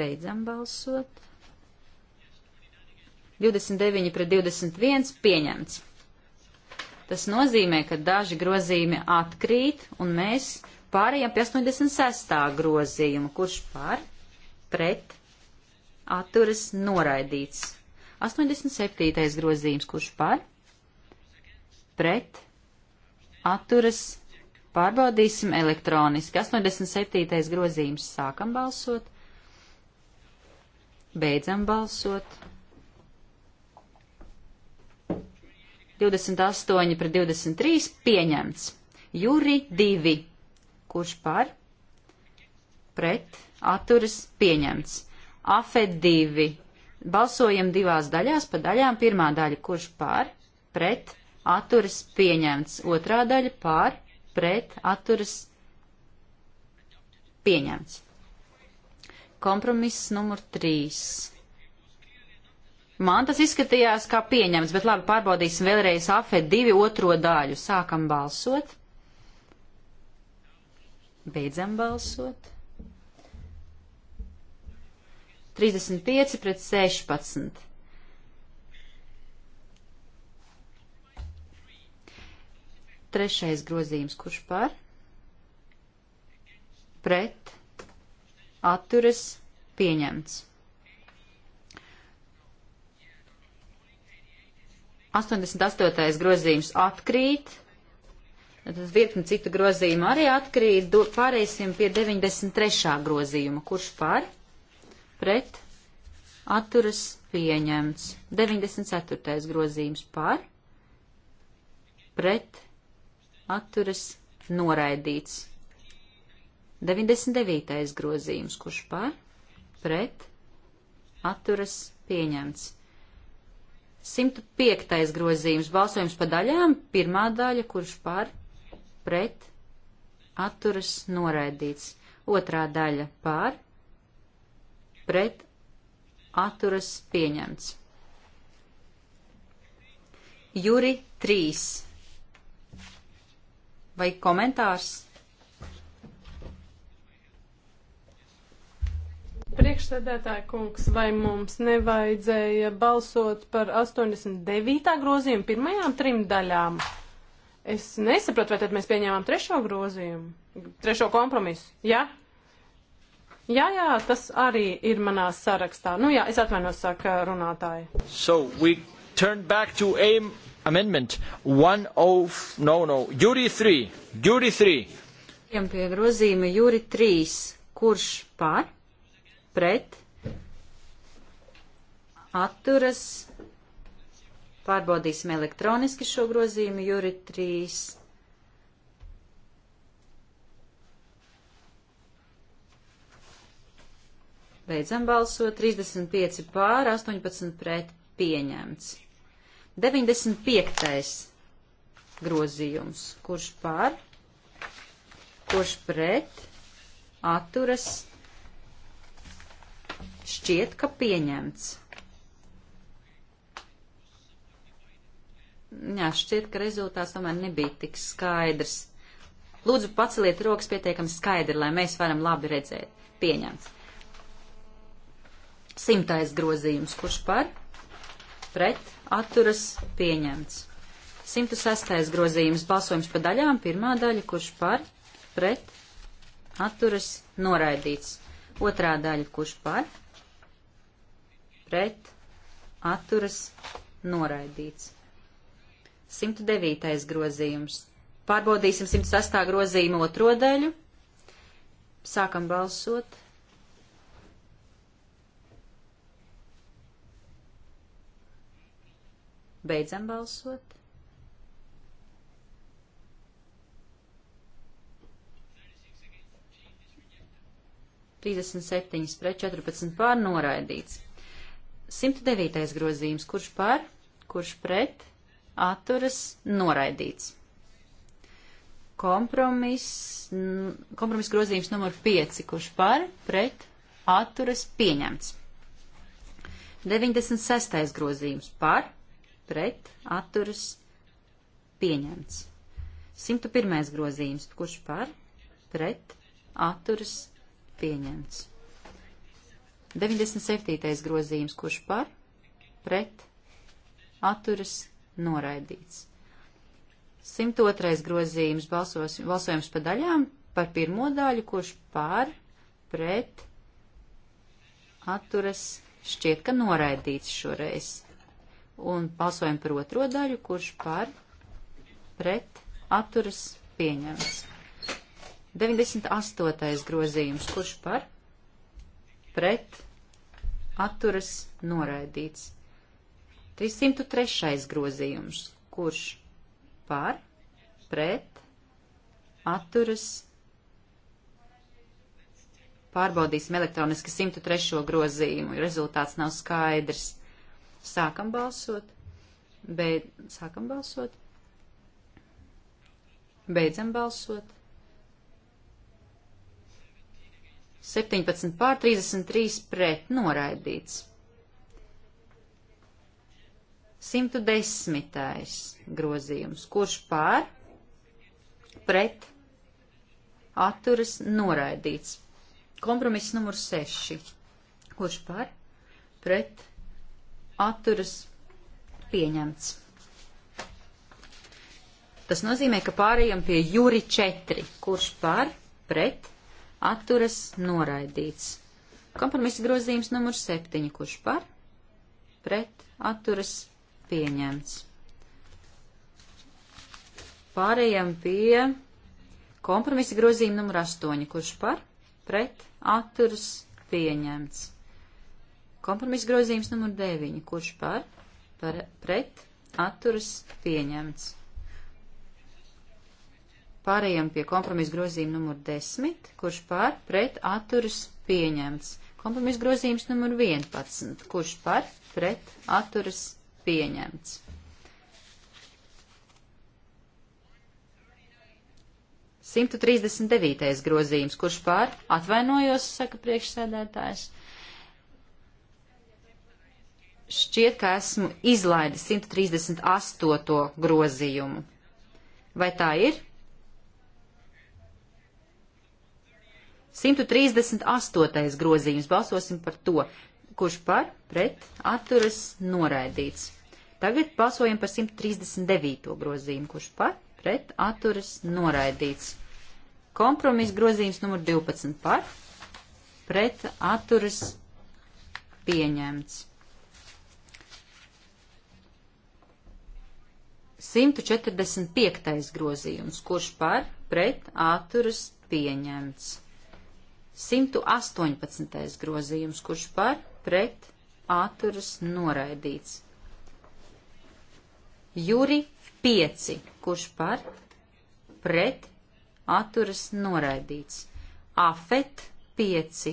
Beidzam balsot. 29 pret 21 pieņemts. Tas nozīmē, ka daži grozījumi atkrīt, un mēs Pārējām pie 86. grozījuma, kurš par, pret, atturas noraidīts. 87. grozījums, kurš par, pret, atturas pārbaudīsim elektroniski. 87. grozījums sākam balsot, beidzam balsot. 28 pret 23 pieņemts. Juri 2 Kurš par? Pret. Atturas pieņemts. Afet 2. Balsojam divās daļās pa daļām. Pirmā daļa. Kurš par? Pret. Atturas pieņemts. Otrā daļa par. Pret. Atturas pieņemts. Kompromiss numur 3. Man tas izskatījās kā pieņemts, bet labi pārbaudīsim vēlreiz AFE 2 otro daļu. Sākam balsot. Beidzam balsot. 35 pret 16. Trešais grozījums, kurš par? Pret, atturas, pieņemts. 88. grozījums atkrīt, virkni citu grozījumu arī atkrīt. Pārēsim pie 93. grozījuma. Kurš par? Pret? Atturas pieņemts. 94. grozījums par? Pret? Atturas noraidīts. 99. grozījums. Kurš par? Pret? Atturas pieņemts. 105. grozījums. Balsojums pa daļām. Pirmā daļa, kurš par? pret, atturas noraidīts. Otrā daļa pār, pret, atturas pieņemts. Juri 3. Vai komentārs? Priekšsēdētāja kungs, vai mums nevajadzēja balsot par 89. grozījumu pirmajām trim daļām? Es nesapratu, vai tad mēs pieņēmām trešo grozījumu, trešo kompromisu. Jā? Jā, jā, tas arī ir manā sarakstā. Nu jā, es atvainos, saka runātāji. So we turn back to aim amendment 10, of... no, no, Juri 3, Juri 3. Jām pie grozījuma Juri 3, kurš par, pret, atturas, Pārbaudīsim elektroniski šo grozījumu, Juri 3. Beidzam balsot. 35 pār, 18 pret pieņemts. 95. grozījums. Kurš pār? Kurš pret? Atturas. Šķiet, ka pieņemts. jā, šķiet, ka rezultāts tomēr nebija tik skaidrs. Lūdzu, paceliet rokas pietiekami skaidri, lai mēs varam labi redzēt. Pieņemts. Simtais grozījums, kurš par, pret, atturas, pieņemts. 106. grozījums balsojums pa daļām, pirmā daļa, kurš par, pret, atturas, noraidīts. Otrā daļa, kurš par, pret, atturas, noraidīts. 109. grozījums. Pārbaudīsim 108. grozījumu otro daļu. Sākam balsot. Beidzam balsot. Trīsdesmit septiņas pret četrpadsmit pār noraidīts. 109. grozījums. Kurš par? Kurš pret? atturas noraidīts. Kompromiss, kompromiss grozījums numur 5, kurš par, pret, atturas pieņemts. 96. grozījums par, pret, atturas pieņemts. 101. grozījums, kurš par, pret, atturas pieņemts. 97. grozījums, kurš par, pret, atturas noraidīts. 102. grozījums balsos, balsojums pa daļām par pirmo daļu, kurš pār, pret, atturas, šķiet, ka noraidīts šoreiz. Un balsojam par otro daļu, kurš pār, pret, atturas, pieņemts. 98. grozījums, kurš par, pret, atturas, noraidīts pieņemti. 103. grozījums. Kurš par, pret, atturas. Pārbaudīsim elektroniski 103. grozījumu, jo rezultāts nav skaidrs. Sākam balsot. Beid... Sākam balsot. Beidzam balsot. 17 pār 33 pret noraidīts. 110. grozījums, kurš pār, pret, atturas, noraidīts. Kompromiss numur 6, kurš pār, pret, atturas, pieņemts. Tas nozīmē, ka pārējām pie jūri 4, kurš pār, pret, atturas, noraidīts. Kompromisa grozījums numur 7, kurš par, pret, atturas, pieņemts. Pārējām pie kompromisa grozījuma numur 8, kurš par pret atturs pieņemts. Kompromisa grozījums numur 9, kurš par, par pret atturs pieņemts. Pārējām pie kompromisa grozījuma numur 10, kurš par pret atturs pieņemts. Kompromisa grozījums numur 11, kurš par pret atturas pieņemts. Simtu trīsdesmit devītais grozījums, kurš pār atvainojos, saka priekšsēdētājs. Šķiet, ka esmu izlaidis 138. grozījumu. Vai tā ir? 138. grozījums. Balsosim par to, kurš par pret atturas noraidīts. Tagad balsojam par 139. grozījumu, kurš par pret atturas noraidīts. Kompromiss grozījums numur 12 par pret atturas pieņemts. 145. grozījums, kurš par pret atturas pieņemts. 118. grozījums, kurš par pret atturas noraidīts. Juri 5, kurš par pret atturas noraidīts. Afet 5.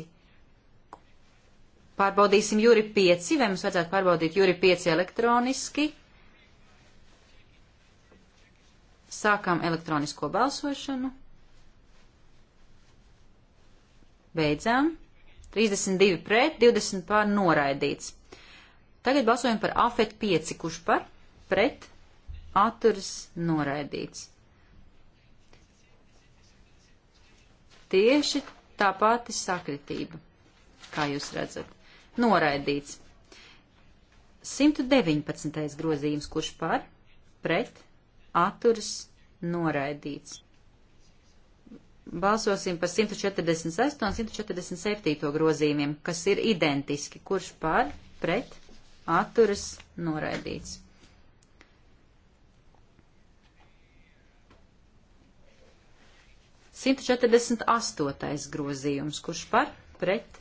Pārbaudīsim Juri 5, vai mums vajadzētu pārbaudīt Juri 5 elektroniski. Sākam elektronisko balsošanu. Beidzām. 32 pret, 20 pār noraidīts. Tagad balsojam par AFET 5, kurš par? pret atturas noraidīts. Tieši tā pati sakritība, kā jūs redzat, noraidīts. 119. grozījums, kurš par, pret, atturas, noraidīts. Balsosim par 146 un 147 grozījumiem, kas ir identiski, kurš par, pret, atturas, noraidīts. 148. grozījums, kurš par pret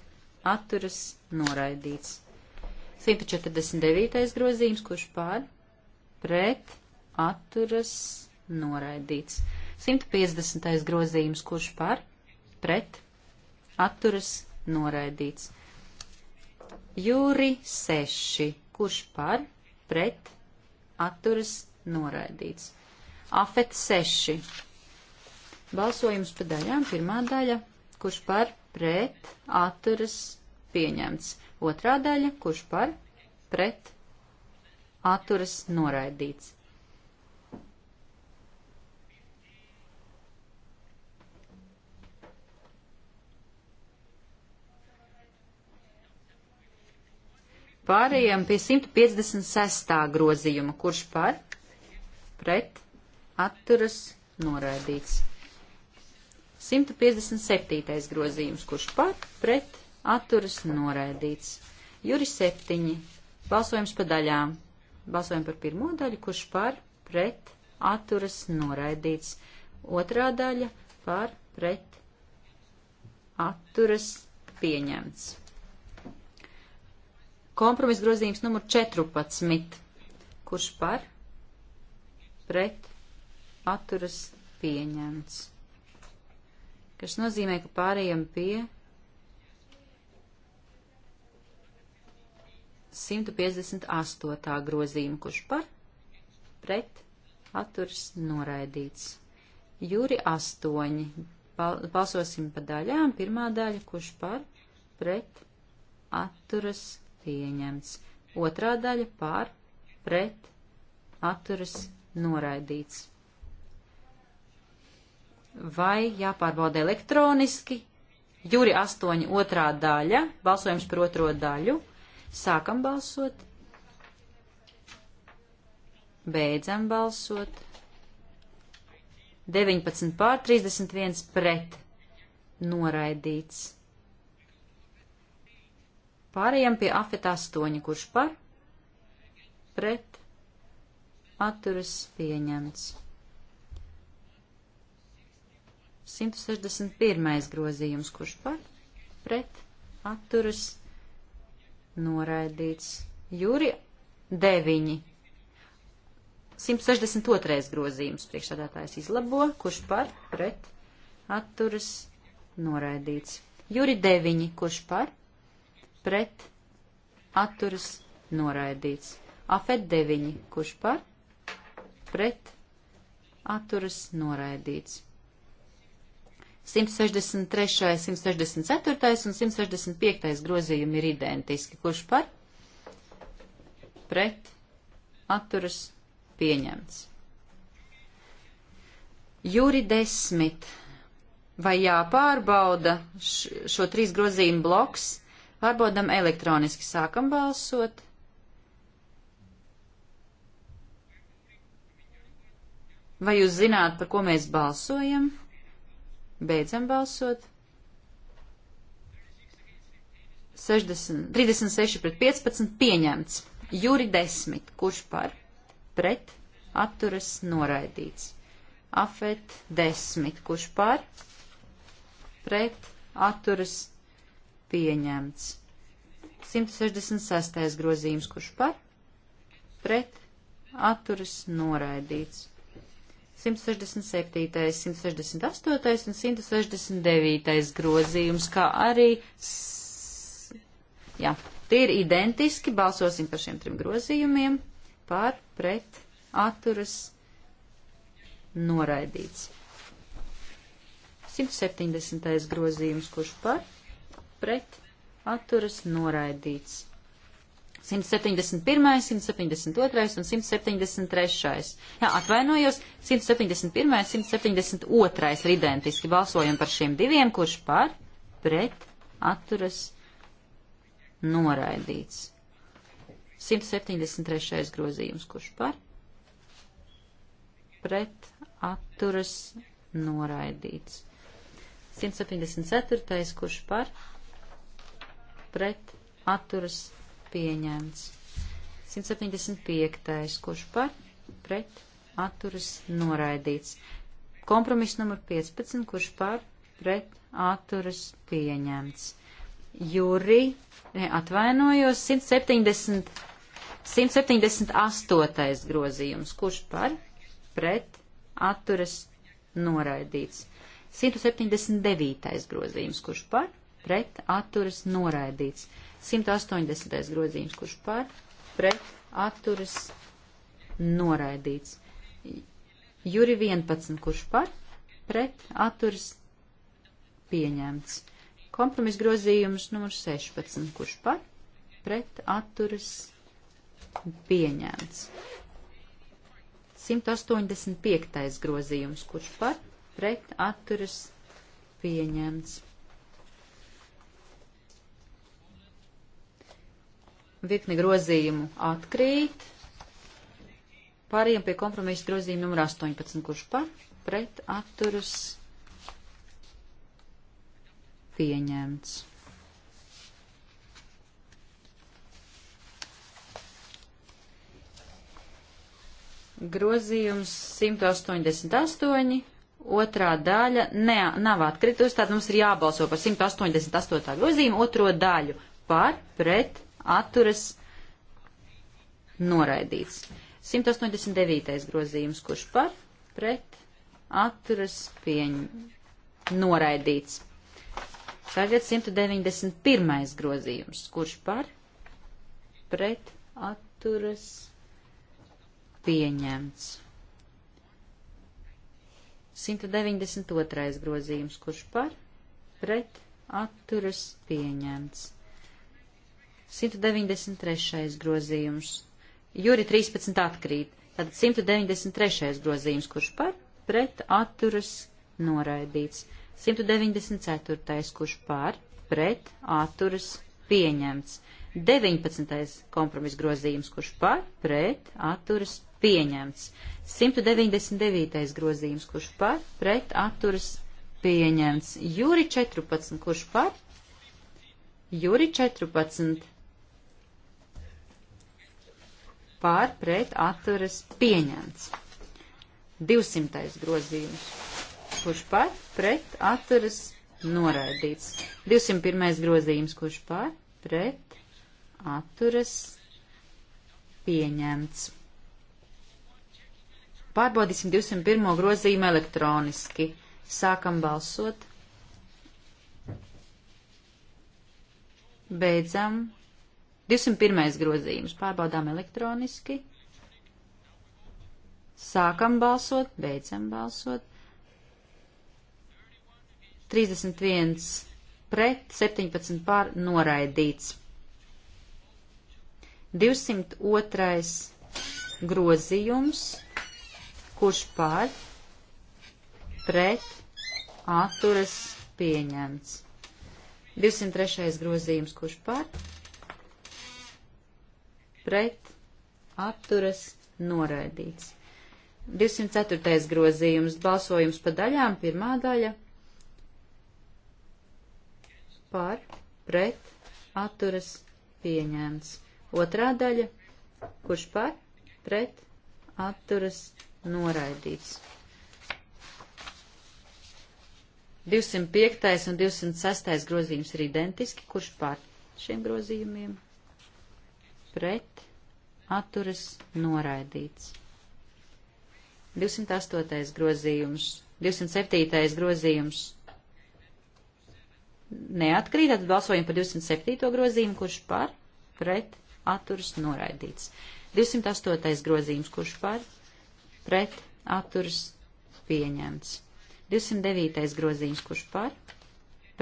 atturas noraidīts. 149. grozījums, kurš par pret atturas noraidīts. 150. grozījums, kurš par pret atturas noraidīts. Jūri 6, kurš par pret atturas noraidīts. Afet 6, Balsojums pa daļām. Pirmā daļa, kurš par pret atturas pieņemts. Otrā daļa, kurš par pret atturas noraidīts. Pārējām pie 156. grozījuma, kurš par pret atturas noraidīts. 157. grozījums, kurš par pret atturas noraidīts. Juri 7. Balsojums pa daļām. Balsojam par pirmo daļu, kurš par pret atturas noraidīts. Otrā daļa par pret atturas pieņemts. Kompromis grozījums numur 14. Kurš par pret atturas pieņemts kas nozīmē, ka pārējām pie 158. grozījuma, kurš par pret atturs noraidīts. Jūri 8. Balsosim pa daļām. Pirmā daļa, kurš par pret atturas pieņemts. Otrā daļa par pret atturas noraidīts vai jāpārbauda elektroniski. Jūri 8. otrā daļa, balsojums par otro daļu. Sākam balsot. Beidzam balsot. 19 pār 31 pret. Noraidīts. Pārējām pie afeta 8, kurš par pret atturas pieņemts. 161. grozījums, kurš par pret atturas noraidīts. Jūri 9. 162. grozījums priekšsādātājs izlabo, kurš par pret atturas noraidīts. Jūri 9. kurš par pret atturas noraidīts. Afet 9. kurš par pret atturas noraidīts. 163, 164 un 165 grozījumi ir identiski. Kurš par? Pret. Atturas. Pieņemts. Jūri desmit. Vai jāpārbauda šo trīs grozījumu bloks? Pārbaudam elektroniski. Sākam balsot. Vai jūs zināt, par ko mēs balsojam? Beidzam balsot. 60, 36 pret 15 pieņemts. Jūri 10. Kurš par? Pret. Atturas noraidīts. Afet 10. Kurš par? Pret. Atturas pieņemts. 166. grozījums. Kurš par? Pret. Atturas noraidīts. 167, 168 un 169 grozījums, kā arī. Jā, tie ir identiski. Balsosim par šiem trim grozījumiem. Par, pret, atturas, noraidīts. 170. grozījums, kurš par, pret, atturas, noraidīts. 171, 172 un 173. Jā, atvainojos, 171, 172 ir identiski. Balsojam par šiem diviem, kurš par, pret, atturas, noraidīts. 173. grozījums, kurš par, pret, atturas, noraidīts. 174. kurš par, pret, atturas, noraidīts pieņemts. 175. kurš par pret atturas noraidīts. Kompromiss numur 15, kurš par pret atturas pieņemts. Juri, ne, atvainojos, 170, 178. grozījums, kurš par pret atturas noraidīts. 179. grozījums, kurš par pret atturas noraidīts. 180. grozījums, kurš par pret atturas noraidīts. Juri 11, kurš par pret atturas pieņemts. Kompromis grozījums numur 16, kurš par pret atturas pieņemts. 185. grozījums, kurš par pret atturas pieņemts. virkni grozījumu atkrīt. Pārējiem pie kompromisa grozījuma numur 18, kurš par pret atturas pieņemts. Grozījums 188, otrā daļa ne, nav atkritusi, tad mums ir jābalso par 188. grozījumu otro daļu par pret atturas noraidīts. 189. grozījums, kurš par pret atturas pieņ noraidīts. Tagad 191. grozījums, kurš par pret atturas pieņemts. 192. grozījums, kurš par pret atturas pieņemts. 193. grozījums. Juri 13 atkrīt. Tātad 193. grozījums, kurš par pret atturas noraidīts. 194. kurš par pret atturas pieņemts. 19. kompromis grozījums, kurš par pret atturas pieņemts. 199. grozījums, kurš par pret atturas pieņemts. Juri 14, kurš par Juri 14 pār pret atturas pieņemts. 200. grozījums, kurš pār pret atturas noraidīts. 201. grozījums, kurš pār pret atturas pieņemts. Pārbaudīsim 201. grozījumu elektroniski. Sākam balsot. Beidzam 201. grozījums. Pārbaudām elektroniski. Sākam balsot, beidzam balsot. 31 pret, 17 pār noraidīts. 202. grozījums, kurš pār, pret, atturas pieņemts. 203. grozījums, kurš pār, pret, atturas, noraidīts. 204. grozījums, balsojums pa daļām, pirmā daļa par, pret, atturas, pieņēmts. Otrā daļa, kurš par, pret, atturas, noraidīts. 205. un 206. grozījums ir identiski, kurš par šiem grozījumiem pret, atturas noraidīts. 208. grozījums, 207. grozījums. Neatkrīt, tad balsojam par 207. grozījumu, kurš par, pret, atturas noraidīts. 208. grozījums, kurš par, pret, atturas pieņemts. 209. grozījums, kurš par,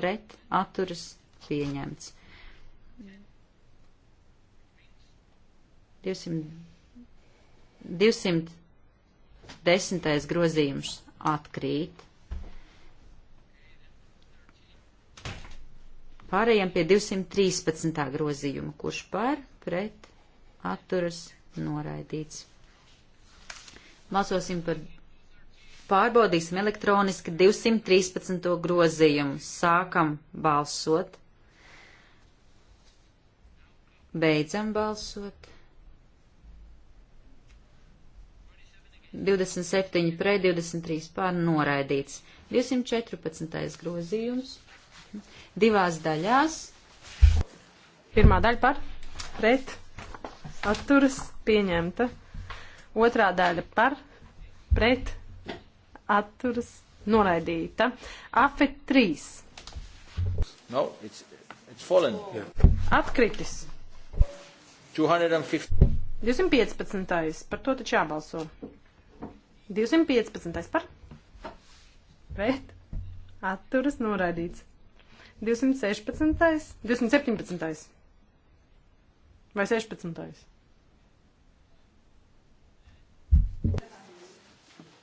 pret, atturas pieņemts. 200, 210. grozījums atkrīt. Pārējām pie 213. grozījuma, kurš par, pret, atturas, noraidīts. Balsosim par, pārbaudīsim elektroniski 213. grozījumu. Sākam balsot. Beidzam balsot. 27 pret 23 pār noraidīts. 214. grozījums divās daļās. Pirmā daļa par pret atturas pieņemta. Otrā daļa par pret atturas noraidīta. Afe 3. No, it's, it's fallen. Yeah. Atkritis. 215. 215. Par to taču jābalso. 215. par pret atturas noraidīts. 216. 217. vai 16.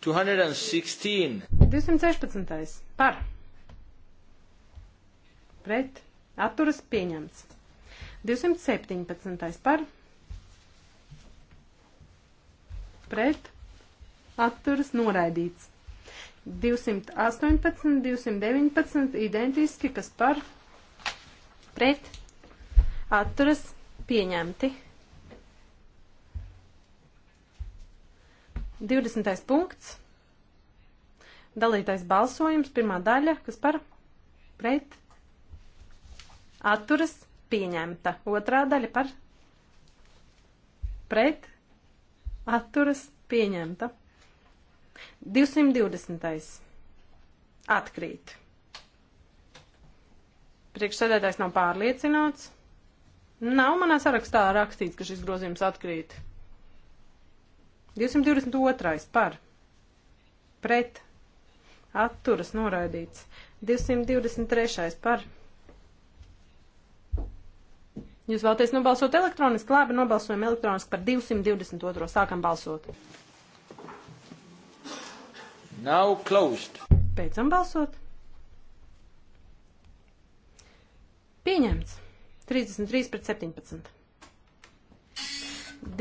216. 216. par pret atturas pieņemts. 217. par pret atturas noraidīts. 218, 219 identiski, kas par pret atturas pieņemti. 20. punkts. Dalītais balsojums, pirmā daļa, kas par pret atturas pieņemta. Otrā daļa par pret atturas pieņemta. 220. Atkrīt. Priekšsēdētājs nav pārliecināts. Nav manā sarakstā rakstīts, ka šis grozījums atkrīt. 222. par. Pret. Atturas noraidīts. 223. par. Jūs vēlaties nobalsot elektroniski? Labi, nobalsojam elektroniski par 222. Sākam balsot. Now closed. Beidzam balsot. Pieņemts. 33 pret 17.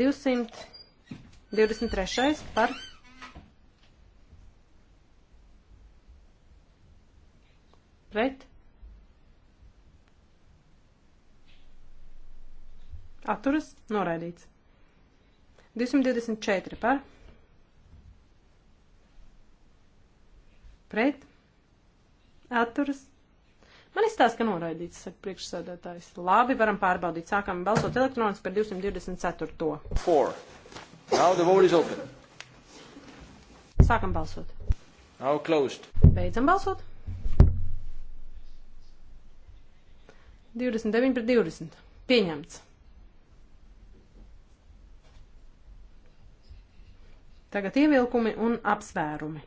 223 par. Pret. Atturas noraidīts. 224 par pret, atturas. Man izstāsta, ka noraidīts, saka priekšsēdētājs. Labi, varam pārbaudīt. Sākam balsot elektroniski par 224. To. Four. Now the vote is open. Sākam balsot. Now closed. Beidzam balsot. 29 pret 20. Pieņemts. Tagad ievilkumi un apsvērumi.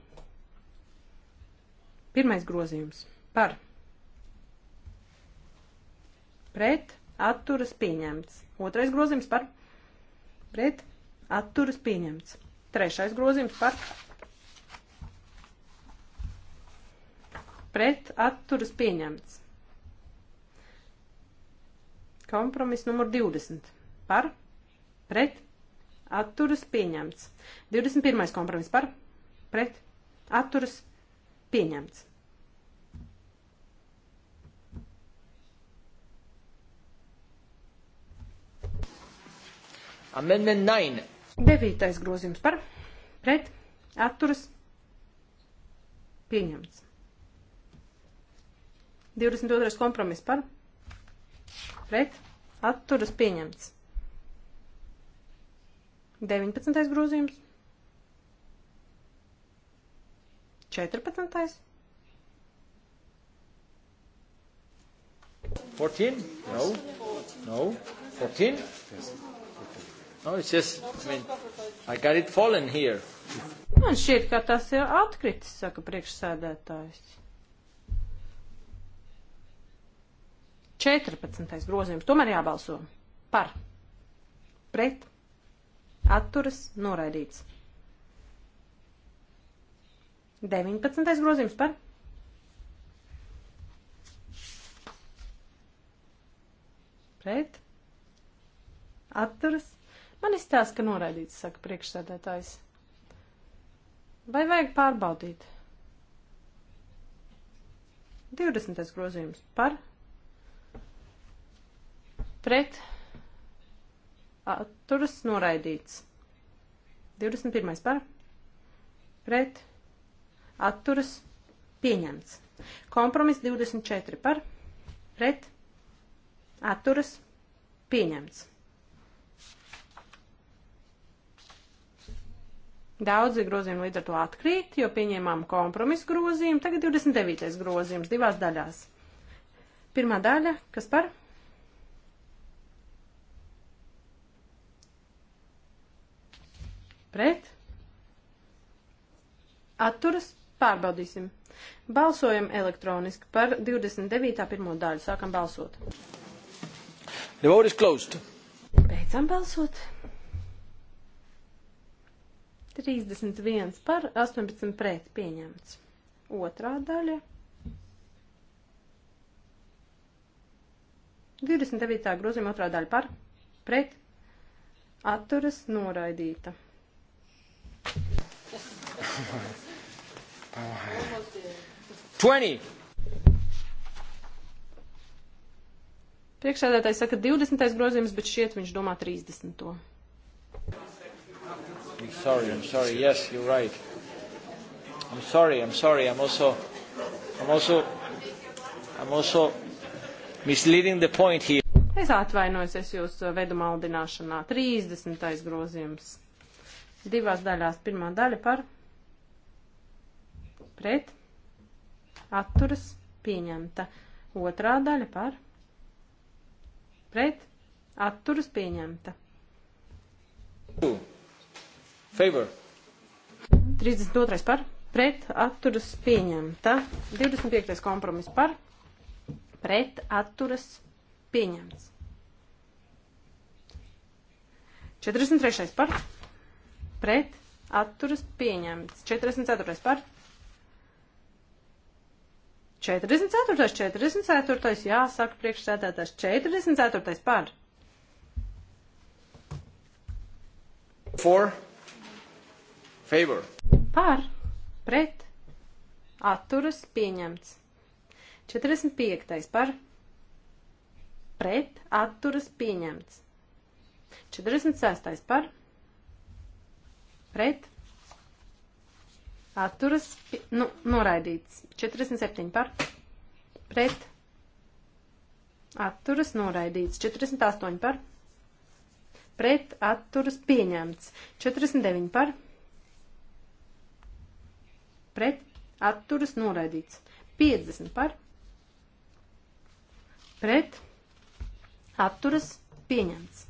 Pirmais grozījums par pret atturas pieņemts. Otrais grozījums par pret atturas pieņemts. Trešais grozījums par pret atturas pieņemts. Kompromis numur 20 par pret atturas pieņemts. 21. kompromis par pret atturas pieņemts Pieņemts. Amendment 9. Devītais grozījums par, pret, atturas, pieņemts. 22. kompromis par, pret, atturas, pieņemts. 19. grozījums 14. 14? No. No. 14? No, it's just, I mean, I got it fallen here. Man šķiet, ka tas ir atkritis, saka priekšsēdētājs. 14. grozījums. Tomēr jābalso par. Pret. Atturas. Noraidīts. 19. grozījums par. Pret. Atturas. Man izstāsta, ka noraidīts, saka priekšsēdētājs. Vai vajag pārbaudīt? 20. grozījums par. Pret. Atturas noraidīts. 21. par. Pret atturas pieņemts. Kompromiss 24 par pret atturas pieņemts. Daudzi grozījumi līdz ar to atkrīt, jo pieņēmām kompromisu grozījumu. Tagad 29. grozījums divās daļās. Pirmā daļa, kas par? Pret? Atturas pārbaudīsim. Balsojam elektroniski par 29.1. daļu. Sākam balsot. The vote is closed. Beidzam balsot. 31 par 18 pret pieņemts. Otrā daļa. 29. grozījuma otrā daļa par pret atturas noraidīta. <laughs> 20. Priekšsēdētājs saka 20. grozījums, bet šķiet viņš domā 30. I'm sorry, I'm sorry. Yes, you're right. I'm sorry, I'm sorry. I'm also, I'm also, I'm also misleading the point here. Es atvainojos, es jūs uh, vedu maldināšanā. 30. grozījums. Divās daļās. Pirmā daļa par pret, atturas, pieņemta. Otrā daļa par, pret, atturas, pieņemta. Favor. 32. par, pret, atturas, pieņemta. 25. kompromis par, pret, atturas, pieņemts. 43. par, pret, atturas, pieņemts. 44. par, 44. 44. Jā, saka priekšsēdētājs. 44. par. For. Favor. Par. Pret. Atturas pieņemts. 45. par pret atturas pieņemts. 46. par pret atturas, nu, noraidīts. 47 par, pret, atturas, noraidīts. 48 par, pret, atturas, pieņemts. 49 par, pret, atturas, noraidīts. 50 par, pret, atturas, pieņemts.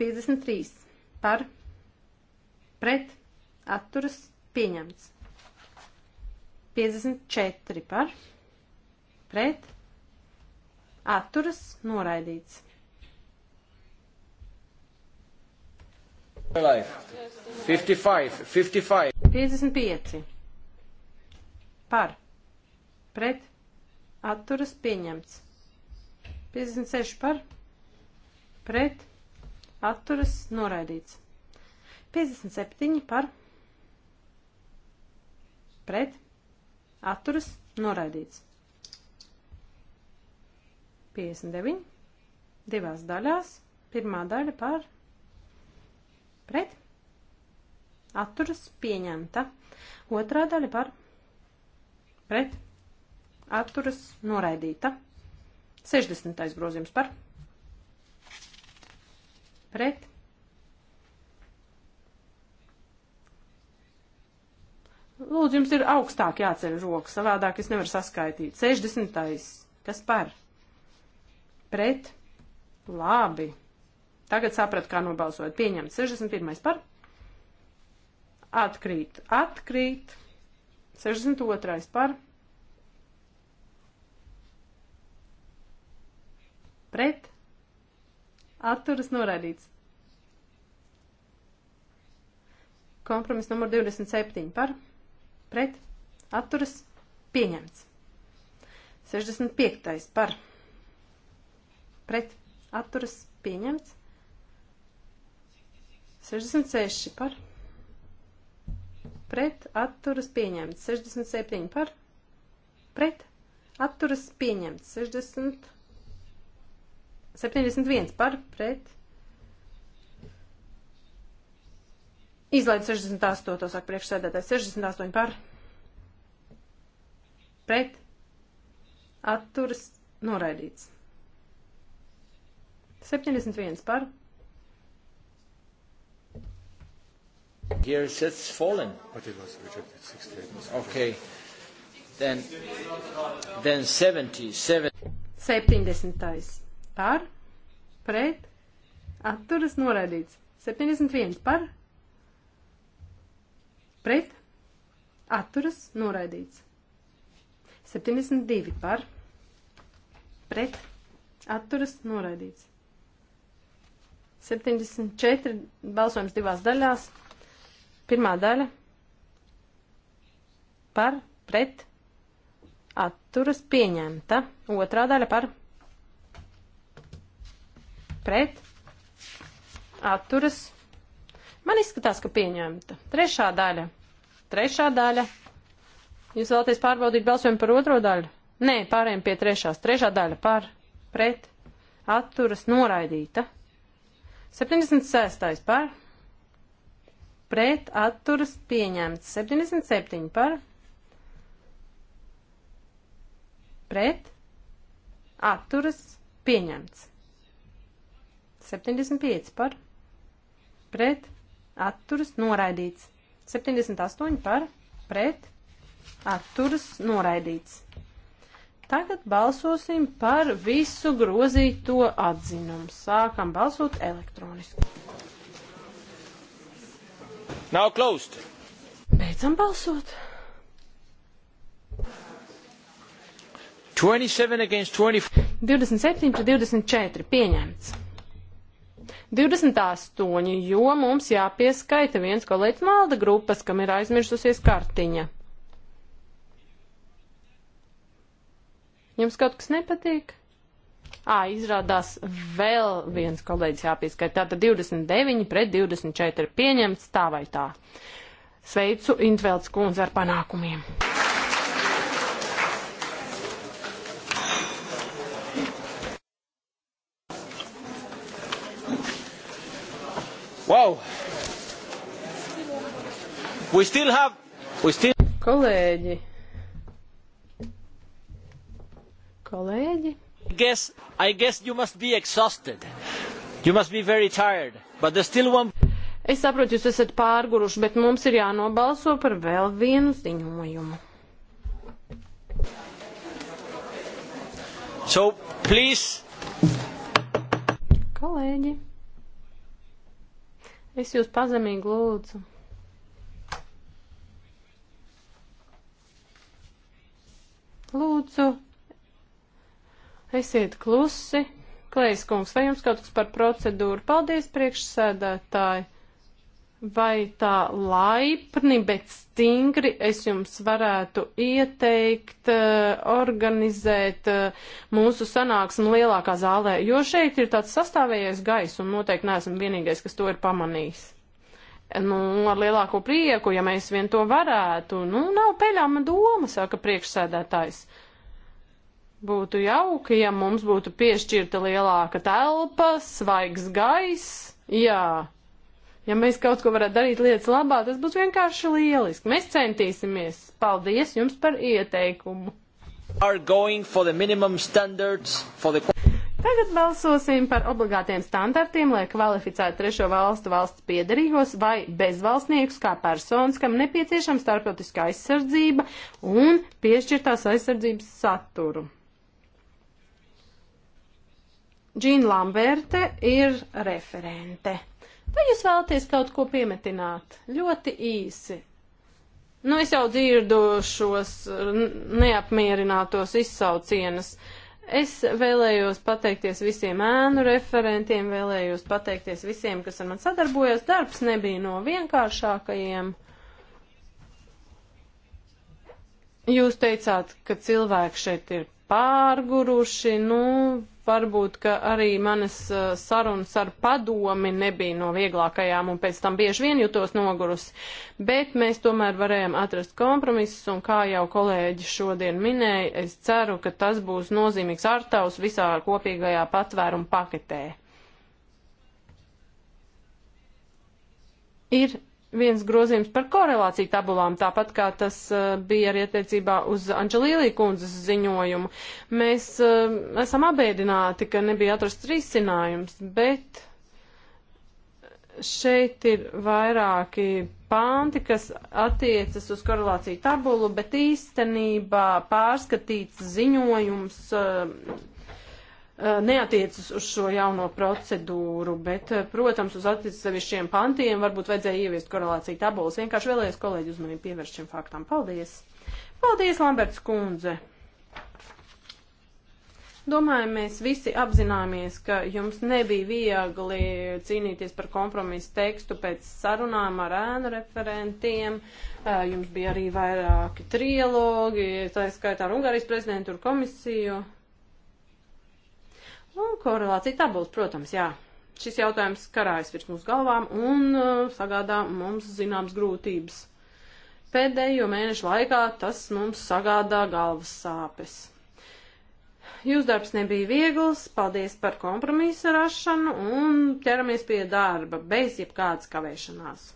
53 par, pret, atturas, Pieņemts. 54 par. Pret. Atturas. Noraidīts. Life. 55. 55. 55. Par. Pret. Atturas pieņemts. 56 par. Pret. Atturas noraidīts. 57 par pret, atturas, noraidīts. 59. Divās daļās. Pirmā daļa par pret, atturas, pieņemta. Otrā daļa par pret, atturas, noraidīta. 60. grozījums par pret, Lūdzu, jums ir augstāk jāceļ roka, savādāk es nevaru saskaitīt. 60. Kas par? Pret? Labi. Tagad sapratu, kā nobalsojot. Pieņemt 61. par? Atkrīt. Atkrīt. 62. par? Pret? Atturas noraidīts. Kompromis numur 27 par? pret atturas pieņemts. 65. par pret atturas pieņemts. 66 par pret atturas pieņemts. 67 par pret atturas pieņemts. 60 71 par pret Izlaid 68. saka priekšsēdētājs. 68 par. Pret. Atturas noraidīts. 71 par. Here it says fallen. But it was rejected. 68 was rejected. Okay. Then, then 70. 70. 70. par. Pret. Atturas noraidīts. 71 par pret atturas noraidīts. 72 par pret atturas noraidīts. 74 balsojums divās daļās. Pirmā daļa par pret atturas pieņemta. Otrā daļa par pret atturas Man izskatās, ka pieņemta. Trešā daļa. Trešā daļa. Jūs vēlaties pārbaudīt balsojumu par otro daļu? Nē, pārējiem pie trešās. Trešā daļa par, pret, atturas, noraidīta. 76. par, pret, atturas, pieņemts. 77. par, pret, atturas, pieņemts. 75 par, pret, atturas noraidīts. 78 par pret atturas noraidīts. Tagad balsosim par visu grozīto atzinumu. Sākam balsot elektroniski. Nav klaust. Beidzam balsot. 27 against 20. 27 pret 24 pieņemts. 28, jo mums jāpieskaita viens kolēģis Malda grupas, kam ir aizmirsusies kartiņa. Jums kaut kas nepatīk? Ā, izrādās vēl viens kolēģis jāpieskaita. Tātad 29 pret 24 pieņemts tā vai tā. Sveicu Intvelds kundzi ar panākumiem! Wow! We still have... We still... Kolēģi. Kolēģi. I guess, I guess you must be exhausted. You must be very tired. But there's still one... Es saprotu, jūs esat pārguruši, bet mums ir jānobalso par vēl vienu ziņojumu. So, please. Kolēģi. Es jūs pazemīgi lūdzu. Lūdzu, esiet klusi. Klējs kungs, vai jums kaut kas par procedūru? Paldies, priekšsēdētāji! vai tā laipni, bet stingri es jums varētu ieteikt uh, organizēt uh, mūsu sanāksmi lielākā zālē, jo šeit ir tāds sastāvējies gaiss un noteikti neesam vienīgais, kas to ir pamanījis. Nu, ar lielāko prieku, ja mēs vien to varētu. Nu, nav peļāma doma, saka priekšsēdētājs. Būtu jauki, ja mums būtu piešķirta lielāka telpa, svaigs gaiss. Jā, Ja mēs kaut ko varētu darīt lietas labā, tas būs vienkārši lieliski. Mēs centīsimies. Paldies jums par ieteikumu. The... Tagad balsosim par obligātiem standartiem, lai kvalificētu trešo valstu valsts piedarīgos vai bezvalstniekus kā personas, kam nepieciešama starptautiskā aizsardzība un piešķirtās aizsardzības saturu. Džīna Lamberte ir referente. Vai jūs vēlaties kaut ko piemetināt? Ļoti īsi. Nu, es jau dzirdu šos neapmierinātos izsaucienus. Es vēlējos pateikties visiem ēnu referentiem, vēlējos pateikties visiem, kas ar man sadarbojās. Darbs nebija no vienkāršākajiem. Jūs teicāt, ka cilvēki šeit ir pārguruši, nu, varbūt, ka arī manas uh, sarunas ar padomi nebija no vieglākajām un pēc tam bieži vien jutos nogurusi, bet mēs tomēr varējām atrast kompromisus un kā jau kolēģi šodien minēja, es ceru, ka tas būs nozīmīgs ārtaus visā kopīgajā patvērumu paketē. Ir viens grozījums par korelāciju tabulām, tāpat kā tas uh, bija arī attiecībā uz Anģelīlī kundzes ziņojumu. Mēs uh, esam abēdināti, ka nebija atrasts risinājums, bet šeit ir vairāki pānti, kas attiecas uz korelāciju tabulu, bet īstenībā pārskatīts ziņojums. Uh, Eh, neatiecas uz šo jauno procedūru, bet, eh, protams, uz atsevišķiem pantiem varbūt vajadzēja ieviest korelāciju tabulas. Vienkārši vēlējos kolēģi uzmanību pievērst šiem faktām. Paldies! Paldies, Lamberts kundze! Domāju, mēs visi apzināmies, ka jums nebija viegli cīnīties par kompromisu tekstu pēc sarunām ar ēnu referentiem. Eh, jums bija arī vairāki trilogi, tā skaitā ar Ungārijas prezidentu un komisiju. Un nu, korelācija tabulas, protams, jā. Šis jautājums karājas virs mūsu galvām un uh, sagādā mums zināmas grūtības. Pēdējo mēnešu laikā tas mums sagādā galvas sāpes. Jūsu darbs nebija viegls, paldies par kompromisa rašanu un ķeramies pie darba bez jebkādas kavēšanās.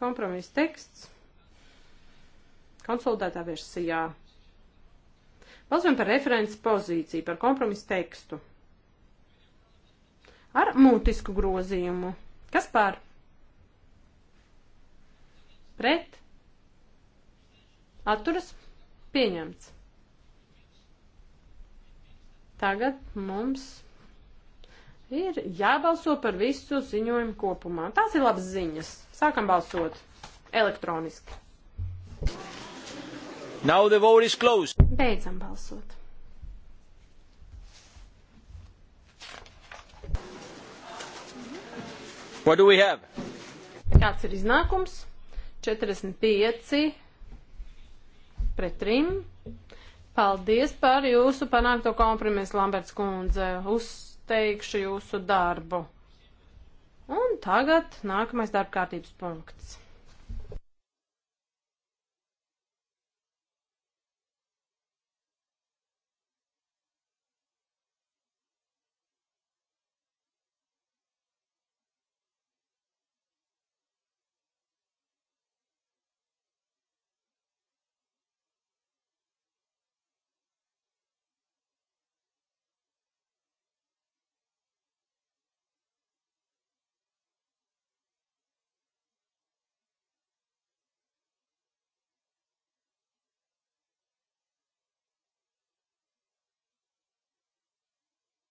Kompromisa teksts konsolidētā versijā. Balsojam par referents pozīciju, par kompromisu tekstu. Ar mutisku grozījumu. Kas pār? Pret? Atturas? Pieņemts. Tagad mums ir jābalso par visu ziņojumu kopumā. Tās ir labas ziņas. Sākam balsot elektroniski. Now the vote is closed. Beidzam balsot. What do we have? Kāds ir iznākums? 45 pret 3. Paldies par jūsu panākto kompromisu, Lamberts kundze. Uzteikšu jūsu darbu. Un tagad nākamais darbkārtības punkts.